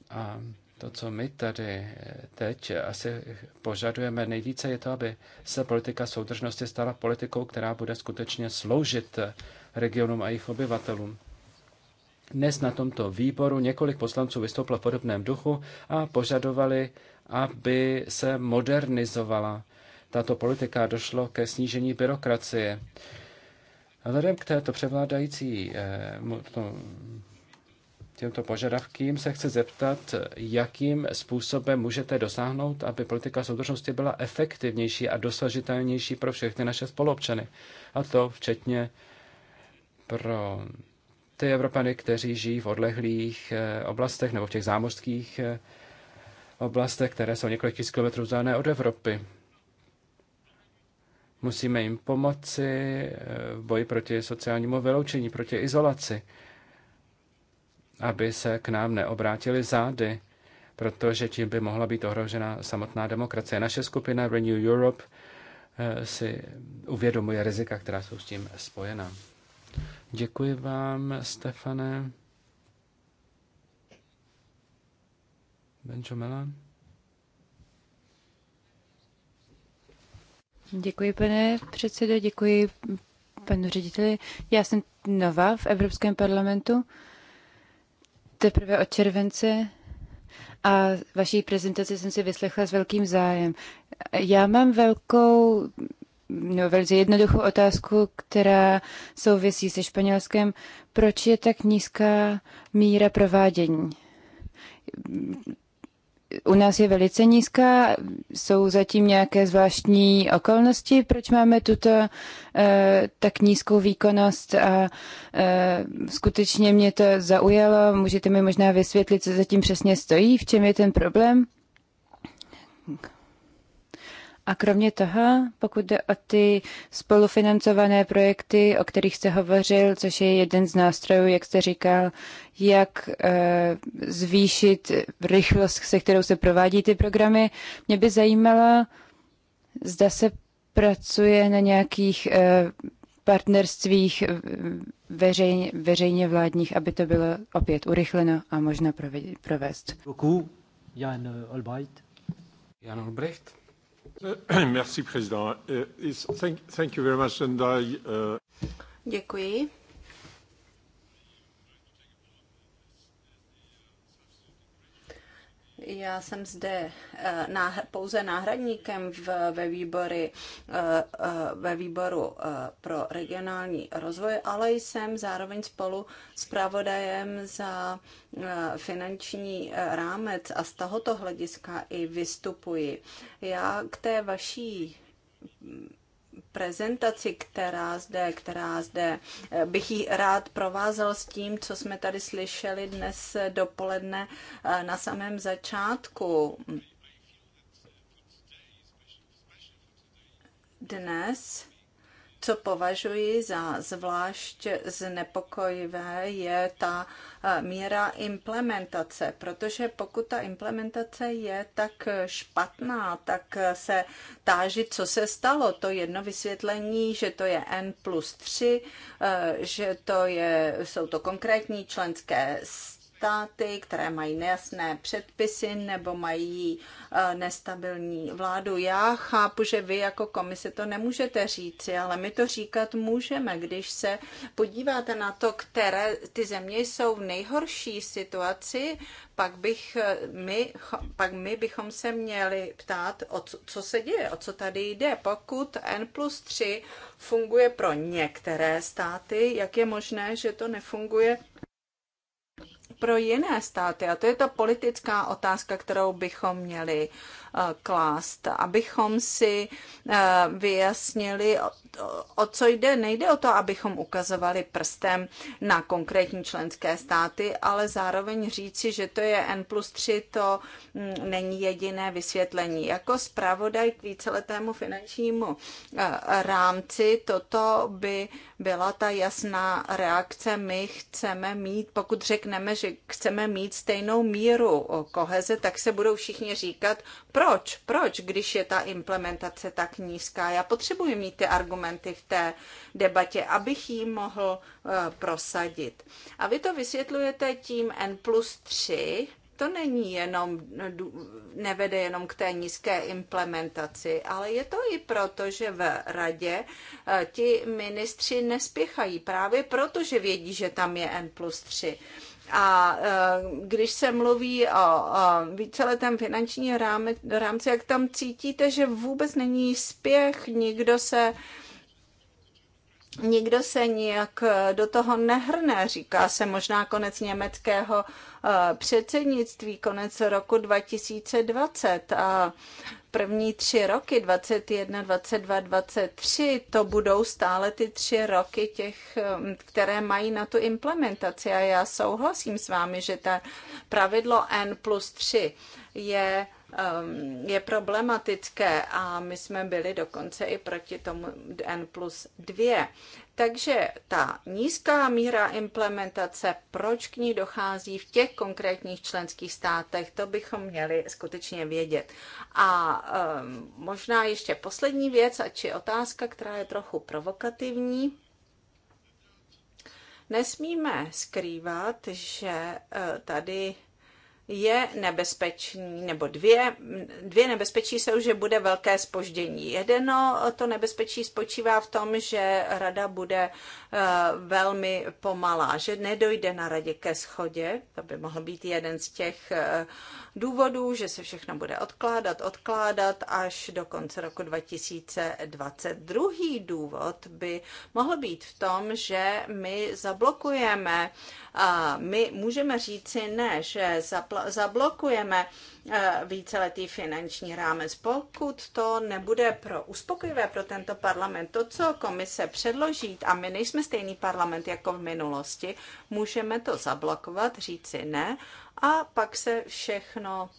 A to, co my tady eh, teď asi požadujeme nejvíce, je to, aby se politika soudržnosti stala politikou, která bude skutečně sloužit eh, regionům a jejich obyvatelům. Dnes na tomto výboru několik poslanců vystoupilo v podobném duchu a požadovali, aby se modernizovala tato politika došlo ke snížení byrokracie. Vzhledem k této převládající eh, těmto požadavkům se chci zeptat, jakým způsobem můžete dosáhnout, aby politika soudržnosti byla efektivnější a dosažitelnější pro všechny naše spolupčany. A to včetně pro ty Evropany, kteří žijí v odlehlých eh, oblastech nebo v těch zámořských eh, oblastech, které jsou několik tisíc kilometrů vzdálené od Evropy. Musíme jim pomoci eh, v boji proti sociálnímu vyloučení, proti izolaci aby se k nám neobrátili zády, protože tím by mohla být ohrožena samotná demokracie. Naše skupina Renew Europe eh, si uvědomuje rizika, která jsou s tím spojena. Děkuji vám, Stefane. Benjamela. Děkuji, pane předsedo, děkuji panu řediteli. Já jsem nová v Evropském parlamentu teprve od července a vaší prezentaci jsem si vyslechla s velkým zájem. Já mám velkou, no, velice jednoduchou otázku, která souvisí se Španělskem. Proč je tak nízká míra provádění? u nás je velice nízká. Jsou zatím nějaké zvláštní okolnosti, proč máme tuto eh, tak nízkou výkonnost a eh, skutečně mě to zaujalo. Můžete mi možná vysvětlit, co zatím přesně stojí, v čem je ten problém? A kromě toho, pokud jde o ty spolufinancované projekty, o kterých jste hovořil, což je jeden z nástrojů, jak jste říkal, jak eh, zvýšit rychlost, se kterou se provádí ty programy, mě by zajímalo, zda se pracuje na nějakých eh, partnerstvích eh, veřejně, veřejně vládních, aby to bylo opět urychleno a možno provést. Jan Albright. Jan Albrecht. Děkuji. Já jsem zde eh, pouze náhradníkem ve, výbory, eh, eh, ve výboru pro regionální rozvoj, ale jsem zároveň spolu s pravodajem za finanční rámec a z tohoto hlediska i vystupuji. Já k té vaší prezentaci, která zde, která zde eh, bych ji rád provázel s tím, co jsme tady slyšeli dnes dopoledne eh, na samém začátku. Dnes co považuji za zvlášť znepokojivé, je ta míra implementace, protože pokud ta implementace je tak špatná, tak se táží, co se stalo. To jedno vysvětlení, že to je N plus 3, eh, že to je, jsou to konkrétní členské státy, které mají nejasné předpisy nebo mají eh, nestabilní vládu. Já chápu, že vy jako komise to nemůžete říci, ale my to říkat můžeme. Když se podíváte na to, které ty země jsou v nejhorší situaci, pak, bych eh, my, pak my bychom se měli ptát, o co, co se děje, o co tady jde. Pokud N plus 3 funguje pro některé státy, jak je možné, že to nefunguje pro jiné státy. A to je ta politická otázka, kterou bychom měli eh, klást, abychom si eh, vyjasnili o co jde? Nejde o to, abychom ukazovali prstem na konkrétní členské státy, ale zároveň říci, že to je N plus 3, to mm, není jediné vysvětlení. Jako zpravodaj k víceletému finančnímu e, rámci toto by byla ta jasná reakce. My chceme mít, pokud řekneme, že chceme mít stejnou míru e, koheze, tak se budou všichni říkat, proč, proč, když je ta implementace tak nízká. Já potřebuji mít ty argumenty, argumenty v té debatě, abych ji mohl eh, prosadit. A vy to vysvětlujete tím N plus 3, to není jenom, nevede jenom k té nízké implementaci, ale je to i proto, že v radě eh, ti ministři nespěchají právě proto, že vědí, že tam je N plus 3. A eh, když se mluví o, o víceletém finanční rámci, jak tam cítíte, že vůbec není spěch, nikdo se nikdo se nijak do toho nehrne, říká se možná konec německého eh, předsednictví, konec roku 2020 a první tři roky, 21, 22, 23, to budou stále ty tři roky těch, eh, které mají na tu implementaci a já souhlasím s vámi, že ta pravidlo N plus 3 je Ehm, je problematické a my jsme byli dokonce i proti tomu N plus 2. Takže ta nízká míra implementace, proč k ní dochází v těch konkrétních členských státech, to bychom měli skutečně vědět. A um, možná ještě poslední věc, a či otázka, která je trochu provokativní. Nesmíme skrývat, že eh, tady je nebezpečný, nebo dvě, dvě nebezpečí jsou, že bude velké spoždění. Jedno to nebezpečí spočívá v tom, že rada bude eh, velmi pomalá, že nedojde na radě ke schodě, to by mohl být jeden z těch eh, důvodů, že se všechno bude odkládat, odkládat až do konce roku 2020. Druhý důvod by mohl být v tom, že my zablokujeme, my můžeme říci ne, že zablokujeme e, víceletý finanční rámec. Pokud to nebude pro uspokojivé pro tento parlament, to, co komise předloží, a my nejsme stejný parlament jako v minulosti, můžeme to zablokovat, říci ne a pak se všechno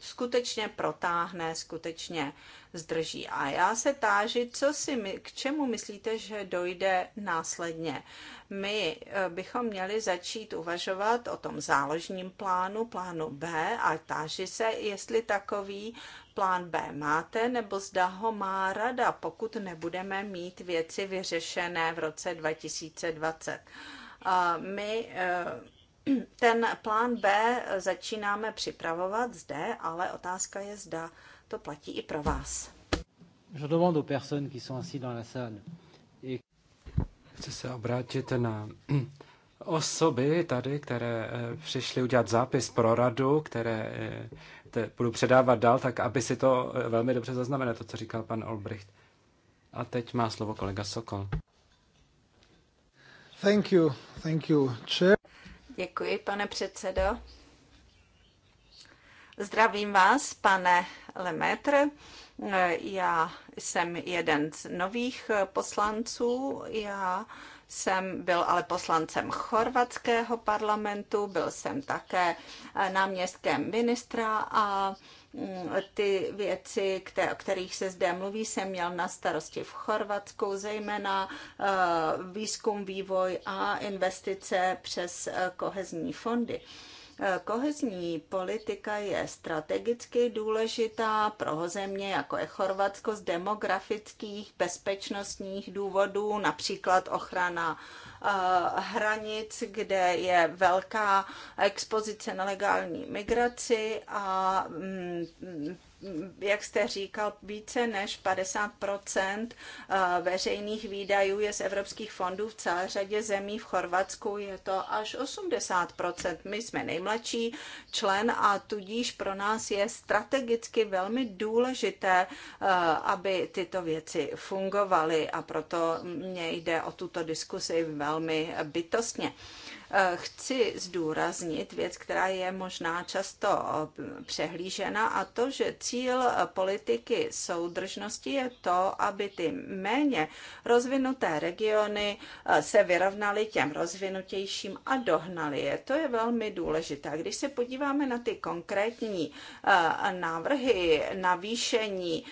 skutečně protáhne, skutečně zdrží. A já se táži, co si my, k čemu myslíte, že dojde následně. My eh, bychom měli začít uvažovat o tom záložním plánu, plánu B a táži se, jestli takový plán B máte, nebo zda ho má rada, pokud nebudeme mít věci vyřešené v roce 2020. My eh, ten plán B začínáme připravovat zde, ale otázka je, zda to platí i pro vás. Je demande aux personnes qui sont assises dans la salle. Et... Chci se obrátit na osoby tady, které eh, přišly udělat zápis pro radu, které eh, te, budu předávat dál, tak aby si to eh, velmi dobře zaznamená, to, co říkal pan Olbricht. A teď má slovo kolega Sokol. Thank you, thank you, chair. Děkuji, pane předsedo. Zdravím vás, pane Lemetr. Já jsem jeden z nových poslanců. Já jsem byl ale poslancem chorvatského parlamentu, byl jsem také náměstkem ministra a ty věci, o kterých se zde mluví, jsem měl na starosti v Chorvatsku, zejména eh, výzkum, vývoj a investice přes eh, kohezní fondy. Kohezní politika je strategicky důležitá pro země, jako je Chorvatsko, z demografických, bezpečnostních důvodů, například ochrana eh, hranic, kde je velká expozice na legální migraci a mm, jak jste říkal, více než 50 eh, veřejných výdajů je z evropských fondů v celé řadě zemí. V Chorvatsku je to až 80 My jsme nejmladší člen a tudíž pro nás je strategicky velmi důležité, eh, aby tyto věci fungovaly a proto mě jde o tuto diskusi velmi bytostně. Eh, chci zdůraznit věc, která je možná často eh, přehlížena, a to, že cíl eh, politiky soudržnosti je to, aby ty méně rozvinuté regiony se vyrovnaly těm rozvinutějším a dohnaly je. To je velmi důležité. Když se podíváme na ty konkrétní návrhy navýšení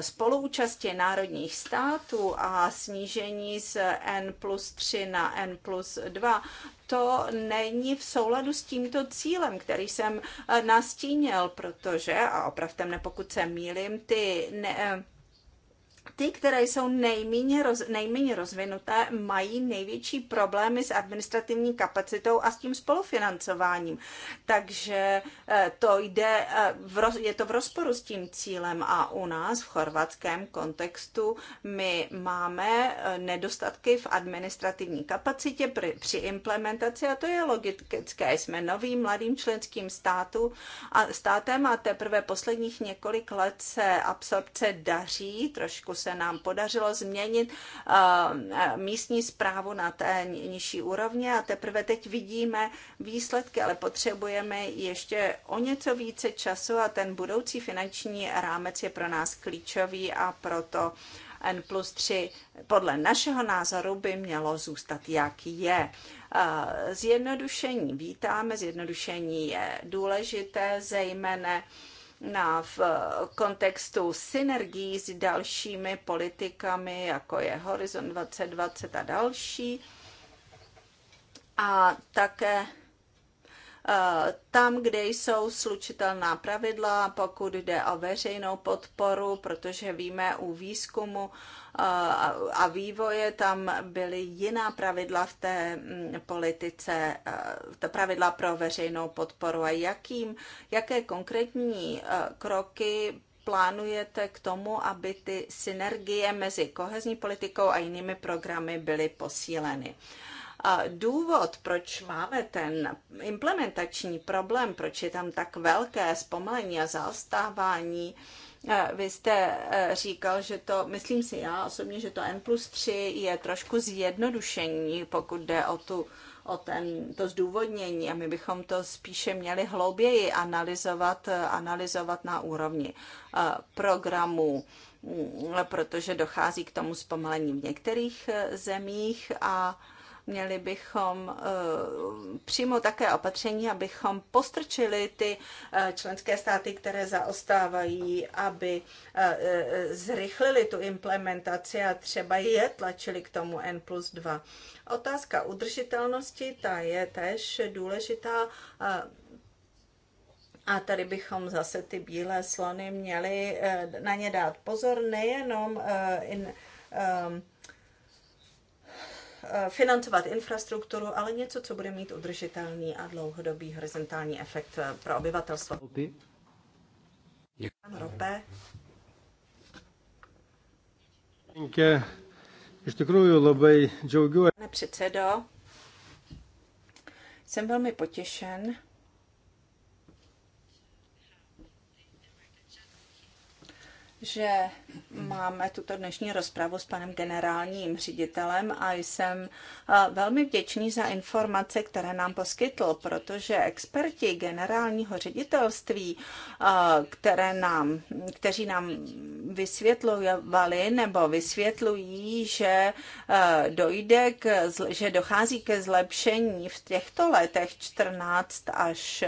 spoluúčasti národních států a snížení z N plus 3 na N plus 2, to není v souladu s tímto cílem, který jsem eh, nastínil, protože, a opravdu mne, pokud se mýlim, ty ne, eh, ty, které jsou nejméně, roz, nejméně rozvinuté, mají největší problémy s administrativní kapacitou a s tím spolufinancováním. Takže eh, to jde, eh, v roz, je to v rozporu s tím cílem a u nás v chorvatském kontextu my máme eh, nedostatky v administrativní kapacitě při, při implementaci a to je logické. Jsme novým mladým členským státu a státem a teprve posledních několik let se absorpce daří trošku se nám podařilo změnit eh, místní zprávu na té nižší úrovni a teprve teď vidíme výsledky, ale potřebujeme ještě o něco více času a ten budoucí finanční rámec je pro nás klíčový a proto N plus 3 podle našeho názoru by mělo zůstat, jak je. Eh, zjednodušení vítáme, zjednodušení je důležité, zejména na, v eh, kontextu synergií s dalšími politikami, jako je Horizon 2020 a další. A také tam, kde jsou slučitelná pravidla, pokud jde o veřejnou podporu, protože víme u výzkumu eh, a vývoje tam byly jiná pravidla v té mm, politice, eh, ta pravidla pro veřejnou podporu a jakým, jaké konkrétní eh, kroky plánujete k tomu, aby ty synergie mezi kohezní politikou a jinými programy byly posíleny důvod, proč máme ten implementační problém, proč je tam tak velké zpomalení a zaostávání, eh, vy jste eh, říkal, že to, myslím si já osobně, že to N plus 3 je trošku zjednodušení, pokud jde o tu o ten, to zdůvodnění a my bychom to spíše měli hlouběji analyzovat, eh, analyzovat na úrovni programů, mm, protože dochází k tomu zpomalení v některých zemích a Měli bychom eh, přímo také opatření, abychom postrčili ty eh, členské státy, které zaostávají, aby eh, zrychlili tu implementaci a třeba je tlačili k tomu N plus 2. Otázka udržitelnosti, ta je tež důležitá. A tady bychom zase ty bílé slony měli na ně dát pozor, nejenom in, um, Eh, financovat infrastrukturu, ale něco, co bude mít udržitelný a dlouhodobý horizontální efekt eh, pro obyvatelstvo. Pane předsedo, jsem velmi potěšen, že máme tuto dnešní rozpravu s panem generálním ředitelem a jsem velmi vděčný za informace, které nám poskytl, protože experti generálního ředitelství, které nám, kteří nám vysvětlovali nebo vysvětlují, že dojde k, že dochází ke zlepšení v těchto letech 14 až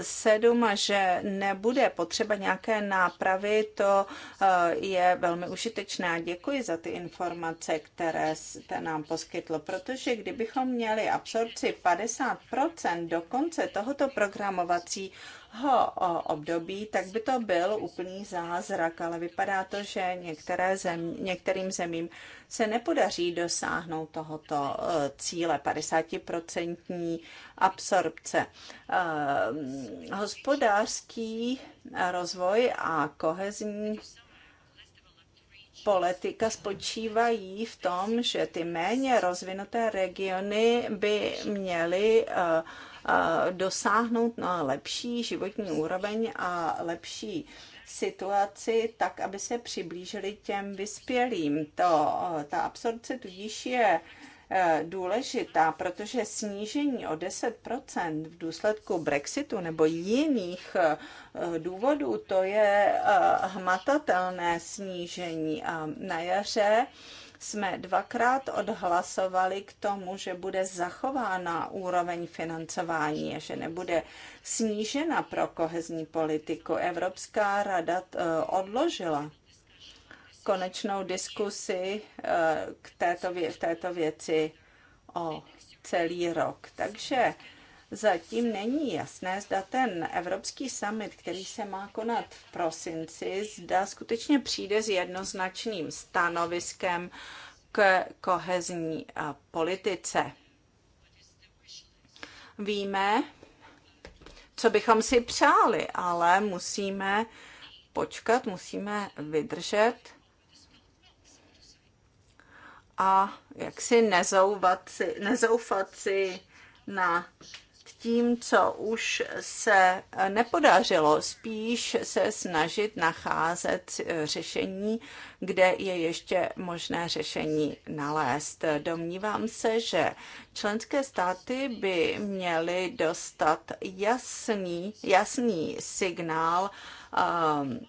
7 a že nebude potřeba nějaké nápravy, to Eh, je velmi užitečná. Děkuji za ty informace, které jste nám poskytlo, protože kdybychom měli absorpci 50% do konce tohoto programovací období, tak by to byl úplný zázrak, ale vypadá to, že některé zem, některým zemím se nepodaří dosáhnout tohoto e, cíle 50% absorpce. E, hospodářský rozvoj a kohezní politika spočívají v tom, že ty méně rozvinuté regiony by měly uh, dosáhnout na lepší životní úroveň a lepší situaci tak, aby se přiblížili těm vyspělým. To, ta absorce tudíž je e, důležitá, protože snížení o 10% v důsledku Brexitu nebo jiných e, důvodů, to je e, hmatatelné snížení. A na jaře jsme dvakrát odhlasovali k tomu, že bude zachována úroveň financování a že nebude snížena pro kohezní politiku. Evropská rada eh, odložila konečnou diskusi eh, k této, vě- této věci o celý rok. Takže Zatím není jasné, zda ten Evropský summit, který se má konat v prosinci, zda skutečně přijde s jednoznačným stanoviskem k kohezní politice. Víme, co bychom si přáli, ale musíme počkat, musíme vydržet a jak si nezoufat si, nezoufat si na tím, co už se nepodařilo, spíš se snažit nacházet řešení, kde je ještě možné řešení nalézt. Domnívám se, že členské státy by měly dostat jasný, jasný signál um, uh,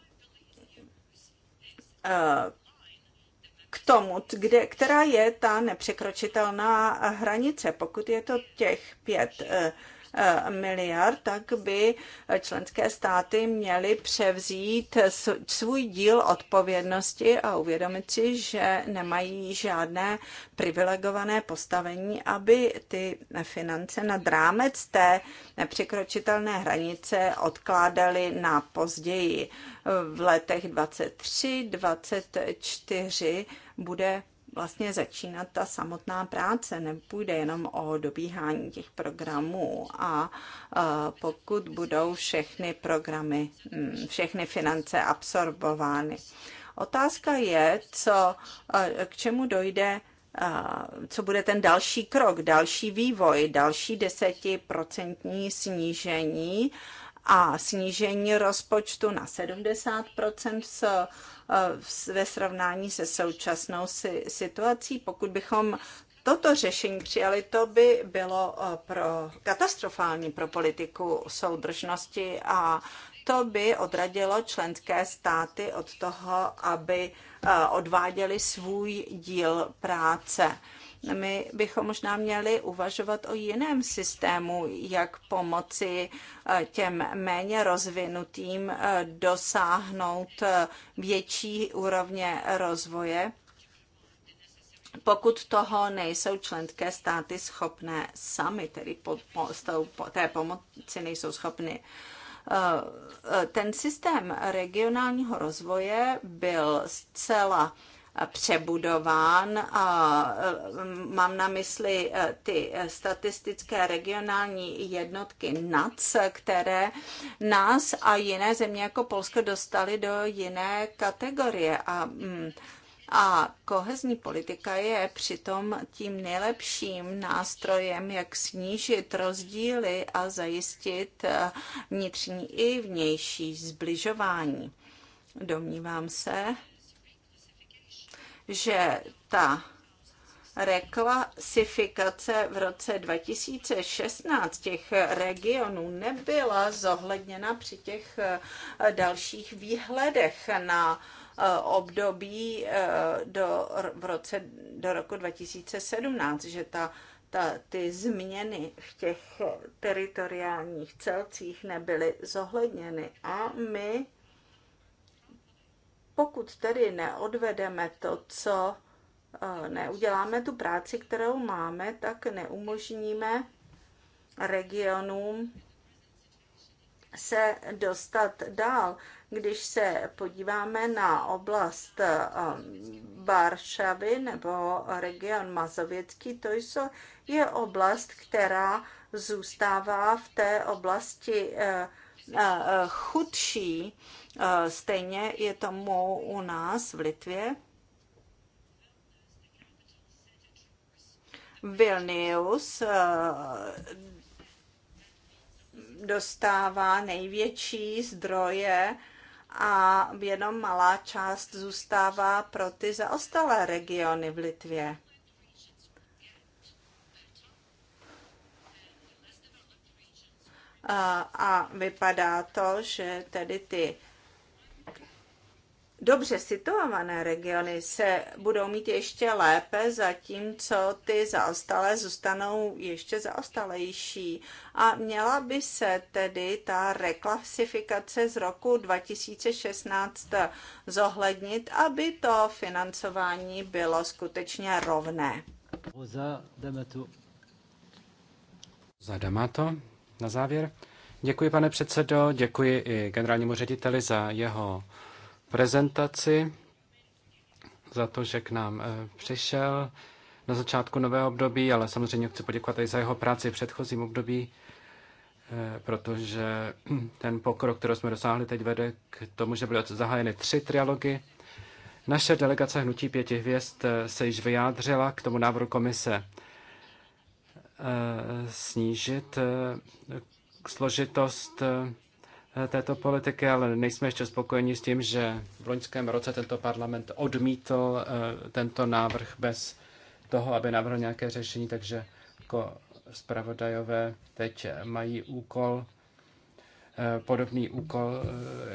k tomu, kde, která je ta nepřekročitelná hranice. Pokud je to těch pět uh, Eh, miliard, tak by členské státy měly převzít svůj díl odpovědnosti a uvědomit si, že nemají žádné privilegované postavení, aby ty finance nad rámec té nepřekročitelné hranice odkládaly na později. V letech 23, 24 bude vlastně začínat ta samotná práce. Nepůjde jenom o dobíhání těch programů a e, pokud budou všechny programy, mm, všechny finance absorbovány. Otázka je, co, e, k čemu dojde e, co bude ten další krok, další vývoj, další desetiprocentní snížení a snížení rozpočtu na 70 eh, s, ve srovnání se současnou situací. Pokud bychom toto řešení přijali, to by bylo eh, pro katastrofální pro politiku soudržnosti a to by odradilo členské státy od toho, aby eh, odváděli svůj díl práce my bychom možná měli uvažovat o jiném systému, jak pomoci eh, těm méně rozvinutým eh, dosáhnout eh, větší úrovně rozvoje, pokud toho nejsou členské státy schopné sami, tedy po, po, po, té pomoci nejsou schopny ten systém regionálního rozvoje byl zcela přebudován. A eh, mám na mysli eh, ty statistické regionální jednotky NAC, které nás a jiné země jako Polsko dostaly do jiné kategorie. A mm, a kohezní politika je přitom tím nejlepším nástrojem, jak snížit rozdíly a zajistit eh, vnitřní i vnější zbližování. Domnívám se, že ta reklasifikace v roce 2016 těch regionů nebyla zohledněna při těch eh, dalších výhledech na eh, období eh, do, v roce, do roku 2017, že ta, ta, ty změny v těch teritoriálních celcích nebyly zohledněny. A my pokud tedy neodvedeme to, co e, neuděláme tu práci, kterou máme, tak neumožníme regionům se dostat dál. Když se podíváme na oblast Baršavy e, nebo region Mazověcký, to jsou, je oblast, která zůstává v té oblasti e, Eh, chudší. Eh, stejně je tomu u nás v Litvě. Vilnius eh, dostává největší zdroje a jenom malá část zůstává pro ty zaostalé regiony v Litvě. a vypadá to, že tedy ty dobře situované regiony se budou mít ještě lépe, zatímco ty zaostalé zůstanou ještě zaostalejší. A měla by se tedy ta reklasifikace z roku 2016 zohlednit, aby to financování bylo skutečně rovné. Rosa D'Amato. Rosa D'Amato na závěr. Děkuji, pane předsedo, děkuji i generálnímu řediteli za jeho prezentaci, za to, že k nám eh, přišel na začátku nového období, ale samozřejmě chci poděkovat i za jeho práci v předchozím období, eh, protože ten pokrok, který jsme dosáhli teď, vede k tomu, že byly zahájeny tři trialogy. Naše delegace Hnutí pěti hvězd eh, se již vyjádřila k tomu návrhu komise Eh, snížit eh, složitost eh, této politiky, ale nejsme ještě spokojeni s tím, že v loňském roce tento parlament odmítl tento návrh bez toho, aby navrhl nějaké řešení, takže jako zpravodajové teď mají úkol, podobný úkol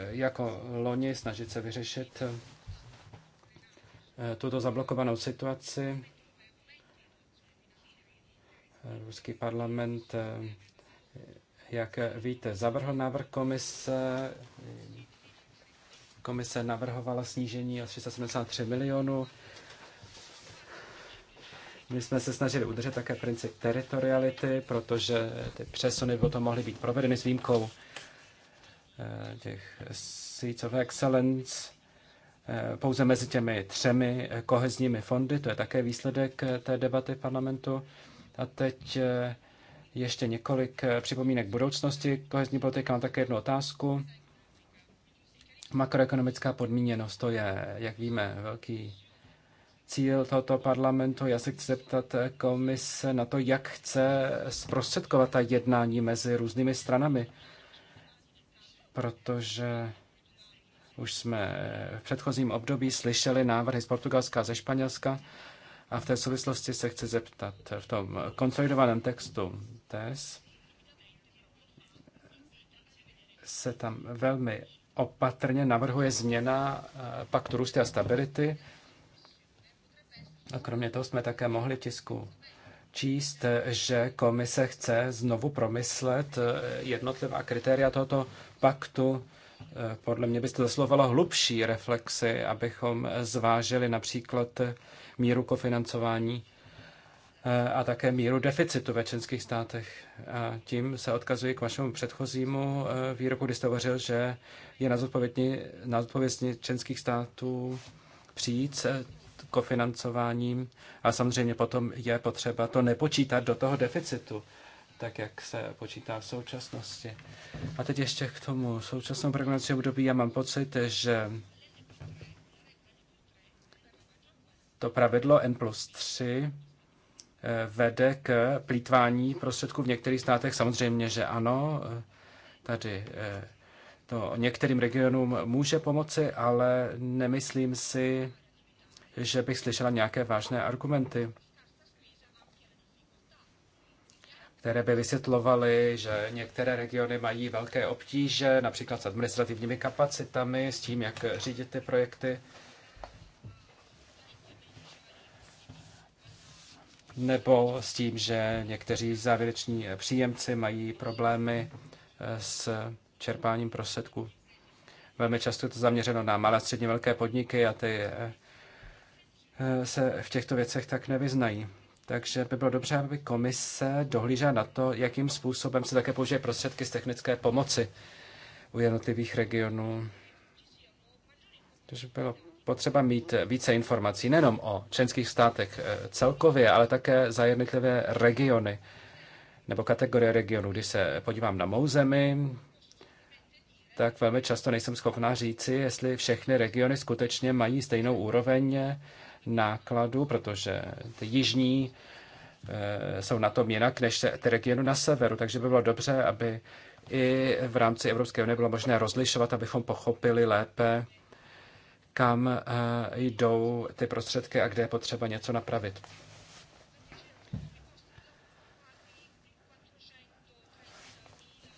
jako loni, snažit se vyřešit tuto zablokovanou situaci. Ruský parlament, eh, jak víte, zavrhl návrh komise. Komise navrhovala snížení o 373 milionů. My jsme se snažili udržet také princip teritoriality, protože ty přesuny to mohly být provedeny s výjimkou eh, těch Seats of Excellence eh, pouze mezi těmi třemi kohezními fondy. To je také výsledek té debaty v parlamentu. A teď eh, ještě několik eh, připomínek budoucnosti. Kohezní politika má také jednu otázku. Makroekonomická podmíněnost, to je, jak víme, velký cíl tohoto parlamentu. Já se chci zeptat eh, komise na to, jak chce zprostředkovat ta jednání mezi různými stranami, protože už jsme v předchozím období slyšeli návrhy z Portugalska a ze Španělska a v té souvislosti se chci zeptat, v tom konsolidovaném textu TES se tam velmi opatrně navrhuje změna eh, paktu růsty a stability. A kromě toho jsme také mohli v tisku číst, že komise chce znovu promyslet eh, jednotlivá kritéria tohoto paktu. Eh, podle mě byste zaslovalo hlubší reflexy, abychom zvážili například míru kofinancování eh, a také míru deficitu ve členských státech. A tím se odkazuji k vašemu předchozímu eh, výroku, kdy jste hovořil, že je na zodpovědní, členských států přijít s eh, kofinancováním a samozřejmě potom je potřeba to nepočítat do toho deficitu, tak jak se počítá v současnosti. A teď ještě k tomu současnému programovacímu období. Já mám pocit, že to pravidlo N plus 3 eh, vede k plítvání prostředků v některých státech. Samozřejmě, že ano, eh, tady eh, to některým regionům může pomoci, ale nemyslím si, že bych slyšela nějaké vážné argumenty, které by vysvětlovaly, že některé regiony mají velké obtíže, například s administrativními kapacitami, s tím, jak řídit ty projekty. nebo s tím, že někteří závěreční příjemci mají problémy eh, s čerpáním prostředků. Velmi často je to zaměřeno na malé středně velké podniky a ty eh, eh, se v těchto věcech tak nevyznají. Takže by bylo dobře, aby komise dohlížela na to, jakým způsobem se také použije prostředky z technické pomoci u jednotlivých regionů. Takže by bylo potřeba mít více informací nejenom o členských státech eh, celkově, ale také za jednotlivé regiony nebo kategorie regionů. Když se podívám na mou zemi, tak velmi často nejsem schopná říci, jestli všechny regiony skutečně mají stejnou úroveň nákladu, protože ty jižní eh, jsou na tom jinak než ty regiony na severu. Takže by bylo dobře, aby i v rámci Evropské unie bylo možné rozlišovat, abychom pochopili lépe kam eh, jdou ty prostředky a kde je potřeba něco napravit.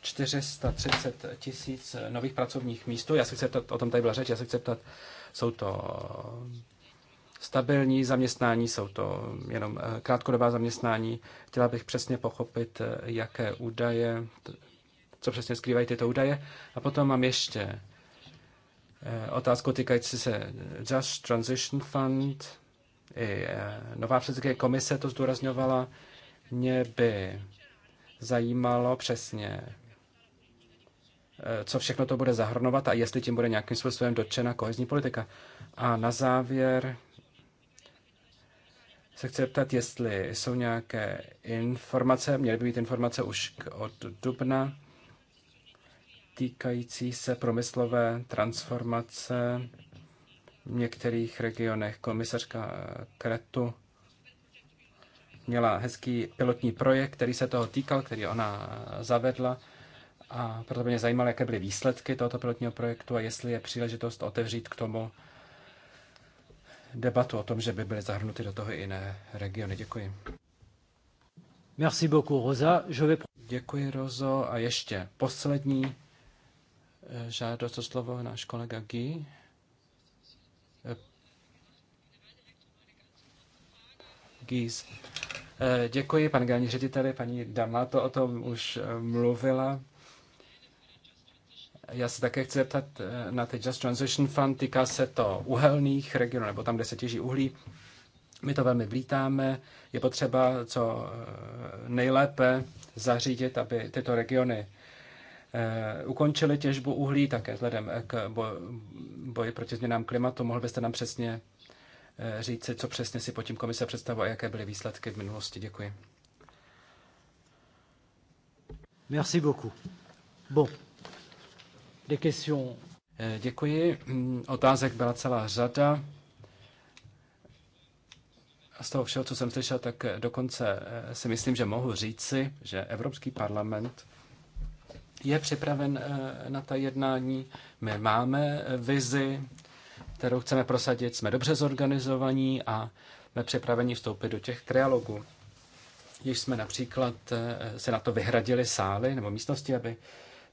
...430 tisíc nových pracovních míst. Já se chci ptat, o tom tady byla řeč, já se chci ptat, jsou to stabilní zaměstnání, jsou to jenom eh, krátkodobá zaměstnání. Chtěla bych přesně pochopit, eh, jaké údaje, co přesně skrývají tyto údaje. A potom mám ještě Eh, otázku týkající se eh, Just Transition Fund. I eh, nová předsedkyně komise to zdůrazňovala. Mě by zajímalo přesně, co všechno to bude zahrnovat a jestli tím bude nějakým způsobem dotčena kohezní politika. A na závěr se chci zeptat, jestli jsou nějaké informace, měly by být informace už od dubna, týkající se promyslové transformace v některých regionech. Komisařka eh, Kretu měla hezký pilotní projekt, který se toho týkal, který ona eh, zavedla. A proto by mě zajímalo, jaké byly výsledky tohoto pilotního projektu a jestli je příležitost otevřít k tomu debatu o tom, že by byly zahrnuty do toho i jiné regiony. Děkuji. Merci beaucoup, Rosa. Je vais... Děkuji, Rozo. A ještě poslední žádost o slovo náš kolega Guy. Gies. Děkuji, pan generální řediteli, paní Dama to o tom už eh, mluvila. Já se také chci zeptat eh, na ten Just Transition Fund. Týká se to uhelných regionů, nebo tam, kde se těží uhlí. My to velmi vítáme. Je potřeba co eh, nejlépe zařídit, aby tyto regiony Eh, ukončili těžbu uhlí, také vzhledem eh, k boji proti změnám klimatu. Mohl byste nám přesně eh, říci, co přesně si po tím komise představuje a jaké byly výsledky v minulosti? Děkuji. Merci beaucoup. Bon. Des questions. Děkuji. Mm, otázek byla celá řada. A z toho všeho, co jsem slyšel, tak dokonce si myslím, že mohu říci, že Evropský parlament je připraven eh, na ta jednání. My máme eh, vizi, kterou chceme prosadit, jsme dobře zorganizovaní a jsme připraveni vstoupit do těch trialogů. když jsme například eh, se na to vyhradili sály nebo místnosti, aby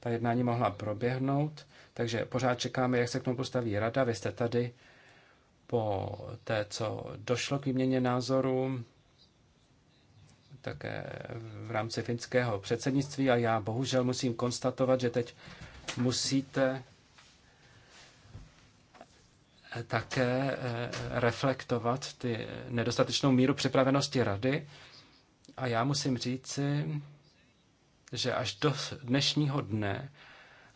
ta jednání mohla proběhnout, takže pořád čekáme, jak se k tomu postaví rada. Vy jste tady po té, co došlo k výměně názorů také v rámci finského předsednictví a já bohužel musím konstatovat, že teď musíte také eh, reflektovat ty nedostatečnou míru připravenosti rady. A já musím říci, že až do dnešního dne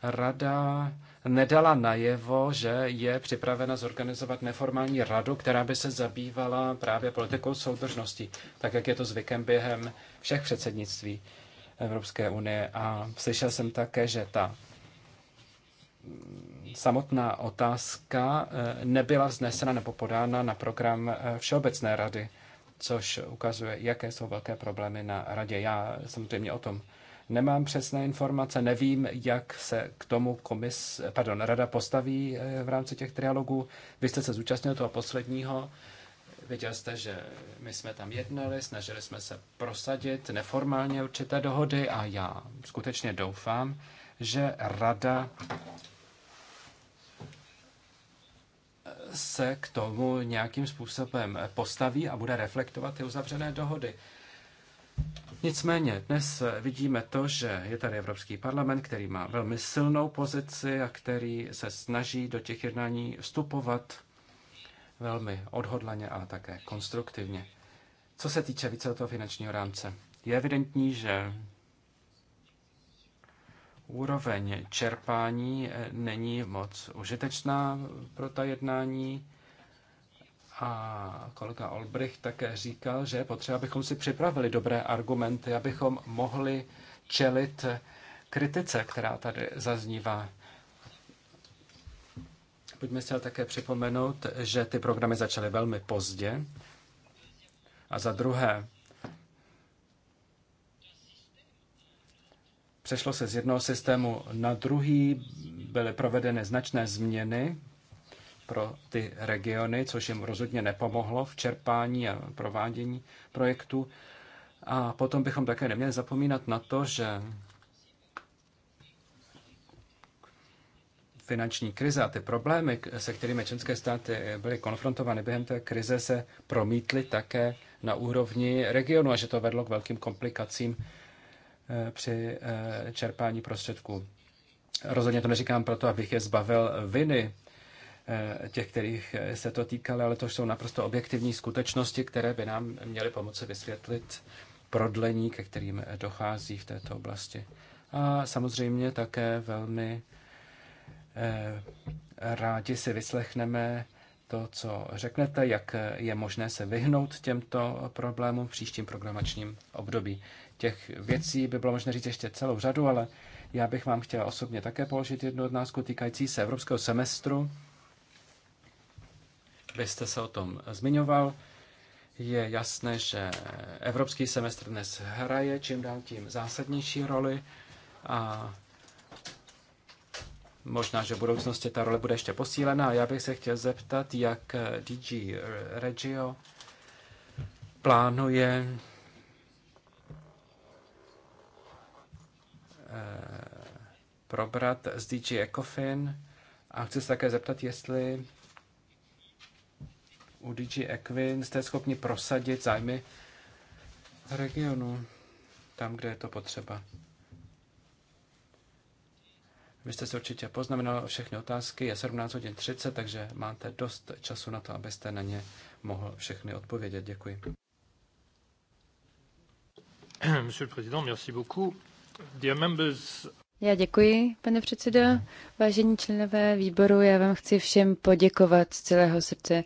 rada nedala najevo, že je připravena zorganizovat neformální radu, která by se zabývala právě politikou soudržnosti, tak jak je to zvykem během všech předsednictví Evropské unie. A slyšel jsem také, že ta samotná otázka eh, nebyla vznesena nebo podána na program eh, Všeobecné rady, což ukazuje, jaké jsou velké problémy na radě. Já samozřejmě o tom Nemám přesné informace, nevím, jak se k tomu komis, pardon, rada postaví eh, v rámci těch trialogů. Vy jste se zúčastnil toho posledního. Viděl jste, že my jsme tam jednali, snažili jsme se prosadit neformálně určité dohody a já skutečně doufám, že rada eh, se k tomu nějakým způsobem postaví a bude reflektovat ty uzavřené dohody. Nicméně dnes vidíme to, že je tady Evropský parlament, který má velmi silnou pozici a který se snaží do těch jednání vstupovat velmi odhodlaně, ale také konstruktivně. Co se týče více toho finančního rámce, je evidentní, že úroveň čerpání není moc užitečná pro ta jednání. A kolega Olbrich také říkal, že je potřeba, abychom si připravili dobré argumenty, abychom mohli čelit kritice, která tady zaznívá. Pojďme si ale také připomenout, že ty programy začaly velmi pozdě. A za druhé, přešlo se z jednoho systému na druhý, byly provedeny značné změny pro ty regiony, což jim rozhodně nepomohlo v čerpání a provádění projektu. A potom bychom také neměli zapomínat na to, že finanční krize a ty problémy, se kterými české státy byly konfrontovány během té krize, se promítly také na úrovni regionu a že to vedlo k velkým komplikacím eh, při eh, čerpání prostředků. Rozhodně to neříkám proto, abych je zbavil viny Eh, těch, kterých eh, se to týkalo, ale to jsou naprosto objektivní skutečnosti, které by nám měly pomoci vysvětlit prodlení, ke kterým dochází v této oblasti. A samozřejmě také velmi eh, rádi si vyslechneme to, co řeknete, jak je možné se vyhnout těmto problémům v příštím programačním období. Těch věcí by bylo možné říct ještě celou řadu, ale já bych vám chtěla osobně také položit jednu otázku týkající se evropského semestru. Vy jste se o tom zmiňoval. Je jasné, že evropský semestr dnes hraje čím dál tím zásadnější roli a možná, že v budoucnosti ta role bude ještě posílená. Já bych se chtěl zeptat, jak DG Regio plánuje eh, probrat s DG Ecofin a chci se také zeptat, jestli u DG Equin jste schopni prosadit zájmy regionu tam, kde je to potřeba. Vy jste si určitě poznamenal všechny otázky, je 17 hodin 30, takže máte dost času na to, abyste na ně mohl všechny odpovědět. Děkuji. Monsieur le Président, merci beaucoup. Dear members, já děkuji, pane předsedo. Vážení členové výboru, já vám chci všem poděkovat z celého srdce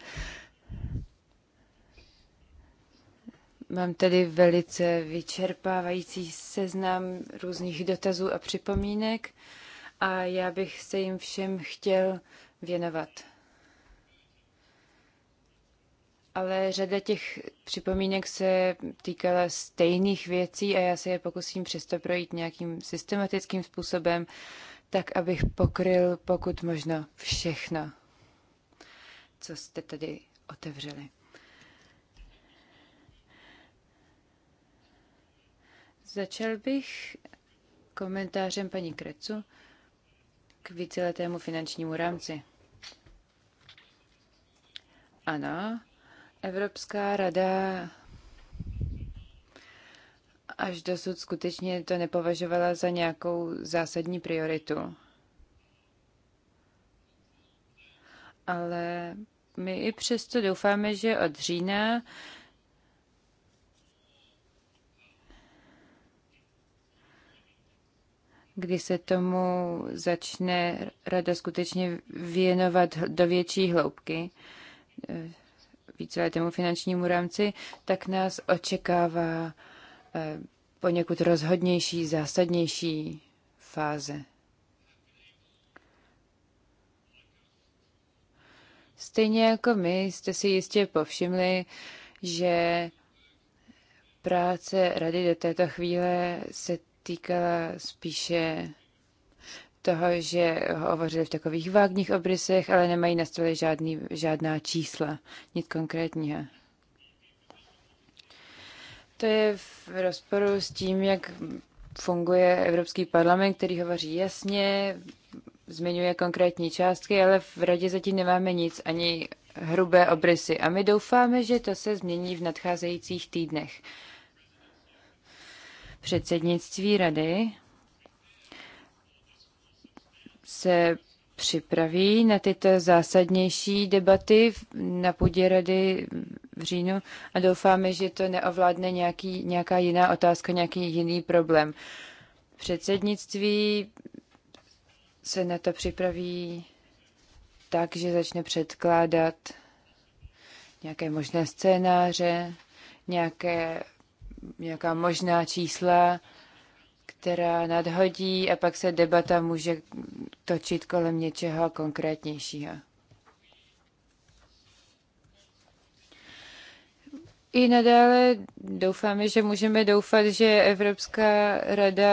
Mám tady velice vyčerpávající seznam různých dotazů a připomínek a já bych se jim všem chtěl věnovat. Ale řada těch připomínek se týkala stejných věcí a já se je pokusím přesto projít nějakým systematickým způsobem, tak abych pokryl pokud možno všechno, co jste tady otevřeli. Začal bych komentářem paní Krecu k víceletému finančnímu rámci. Ano, Evropská rada až dosud skutečně to nepovažovala za nějakou zásadní prioritu. Ale my i přesto doufáme, že od října kdy se tomu začne rada skutečně věnovat do větší hloubky e, více tomu finančnímu rámci, tak nás očekává e, poněkud rozhodnější, zásadnější fáze. Stejně jako my jste si jistě povšimli, že práce rady do této chvíle se týkala spíše toho, že hovořili v takových vágních obrysech, ale nemají na stole žádný, žádná čísla, nic konkrétního. To je v rozporu s tím, jak funguje Evropský parlament, který hovoří jasně, zmiňuje konkrétní částky, ale v radě zatím nemáme nic, ani hrubé obrysy. A my doufáme, že to se změní v nadcházejících týdnech. Předsednictví rady se připraví na tyto zásadnější debaty na půdě rady v říjnu a doufáme, že to neovládne nějaký, nějaká jiná otázka, nějaký jiný problém. Předsednictví se na to připraví tak, že začne předkládat nějaké možné scénáře, nějaké nějaká možná čísla, která nadhodí a pak se debata může točit kolem něčeho konkrétnějšího. I nadále doufáme, že můžeme doufat, že Evropská rada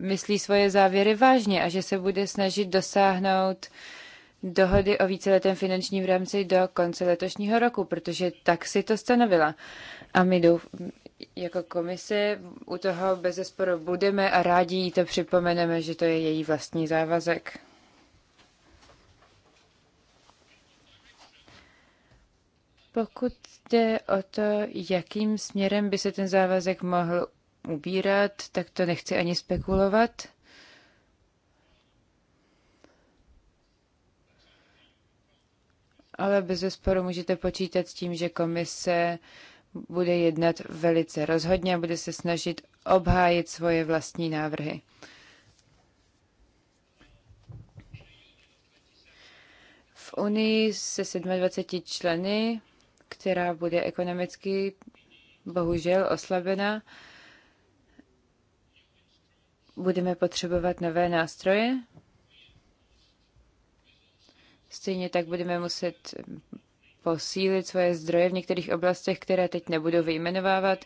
myslí svoje závěry vážně a že se bude snažit dosáhnout dohody o víceletém finančním rámci do konce letošního roku, protože tak si to stanovila. A my douf- jako komise u toho bez budeme a rádi jí to připomeneme, že to je její vlastní závazek. Pokud jde o to, jakým směrem by se ten závazek mohl ubírat, tak to nechci ani spekulovat. Ale bez můžete počítat s tím, že komise uh, bude jednat velice rozhodně a bude se snažit obhájit svoje vlastní návrhy. V Unii se 27 členy, která bude ekonomicky bohužel oslabena, budeme potřebovat nové nástroje. Stejně tak budeme muset posílit svoje zdroje v některých oblastech, které teď nebudu vyjmenovávat.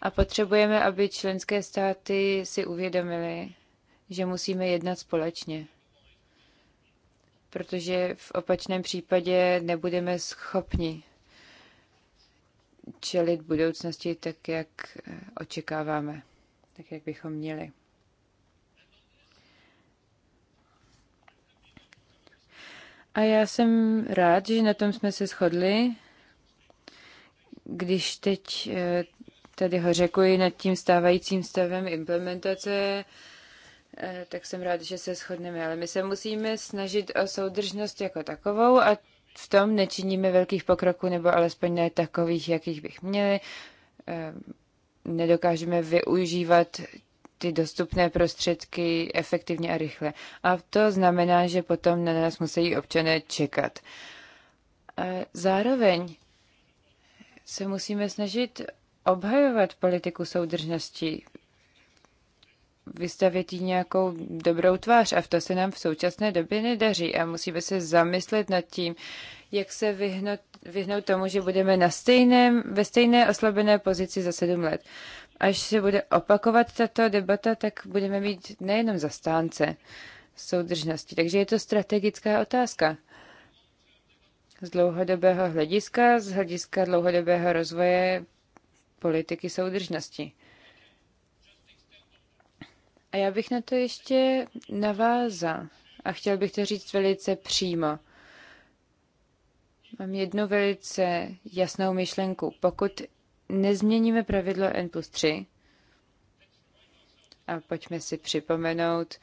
A potřebujeme, aby členské státy si uvědomily, že musíme jednat společně. Protože v opačném případě nebudeme schopni čelit budoucnosti tak, jak eh, očekáváme, tak, jak bychom měli. A já jsem rád, že na tom jsme se shodli, když teď eh, tady ho řekuji nad tím stávajícím stavem implementace, eh, tak jsem rád, že se shodneme, ale my se musíme snažit o soudržnost jako takovou a v tom nečiníme velkých pokroků, nebo alespoň ne takových, jakých bych měli. Eh, nedokážeme využívat ty dostupné prostředky efektivně a rychle. A to znamená, že potom na nás musí občané čekat. Zároveň se musíme snažit obhajovat politiku soudržnosti, vystavět jí nějakou dobrou tvář a v to se nám v současné době nedaří a musíme se zamyslet nad tím, jak se vyhnout, vyhnout tomu, že budeme na stejném, ve stejné oslabené pozici za sedm let až se bude opakovat tato debata, tak budeme mít nejenom zastánce soudržnosti. Takže je to strategická otázka. Z dlouhodobého hlediska, z hlediska dlouhodobého rozvoje politiky soudržnosti. A já bych na to ještě navázal a chtěl bych to říct velice přímo. Mám jednu velice jasnou myšlenku. Pokud nezměníme pravidlo N plus 3 a pojďme si připomenout,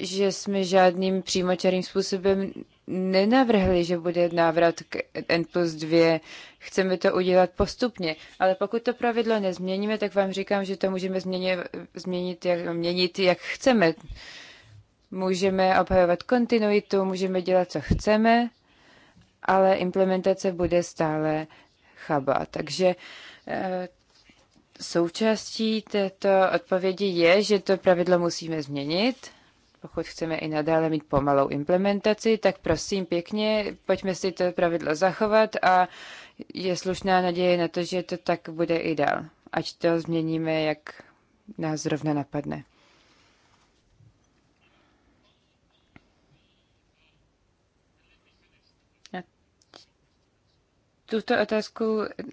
že jsme žádným přímočarým způsobem nenavrhli, že bude návrat k N plus 2. Chceme to udělat postupně, ale pokud to pravidlo nezměníme, tak vám říkám, že to můžeme změnit, změnit, jak, měnit, jak chceme. Můžeme obhajovat kontinuitu, můžeme dělat, co chceme, ale implementace bude stále Chaba. Takže eh, součástí této odpovědi je, že to pravidlo musíme změnit. Pokud chceme i nadále mít pomalou implementaci, tak prosím pěkně, pojďme si to pravidlo zachovat a je slušná naděje na to, že to tak bude i dál. Ať to změníme, jak nás zrovna napadne. tuto otázku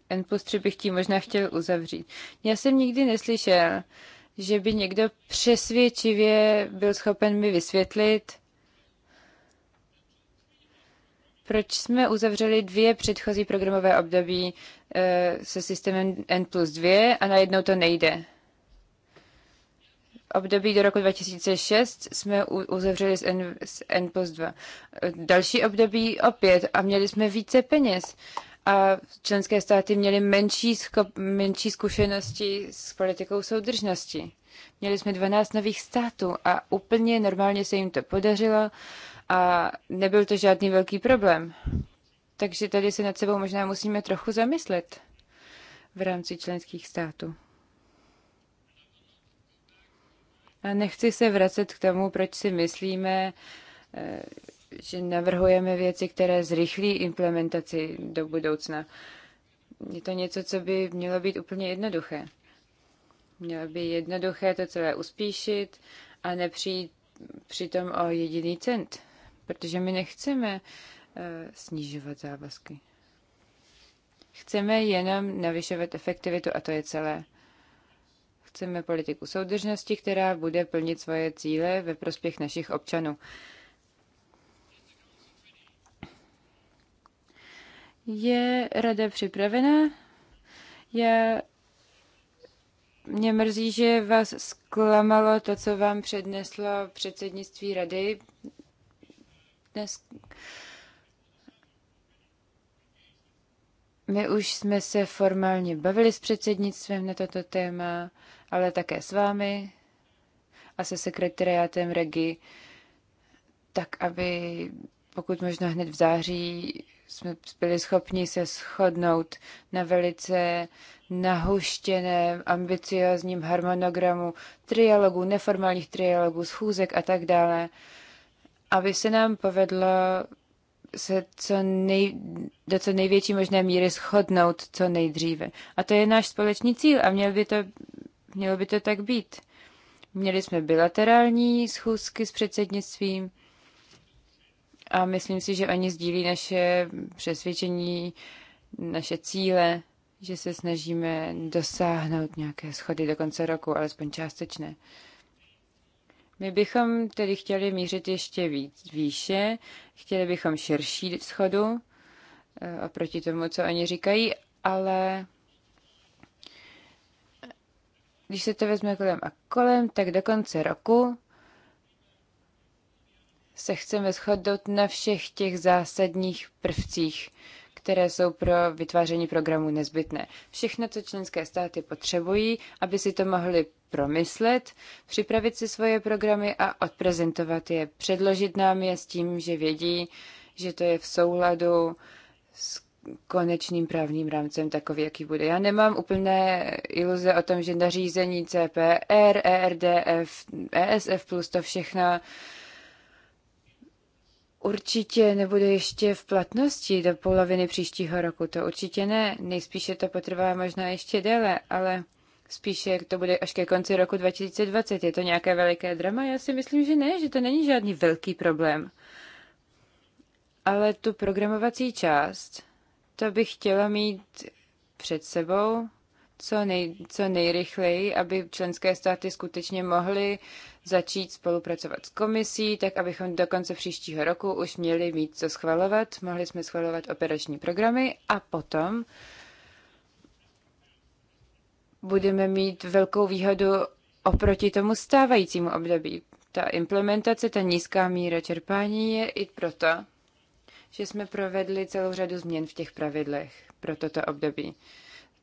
N plus 3 bych tím možná chtěl uzavřít. Já jsem nikdy neslyšel, že by někdo přesvědčivě byl schopen mi vysvětlit, proč jsme uzavřeli dvě předchozí programové období eh, se systémem N plus 2 a najednou to nejde. Období do roku 2006 jsme uzavřeli s N, s N plus 2. Další období opět a měli jsme více peněz a členské státy měly menší, schop, menší zkušenosti s politikou soudržnosti. Měli jsme 12 nových států a úplně normálně se jim to podařilo a nebyl to žádný velký problém. Takže tady se nad sebou možná musíme trochu zamyslet v rámci členských států. A nechci se vracet k tomu, proč si myslíme, eh, že navrhujeme věci, které zrychlí implementaci do budoucna. Je to něco, co by mělo být úplně jednoduché. Mělo by jednoduché to celé uspíšit a nepřijít přitom o jediný cent, protože my nechceme eh, snižovat závazky. Chceme jenom navyšovat efektivitu a to je celé. Chceme politiku soudržnosti, která bude plnit svoje cíle ve prospěch našich občanů. Je rada připravená. Já mě mrzí, že vás zklamalo to, co vám předneslo předsednictví rady dnes. My už jsme se formálně bavili s předsednictvem na toto téma, ale také s vámi a se sekretariátem Regi, tak aby pokud možno hned v září jsme byli schopni se shodnout na velice nahuštěném, ambiciozním harmonogramu trialogů, neformálních trialogů, schůzek a tak dále, aby se nám povedlo se co nej, do co největší možné míry shodnout co nejdříve. A to je náš společný cíl a měl by to, mělo by to tak být. Měli jsme bilaterální schůzky s předsednictvím, a myslím si, že oni sdílí naše přesvědčení, naše cíle, že se snažíme dosáhnout nějaké schody do konce roku, alespoň částečné. My bychom tedy chtěli mířit ještě víc výše, chtěli bychom širší schodu e, oproti tomu, co oni říkají, ale když se to vezme kolem a kolem, tak do konce roku se chceme shodnout na všech těch zásadních prvcích, které jsou pro vytváření programu nezbytné. Všechno, co členské státy potřebují, aby si to mohli promyslet, připravit si svoje programy a odprezentovat je, předložit nám je s tím, že vědí, že to je v souladu s konečným právním rámcem takový, jaký bude. Já nemám úplné iluze o tom, že nařízení CPR, ERDF, ESF plus to všechno určitě nebude ještě v platnosti do poloviny příštího roku. To určitě ne. Nejspíše to potrvá možná ještě déle, ale spíše to bude až ke konci roku 2020. Je to nějaké veliké drama? Já si myslím, že ne, že to není žádný velký problém. Ale tu programovací část, to bych chtěla mít před sebou co, nej, co nejrychleji, aby členské státy skutečně mohly začít spolupracovat s komisí, tak abychom do konce příštího roku už měli mít co schvalovat. Mohli jsme schvalovat operační programy a potom budeme mít velkou výhodu oproti tomu stávajícímu období. Ta implementace, ta nízká míra čerpání je i proto, že jsme provedli celou řadu změn v těch pravidlech pro toto období.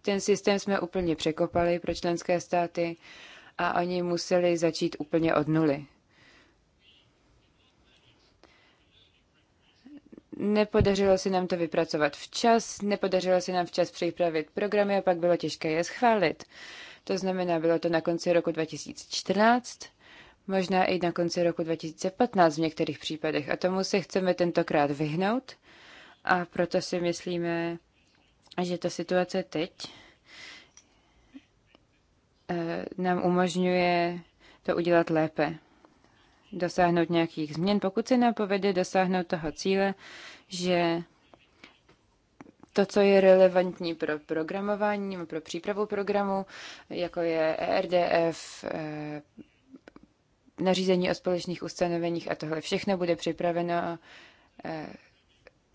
Ten systém jsme úplně překopali pro členské státy a oni museli začít úplně od nuly. Nepodařilo se nám to vypracovat včas, nepodařilo se nám včas připravit programy a pak bylo těžké je schválit. To znamená, bylo to na konci roku 2014, možná i na konci roku 2015 v některých případech. A tomu se chceme tentokrát vyhnout a proto si myslíme, že ta situace teď eh, nám umožňuje to udělat lépe, dosáhnout nějakých změn, pokud se nám povede dosáhnout toho cíle, že to, co je relevantní pro programování, pro přípravu programu, jako je ERDF, eh, nařízení o společných ustanoveních a tohle všechno bude připraveno eh,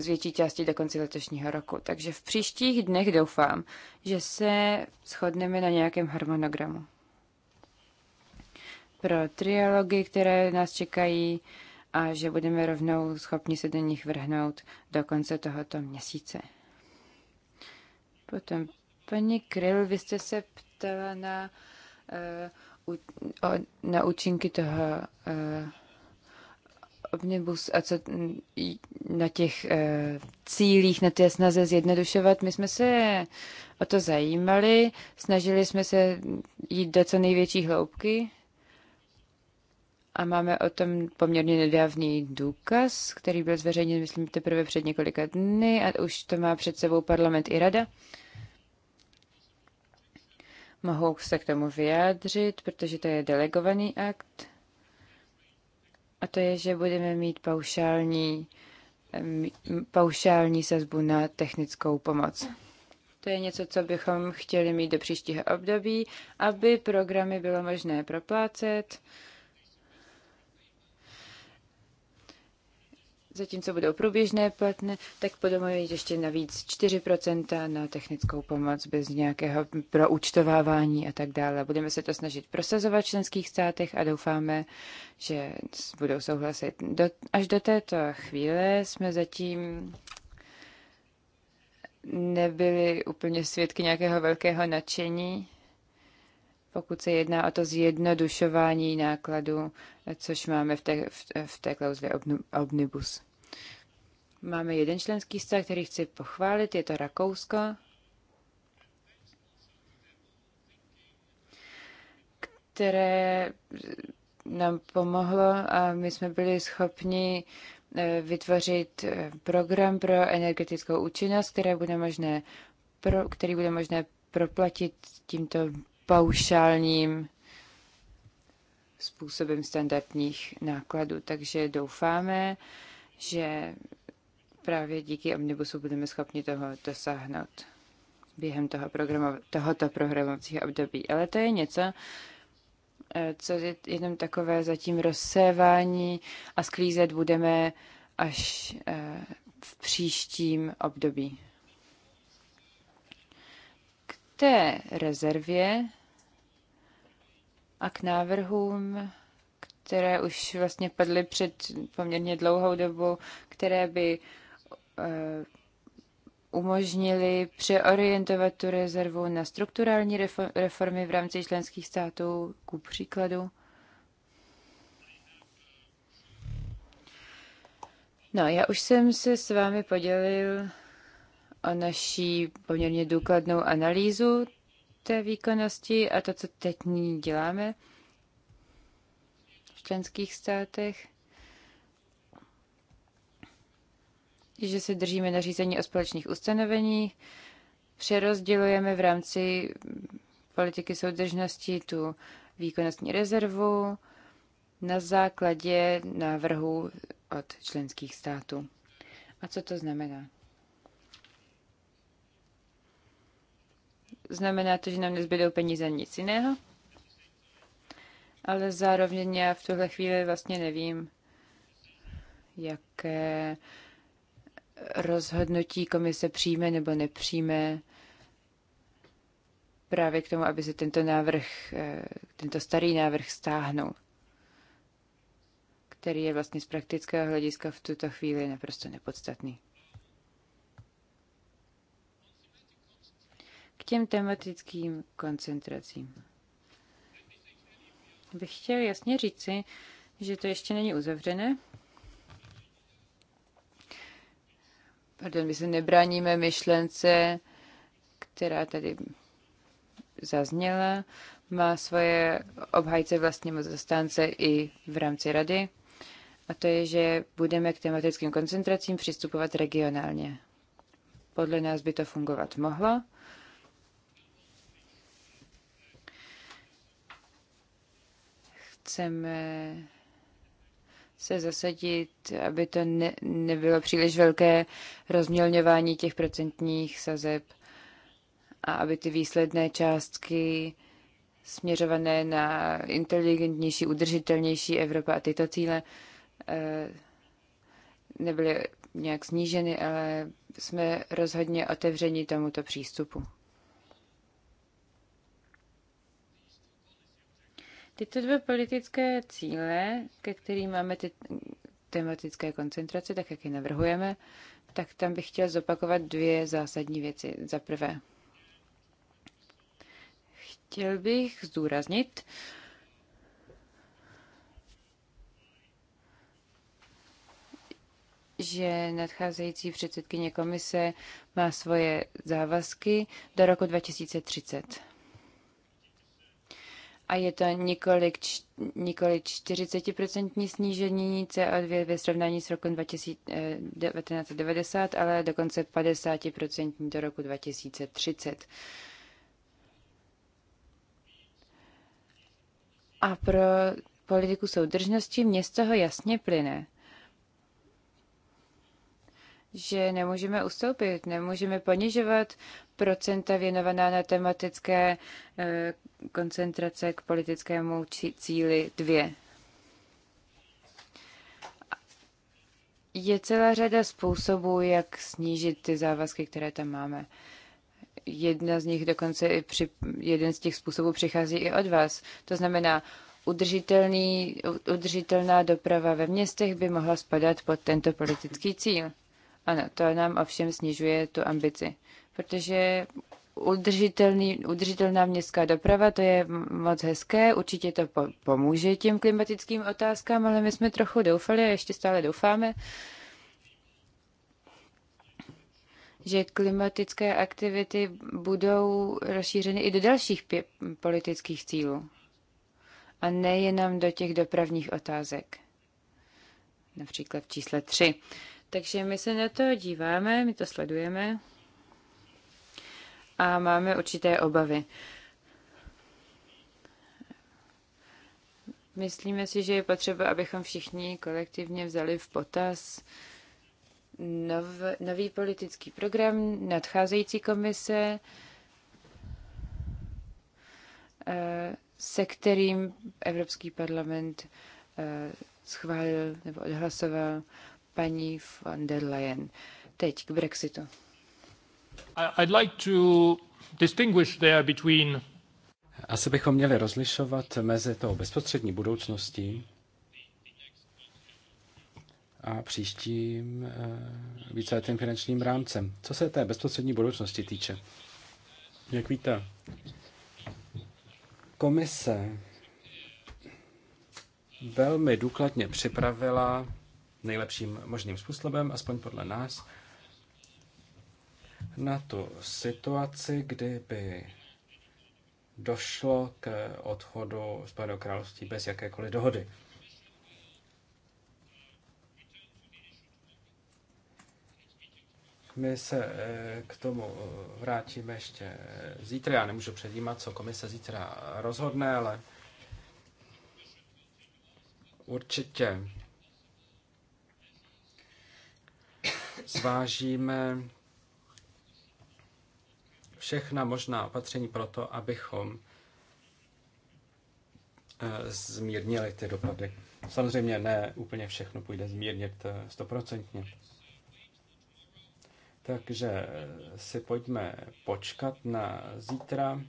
z větší části do konce letošního roku. Takže v příštích dnech doufám, že se shodneme na nějakém harmonogramu. Pro triology, které nás čekají, a že budeme rovnou schopni se do nich vrhnout do konce tohoto měsíce. Potom, paní Kryl, vy jste se ptala na, uh, na účinky toho uh, omnibus a co na těch eh, cílích, na té snaze zjednodušovat. My jsme se o to zajímali, snažili jsme se jít do co největší hloubky a máme o tom poměrně nedávný důkaz, který byl zveřejněn, myslím, teprve před několika dny a už to má před sebou parlament i rada. Mohou se k tomu vyjádřit, protože to je delegovaný akt a to je, že budeme mít paušální, paušální sazbu na technickou pomoc. To je něco, co bychom chtěli mít do příštího období, aby programy bylo možné proplácet Zatímco budou průběžné platné, tak budeme mít ještě navíc 4% na technickou pomoc bez nějakého proučtovávání a tak dále. Budeme se to snažit prosazovat v členských státech a doufáme, že budou souhlasit. Do, až do této chvíle jsme zatím nebyli úplně svědky nějakého velkého nadšení pokud se jedná o to zjednodušování nákladů, což máme v té, v, v té klauzli Omnibus. Máme jeden členský stát, který chci pochválit, je to Rakousko, které nám pomohlo a my jsme byli schopni eh, vytvořit eh, program pro energetickou účinnost, které bude možné pro, který bude možné proplatit tímto paušálním způsobem standardních nákladů. Takže doufáme, že právě díky Omnibusu budeme schopni toho dosáhnout během toho programu, tohoto programovacího období. Ale to je něco, eh, co je jenom takové zatím rozsévání a sklízet budeme až eh, v příštím období. K té rezervě a k návrhům, které už vlastně padly před poměrně dlouhou dobu, které by eh, umožnili přeorientovat tu rezervu na strukturální reformy v rámci členských států, ku příkladu. No, já už jsem se s vámi podělil o naší poměrně důkladnou analýzu té výkonnosti a to, co teď nyní děláme v členských státech, že se držíme nařízení o společných ustanovení, přerozdělujeme v rámci politiky soudržnosti tu výkonnostní rezervu na základě návrhu od členských států. A co to znamená? Znamená to, že nám nezbydou peníze nic jiného? Ale zároveň já v tuhle chvíli vlastně nevím, jaké rozhodnutí komise přijme nebo nepřijme právě k tomu, aby se tento návrh, eh, tento starý návrh stáhnul, který je vlastně z praktického hlediska v tuto chvíli naprosto nepodstatný. K těm tematickým koncentracím. Bych chtěl jasně říci, že to ještě není uzavřené. Pardon, my se nebráníme myšlence, která tady zazněla, má svoje obhajce vlastně zastánce i v rámci rady. A to je, že budeme k tematickým koncentracím přistupovat regionálně. Podle nás by to fungovat mohlo. chceme se zasadit, aby to ne, nebylo příliš velké rozmělňování těch procentních sazeb a aby ty výsledné částky směřované na inteligentnější, udržitelnější Evropa a tyto cíle eh, nebyly nějak sníženy, ale jsme rozhodně otevřeni tomuto přístupu. Tyto dva politické cíle, ke kterým máme ty tematické koncentrace, tak jak je navrhujeme, tak tam bych chtěl zopakovat dvě zásadní věci. Za prvé, chtěl bych zdůraznit, že nadcházející předsedkyně komise má svoje závazky do roku 2030 a je to několik, několik 40% snížení CO2 ve srovnání s rokem 1990, eh, ale dokonce 50% do roku 2030. A pro politiku soudržnosti mě z toho jasně plyne, že nemůžeme ustoupit, nemůžeme ponižovat procenta věnovaná na tematické eh, koncentrace k politickému cíli dvě. Je celá řada způsobů, jak snížit ty závazky, které tam máme. Jedna z nich dokonce i při, jeden z těch způsobů přichází i od vás. To znamená, udržitelný, udržitelná doprava ve městech by mohla spadat pod tento politický cíl. Ano, to nám ovšem snižuje tu ambici, protože udržitelný, udržitelná městská doprava, to je moc hezké, určitě to po, pomůže těm klimatickým otázkám, ale my jsme trochu doufali a ještě stále doufáme, že klimatické aktivity budou rozšířeny i do dalších politických cílů a nejenom do těch dopravních otázek, například v čísle 3. Takže my se na to díváme, my to sledujeme a máme určité obavy. Myslíme si, že je potřeba, abychom všichni kolektivně vzali v potaz nov, nový politický program, nadcházející komise, eh, se kterým Evropský parlament eh, schválil nebo odhlasoval paní von der Leyen. Teď k Brexitu. I'd like to distinguish there between... Asi bychom měli rozlišovat mezi tou bezprostřední budoucností a příštím eh, víceletým finančním rámcem. Co se té bezprostřední budoucnosti týče? Jak víte, komise velmi důkladně připravila nejlepším možným způsobem, aspoň podle nás, na tu situaci, kdyby došlo k odchodu Spojeného království bez jakékoliv dohody. My se eh, k tomu eh, vrátíme ještě zítra. Já nemůžu předjímat, co komise zítra rozhodne, ale určitě zvážíme všechna možná opatření pro to, abychom eh, zmírnili ty dopady. Samozřejmě ne úplně všechno půjde zmírnit eh, stoprocentně. Takže eh, si pojďme počkat na zítra,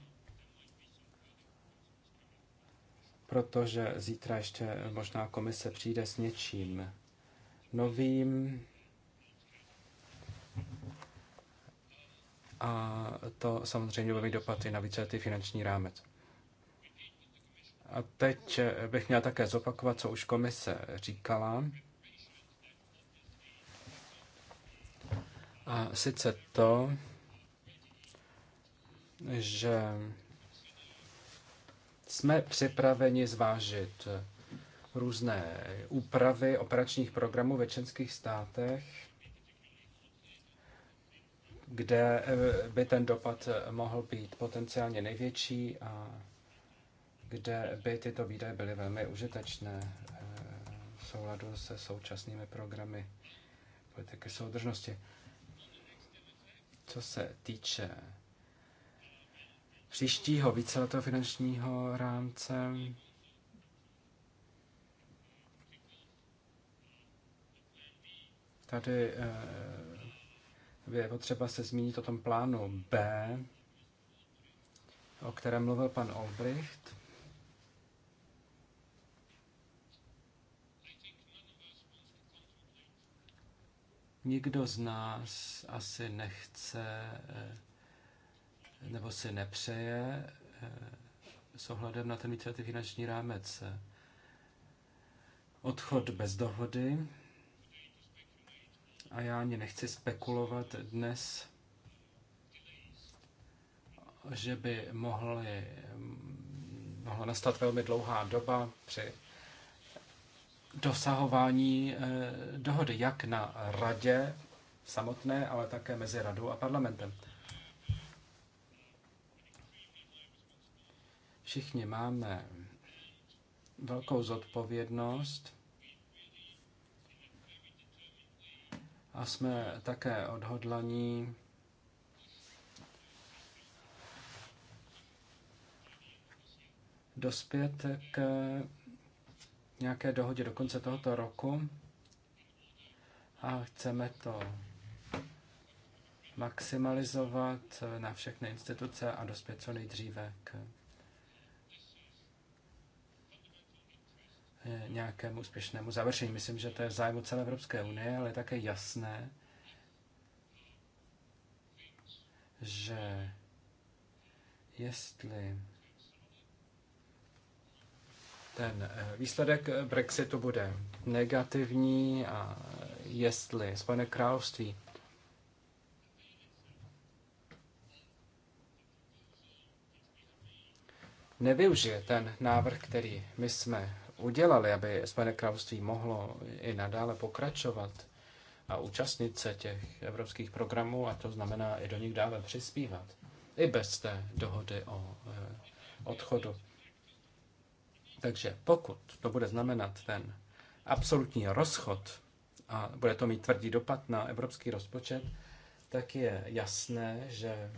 protože zítra ještě možná komise přijde s něčím novým. a to samozřejmě bude mít dopad i na ty finanční rámec. A teď bych měl také zopakovat, co už komise říkala. A sice to, že jsme připraveni zvážit různé úpravy operačních programů ve členských státech kde eh, by ten dopad eh, mohl být potenciálně největší a kde by tyto výdaje byly velmi užitečné eh, v souladu se současnými programy politiky soudržnosti. Co se týče příštího víceletého finančního rámce, tady je potřeba se zmínit o tom plánu B, o kterém mluvil pan Olbricht. Nikdo z nás asi nechce eh, nebo si nepřeje eh, s ohledem na ten finanční rámec eh, odchod bez dohody a já ani nechci spekulovat dnes, že by mohly, mohla nastat velmi dlouhá doba při dosahování eh, dohody, jak na radě samotné, ale také mezi radou a parlamentem. Všichni máme velkou zodpovědnost a jsme také odhodlaní dospět k nějaké dohodě do konce tohoto roku a chceme to maximalizovat na všechny instituce a dospět co nejdříve k Eh, nějakému úspěšnému završení. Myslím, že to je v zájmu celé Evropské unie, ale je také jasné, že jestli ten eh, výsledek Brexitu bude negativní a jestli Spojené království nevyužije ten návrh, který my jsme udělali, aby Spojené království mohlo i nadále pokračovat a účastnit se těch evropských programů, a to znamená i do nich dále přispívat. I bez té dohody o eh, odchodu. Takže pokud to bude znamenat ten absolutní rozchod a bude to mít tvrdý dopad na evropský rozpočet, tak je jasné, že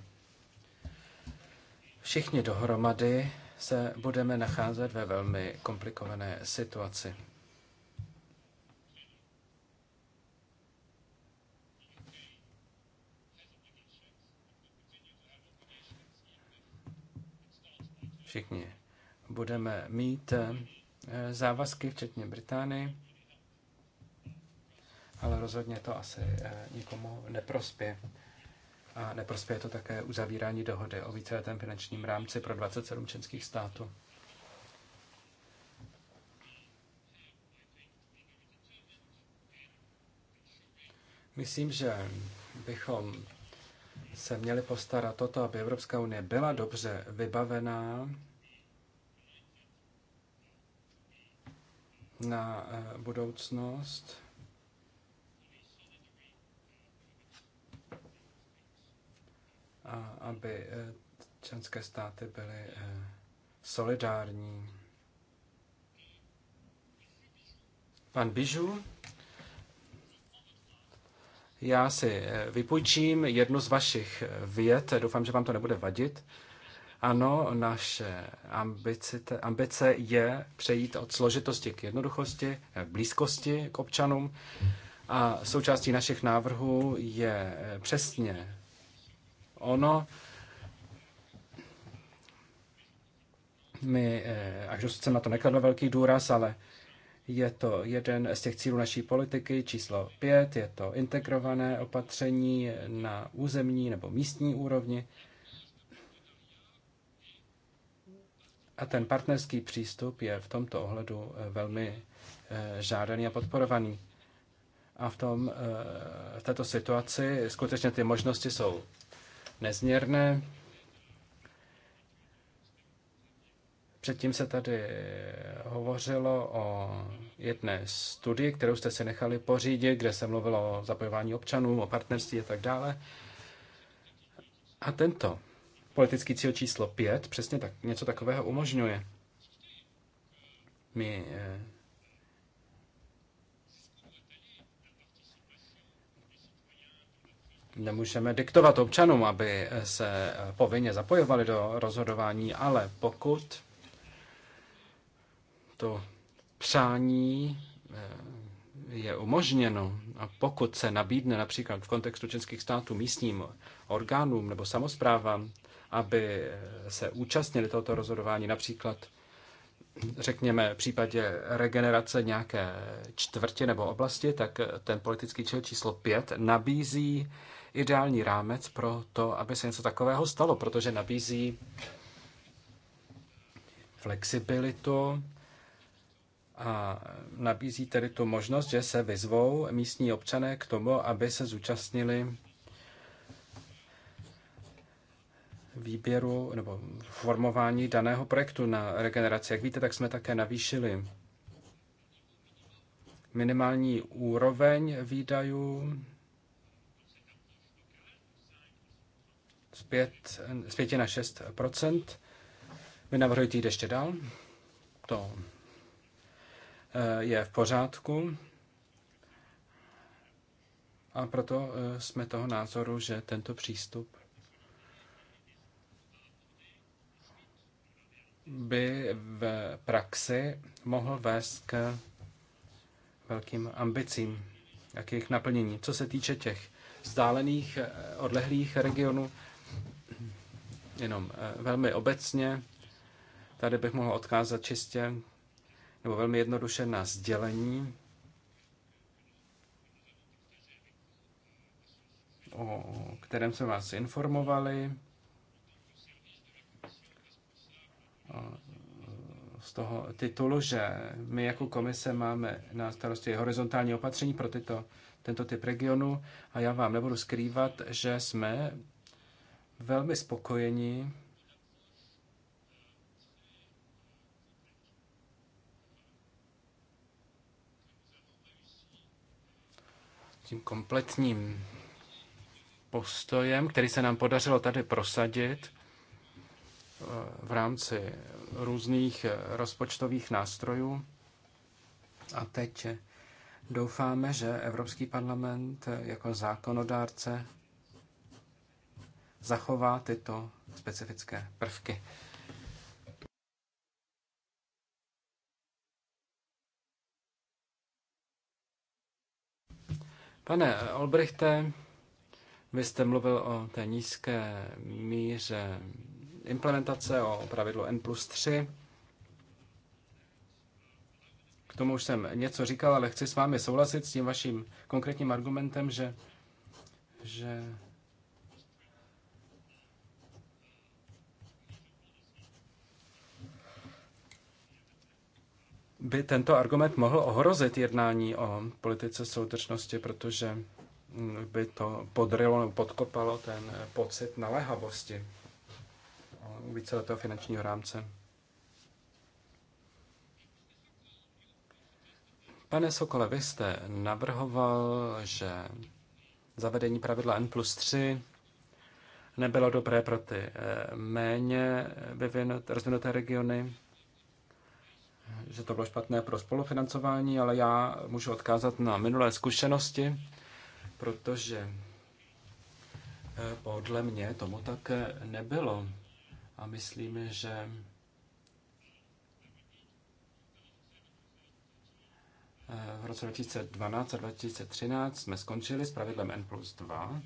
všichni dohromady se budeme nacházet ve velmi komplikované situaci. Všichni budeme mít eh, závazky, včetně Británie, ale rozhodně to asi eh, nikomu neprospěje a neprospěje to také uzavírání dohody o víceletém finančním rámci pro 27 členských států. Myslím, že bychom se měli postarat o to, aby Evropská unie byla dobře vybavená na eh, budoucnost. a aby eh, členské státy byly eh, solidární. Pan Bižu, já si eh, vypůjčím jednu z vašich věd, doufám, že vám to nebude vadit. Ano, naše ambice, ambice je přejít od složitosti k jednoduchosti, k blízkosti k občanům. A součástí našich návrhů je přesně ono. My eh, až dost jsem na to nekladl velký důraz, ale je to jeden z těch cílů naší politiky, číslo pět, je to integrované opatření na územní nebo místní úrovni. A ten partnerský přístup je v tomto ohledu eh, velmi eh, žádaný a podporovaný. A v, tom, v této situaci skutečně ty možnosti jsou nezměrné. Předtím se tady hovořilo o jedné studii, kterou jste si nechali pořídit, kde se mluvilo o zapojování občanů, o partnerství a tak dále. A tento politický cíl číslo 5 přesně tak, něco takového umožňuje. My eh, nemůžeme diktovat občanům, aby se povinně zapojovali do rozhodování, ale pokud to přání eh, je umožněno a pokud se nabídne například v kontextu českých států místním orgánům nebo samozprávám, aby se účastnili tohoto rozhodování, například řekněme v případě regenerace nějaké čtvrti nebo oblasti, tak ten politický čel číslo pět nabízí ideální rámec pro to, aby se něco takového stalo, protože nabízí flexibilitu a nabízí tedy tu možnost, že se vyzvou místní občané k tomu, aby se zúčastnili výběru nebo formování daného projektu na regeneraci. Jak víte, tak jsme také navýšili minimální úroveň výdajů z, 5, z 5 na 6 Vy navrhujete jít ještě dál. To eh, je v pořádku. A proto eh, jsme toho názoru, že tento přístup by v praxi mohl vést k velkým ambicím jakých jejich naplnění. Co se týče těch vzdálených, eh, odlehlých regionů, jenom eh, velmi obecně. Tady bych mohl odkázat čistě nebo velmi jednoduše na sdělení o kterém jsme vás informovali. Z toho titulu, že my jako komise máme na starosti horizontální opatření pro tyto, tento typ regionu a já vám nebudu skrývat, že jsme velmi spokojeni. Tím kompletním postojem, který se nám podařilo tady prosadit eh, v rámci různých eh, rozpočtových nástrojů. A teď eh, doufáme, že Evropský parlament jako zákonodárce zachová tyto specifické prvky. Pane Olbrichte, vy jste mluvil o té nízké míře implementace, o pravidlu N plus 3. K tomu už jsem něco říkal, ale chci s vámi souhlasit s tím vaším konkrétním argumentem, že, že by tento argument mohl ohrozit jednání o politice soudržnosti, protože mm, by to podrylo nebo podkopalo ten eh, pocit naléhavosti u víceletého finančního rámce. Pane Sokole, vy jste navrhoval, že zavedení pravidla N plus 3 nebylo dobré pro ty eh, méně vyvinuté, rozvinuté regiony, že to bylo špatné pro spolufinancování, ale já můžu odkázat na minulé zkušenosti, protože eh, podle mě tomu tak eh, nebylo. A myslím, že eh, v roce 2012 a 2013 jsme skončili s pravidlem N plus 2.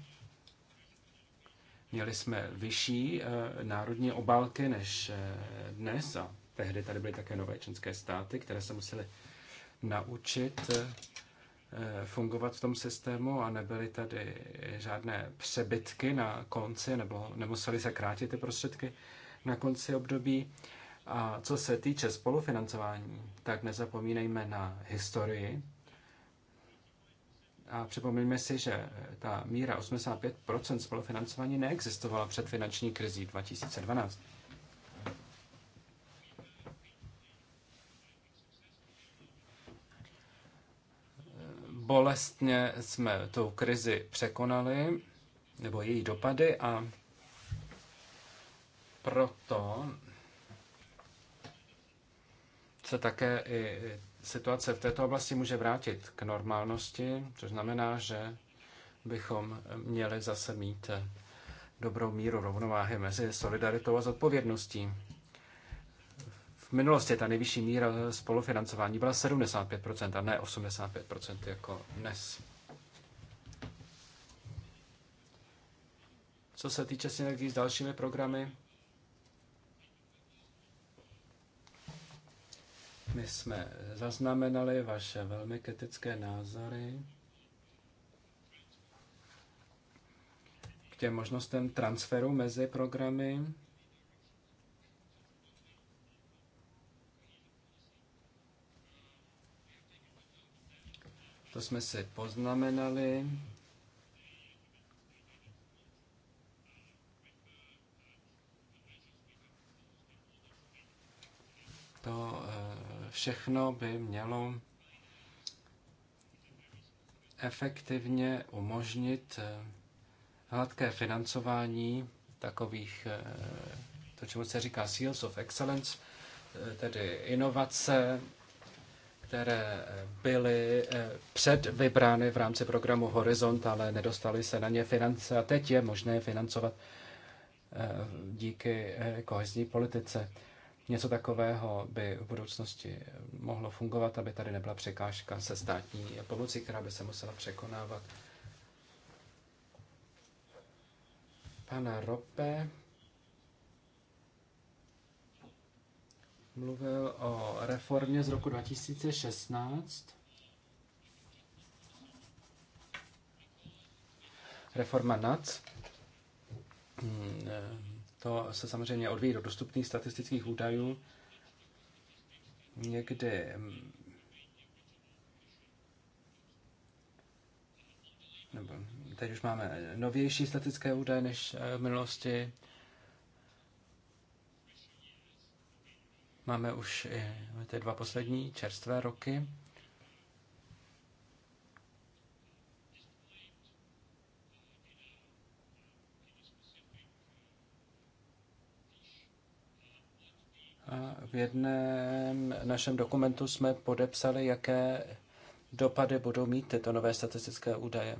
Měli jsme vyšší národní obálky než dnes a Tehdy tady byly také nové členské státy, které se musely naučit eh, fungovat v tom systému a nebyly tady žádné přebytky na konci, nebo nemuseli se krátit ty prostředky na konci období. A co se týče spolufinancování, tak nezapomínejme na historii. A připomeňme si, že ta míra 85% spolufinancování neexistovala před finanční krizí 2012. bolestně jsme tu krizi překonali, nebo její dopady a proto se také i situace v této oblasti může vrátit k normálnosti, což znamená, že bychom měli zase mít dobrou míru rovnováhy mezi solidaritou a zodpovědností v minulosti ta nejvyšší míra spolufinancování byla 75% a ne 85% jako dnes. Co se týče synergii s dalšími programy, my jsme zaznamenali vaše velmi kritické názory k těm možnostem transferu mezi programy. To jsme se poznamenali. To eh, všechno by mělo efektivně umožnit eh, hladké financování takových, eh, to čemu se říká Seals of Excellence, tedy inovace které eh, byly eh, předvybrány v rámci programu Horizont, ale nedostaly se na ně finance a teď je možné financovat eh, díky kohezní politice. Něco takového by v budoucnosti mohlo fungovat, aby tady nebyla překážka se státní pomocí, která by se musela překonávat. Pana Rope mluvil o reformě z roku 2016. Reforma NAC. Hmm, to se samozřejmě odvíjí do dostupných statistických údajů. Někdy hmm, nebo teď už máme novější statické údaje než eh, v minulosti. Máme už i ty dva poslední čerstvé roky. A v jednom našem dokumentu jsme podepsali, jaké dopady budou mít tyto nové statistické údaje.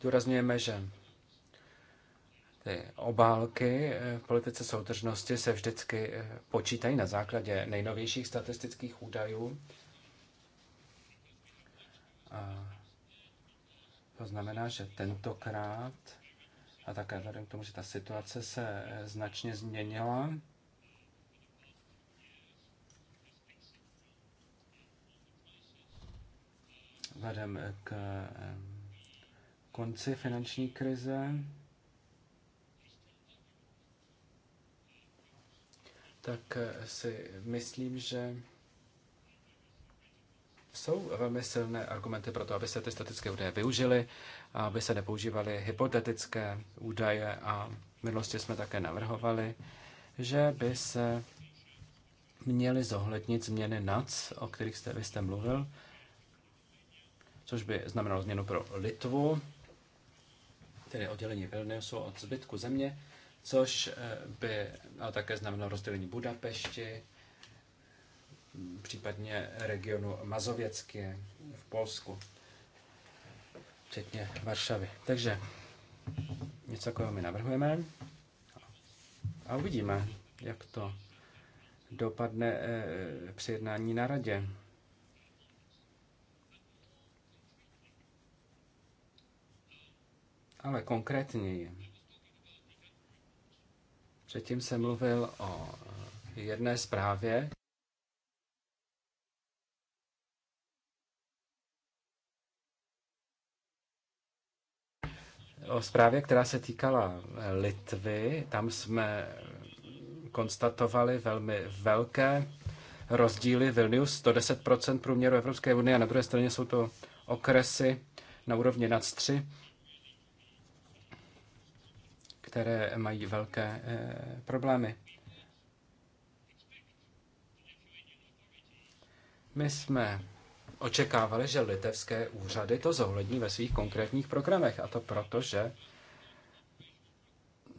Důrazněme, že ty obálky eh, v politice soudržnosti se vždycky eh, počítají na základě nejnovějších statistických údajů. A to znamená, že tentokrát, a také vzhledem k tomu, že ta situace se eh, značně změnila, vzhledem k konci finanční krize, tak eh, si myslím, že jsou velmi silné argumenty pro to, aby se ty statické údaje využily, aby se nepoužívaly hypotetické údaje a v minulosti jsme také navrhovali, že by se měly zohlednit změny NAC, o kterých jste, vy jste mluvil, což by znamenalo změnu pro Litvu, tedy oddělení Vilniusu od zbytku země což eh, by ale také znamenalo rozdělení Budapešti, případně regionu Mazověcky v Polsku, včetně Varšavy. Takže něco takového my navrhujeme a uvidíme, jak to dopadne eh, při jednání na radě. Ale konkrétněji. Předtím jsem mluvil o jedné zprávě, o zprávě, která se týkala Litvy. Tam jsme konstatovali velmi velké rozdíly. Vilnius 110% průměru Evropské unie a na druhé straně jsou to okresy na úrovni nad 3 které mají velké eh, problémy. My jsme očekávali, že litevské úřady to zohlední ve svých konkrétních programech, a to proto, že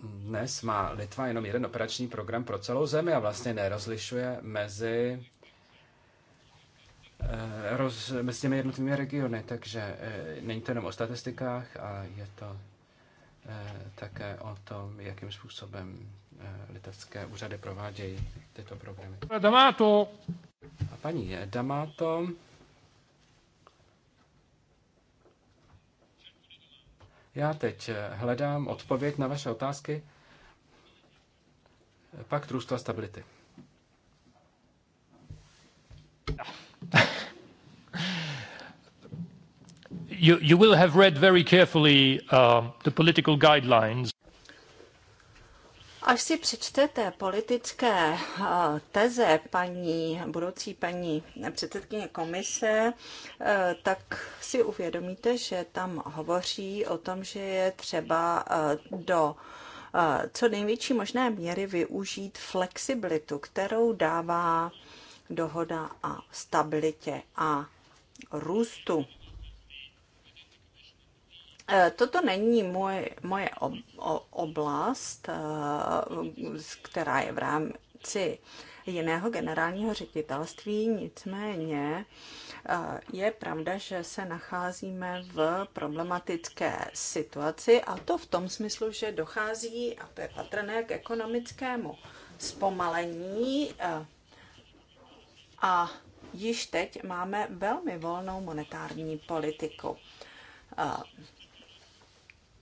dnes má Litva jenom jeden operační program pro celou zemi a vlastně nerozlišuje mezi, eh, roz, mezi těmi jednotlivými regiony, takže eh, není to jenom o statistikách, a je to Eh, také o tom, jakým způsobem eh, litevské úřady provádějí tyto programy. Damato! A paní Damato. Já teď eh, hledám odpověď na vaše otázky. Pak růstu a stability. you, you will have read very carefully uh, the political guidelines. Až si přečtete politické uh, teze paní, budoucí paní předsedkyně komise, uh, tak si uvědomíte, že tam hovoří o tom, že je třeba uh, do co největší možné měry využít flexibilitu, kterou dává dohoda a stabilitě a růstu. Eh, toto není moje, moje oblast, eh, která je v rámci jiného generálního ředitelství, nicméně eh, je pravda, že se nacházíme v problematické situaci a to v tom smyslu, že dochází, a to je patrné, k ekonomickému zpomalení a již teď máme velmi volnou monetární politiku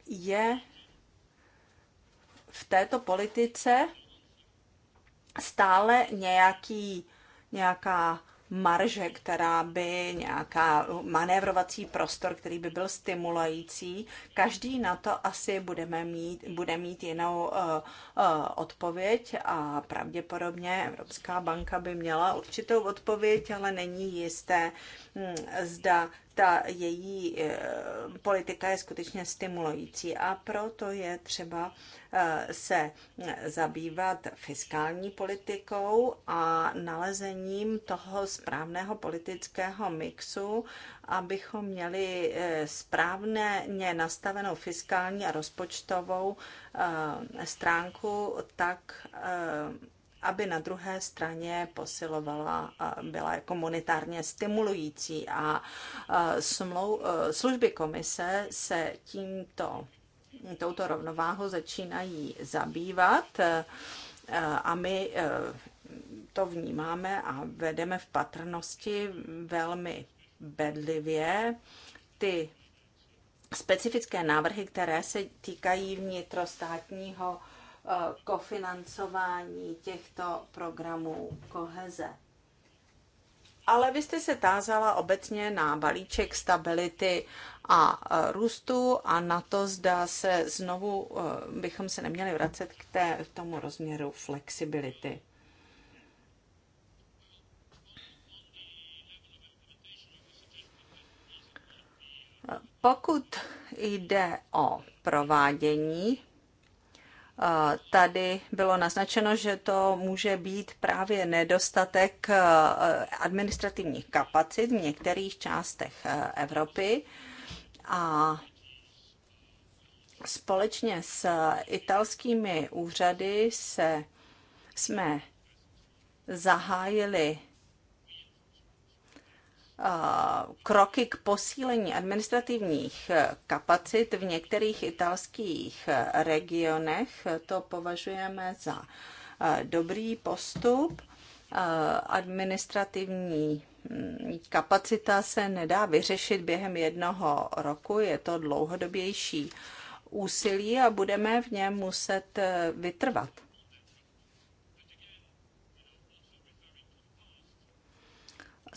je v této politice stále nějaký, nějaká marže, která by nějaká manévrovací prostor, který by byl stimulující. Každý na to asi budeme mít, bude mít jinou uh, uh, odpověď a pravděpodobně Evropská banka by měla určitou odpověď, ale není jisté, hm, zda ta její eh, politika je skutečně stimulující a proto je třeba eh, se zabývat fiskální politikou a nalezením toho správného politického mixu, abychom měli eh, správně nastavenou fiskální a rozpočtovou stránku tak, aby na druhé straně posilovala, byla jako monetárně stimulující a smlou, e, služby komise se tímto, touto rovnováhu začínají zabývat e, a my e, to vnímáme a vedeme v patrnosti velmi bedlivě. Ty specifické návrhy, které se týkají vnitrostátního Eh, kofinancování těchto programů koheze. Ale vy jste se tázala obecně na balíček stability a eh, růstu a na to, zda se znovu eh, bychom se neměli vracet k, té, k tomu rozměru flexibility. Pokud jde o provádění, Tady bylo naznačeno, že to může být právě nedostatek eh, administrativních kapacit v některých částech eh, Evropy a společně s eh, italskými úřady se, jsme zahájili kroky k posílení administrativních e, kapacit v některých italských e, regionech. To považujeme za e, dobrý postup. Administrativní mm, kapacita se nedá vyřešit během jednoho roku, je to dlouhodobější úsilí a budeme v něm muset vytrvat.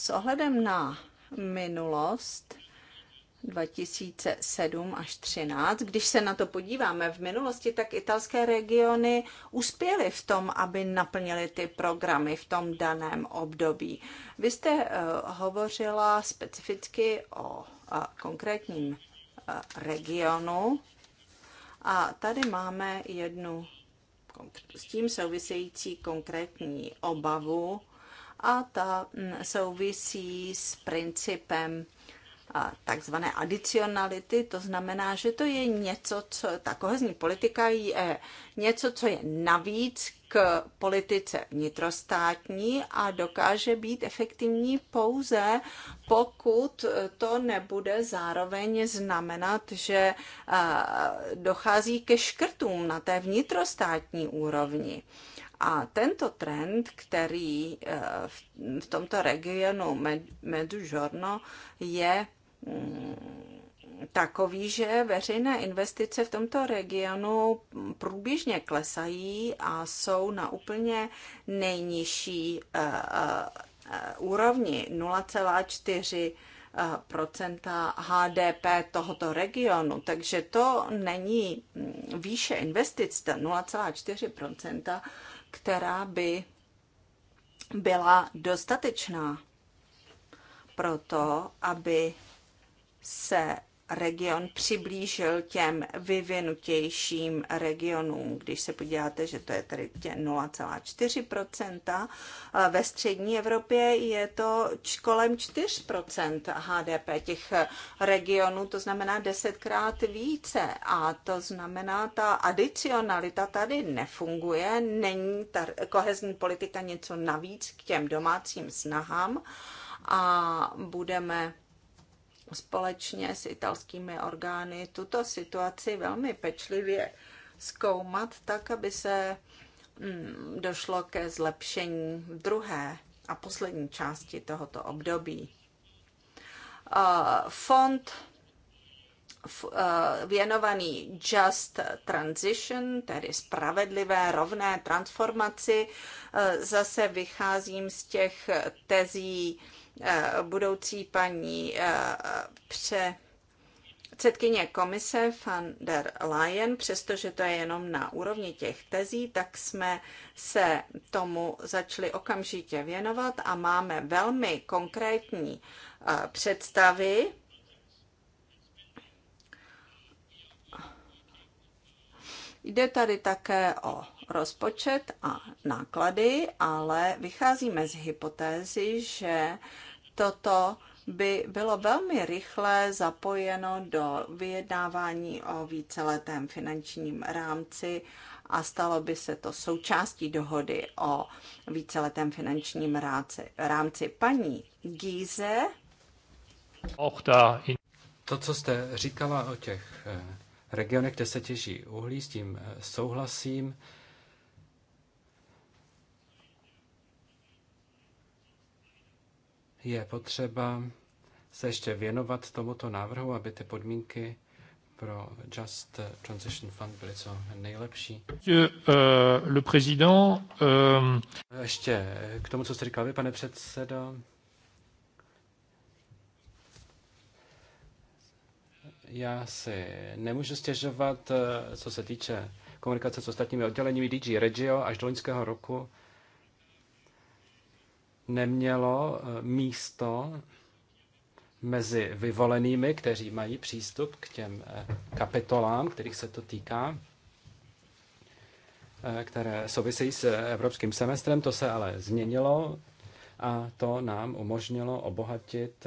S ohledem na minulost 2007 až 2013. Když se na to podíváme v minulosti, tak italské regiony uspěly v tom, aby naplnili ty programy v tom daném období. Vy jste uh, hovořila specificky o uh, konkrétním uh, regionu a tady máme jednu s tím související konkrétní obavu a ta mm, souvisí s principem takzvané adicionality, to znamená, že to je něco, co ta kohezní politika je něco, co je navíc k politice vnitrostátní a dokáže být efektivní pouze, pokud to nebude zároveň znamenat, že dochází ke škrtům na té vnitrostátní úrovni. A tento trend, který eh, v tomto regionu Medužorno je mm, takový, že veřejné investice v tomto regionu průběžně klesají a jsou na úplně nejnižší eh, eh, úrovni 0,4 procenta HDP tohoto regionu. Takže to není mm, výše investic, 0,4 která by byla dostatečná pro to, aby se region přiblížil těm vyvinutějším regionům. Když se podíváte, že to je tedy 0,4%, ve střední Evropě je to kolem 4% HDP těch regionů, to znamená desetkrát více. A to znamená, ta adicionalita tady nefunguje, není ta kohezní politika něco navíc k těm domácím snahám a budeme společně s italskými orgány tuto situaci velmi pečlivě zkoumat, tak aby se mm, došlo ke zlepšení druhé a poslední části tohoto období. Eh, fond eh, věnovaný Just Transition, tedy spravedlivé rovné transformaci. Eh, zase vycházím z těch tezí Eh, budoucí paní eh, pře předsedkyně komise van der Leyen, přestože to je jenom na úrovni těch tezí, tak jsme se tomu začali okamžitě věnovat a máme velmi konkrétní eh, představy. Jde tady také o rozpočet a náklady, ale vycházíme z hypotézy, že toto by bylo velmi rychle zapojeno do vyjednávání o víceletém finančním rámci a stalo by se to součástí dohody o víceletém finančním rámci. rámci. Paní Gíze. To, co jste říkala o těch eh, regionech, kde se těží uhlí, s tím eh, souhlasím. je potřeba se ještě věnovat tomuto návrhu, aby ty podmínky pro Just Transition Fund byly co nejlepší. Euh, le président, um... Ještě k tomu, co jste říkal vy, pane předsedo. Já si nemůžu stěžovat, co se týče komunikace s ostatními odděleními DG Regio až do loňského roku nemělo eh, místo mezi vyvolenými, kteří mají přístup k těm eh, kapitolám, kterých se to týká, eh, které souvisejí s evropským semestrem. To se ale změnilo a to nám umožnilo obohatit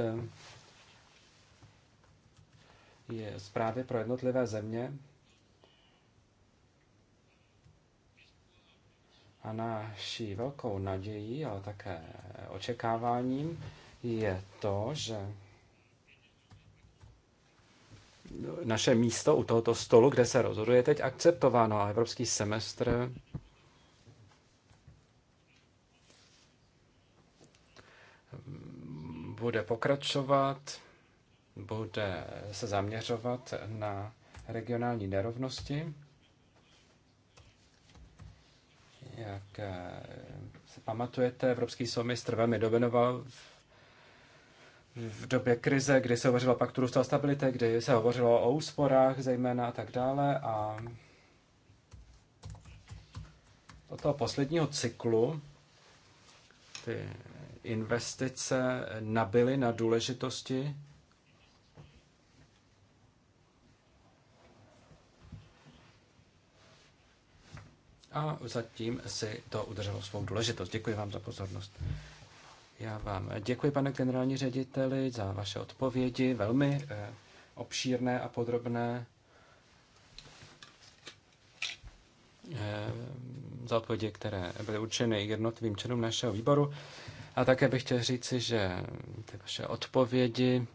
je zprávy pro jednotlivé země A naší velkou nadějí, ale také očekáváním je to, že naše místo u tohoto stolu, kde se rozhoduje, je teď akceptováno a evropský semestr bude pokračovat, bude se zaměřovat na regionální nerovnosti. Jak eh, se pamatujete, Evropský soumistr velmi dominoval v době krize, kdy se hovořilo o paktu růstu a stability, kdy se hovořilo o úsporách zejména a tak dále. A od toho posledního cyklu ty investice nabyly na důležitosti a zatím si to udrželo svou důležitost. Děkuji vám za pozornost. Já vám děkuji, pane generální řediteli, za vaše odpovědi, velmi eh, obšírné a podrobné. Eh, za odpovědi, které byly určeny jednotlivým členům našeho výboru. A také bych chtěl říci, že ty vaše odpovědi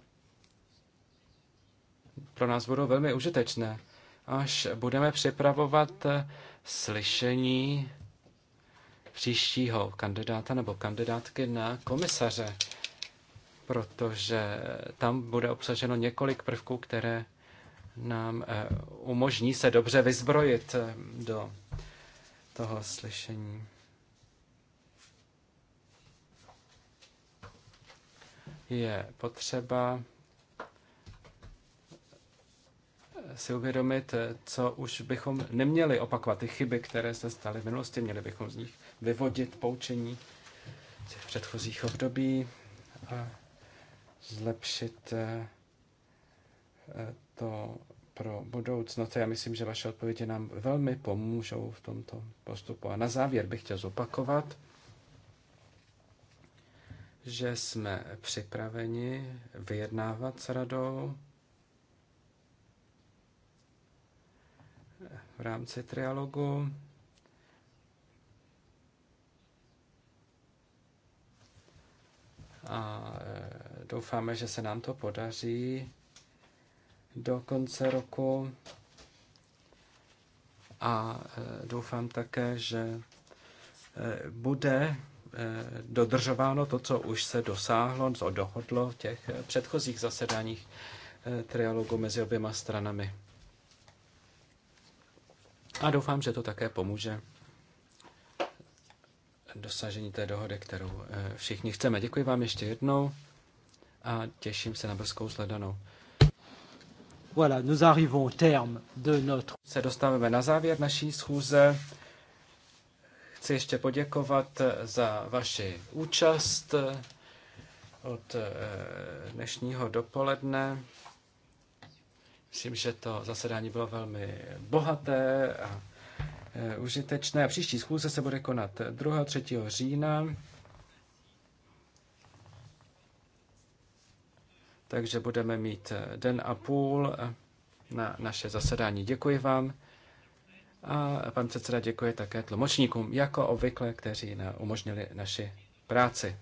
pro nás budou velmi užitečné, až budeme připravovat eh, slyšení příštího kandidáta nebo kandidátky na komisaře, protože tam bude obsaženo několik prvků, které nám eh, umožní se dobře vyzbrojit eh, do toho slyšení. Je potřeba si uvědomit, co už bychom neměli opakovat. Ty chyby, které se staly v minulosti, měli bychom z nich vyvodit poučení těch předchozích období a zlepšit eh, to pro budoucnost. Já myslím, že vaše odpovědi nám velmi pomůžou v tomto postupu. A na závěr bych chtěl zopakovat, že jsme připraveni vyjednávat s radou v rámci trialogu. A e, doufáme, že se nám to podaří do konce roku. A e, doufám také, že e, bude dodržováno to, co už se dosáhlo, co dohodlo v těch předchozích zasedáních trialogu mezi oběma stranami. A doufám, že to také pomůže dosažení té dohody, kterou eh, všichni chceme. Děkuji vám ještě jednou a těším se na brzkou sledanou. Voilà, nous arrivons terme de notre... Se dostáváme na závěr naší schůze. Chci ještě poděkovat eh, za vaši účast eh, od dnešního dopoledne. Myslím, že to zasedání bylo velmi bohaté a e, užitečné. A příští schůze se bude konat 2. 3. října. Takže budeme mít den a půl na naše zasedání. Děkuji vám. A pan předseda děkuje také tlumočníkům, jako obvykle, kteří na, umožnili naši práci.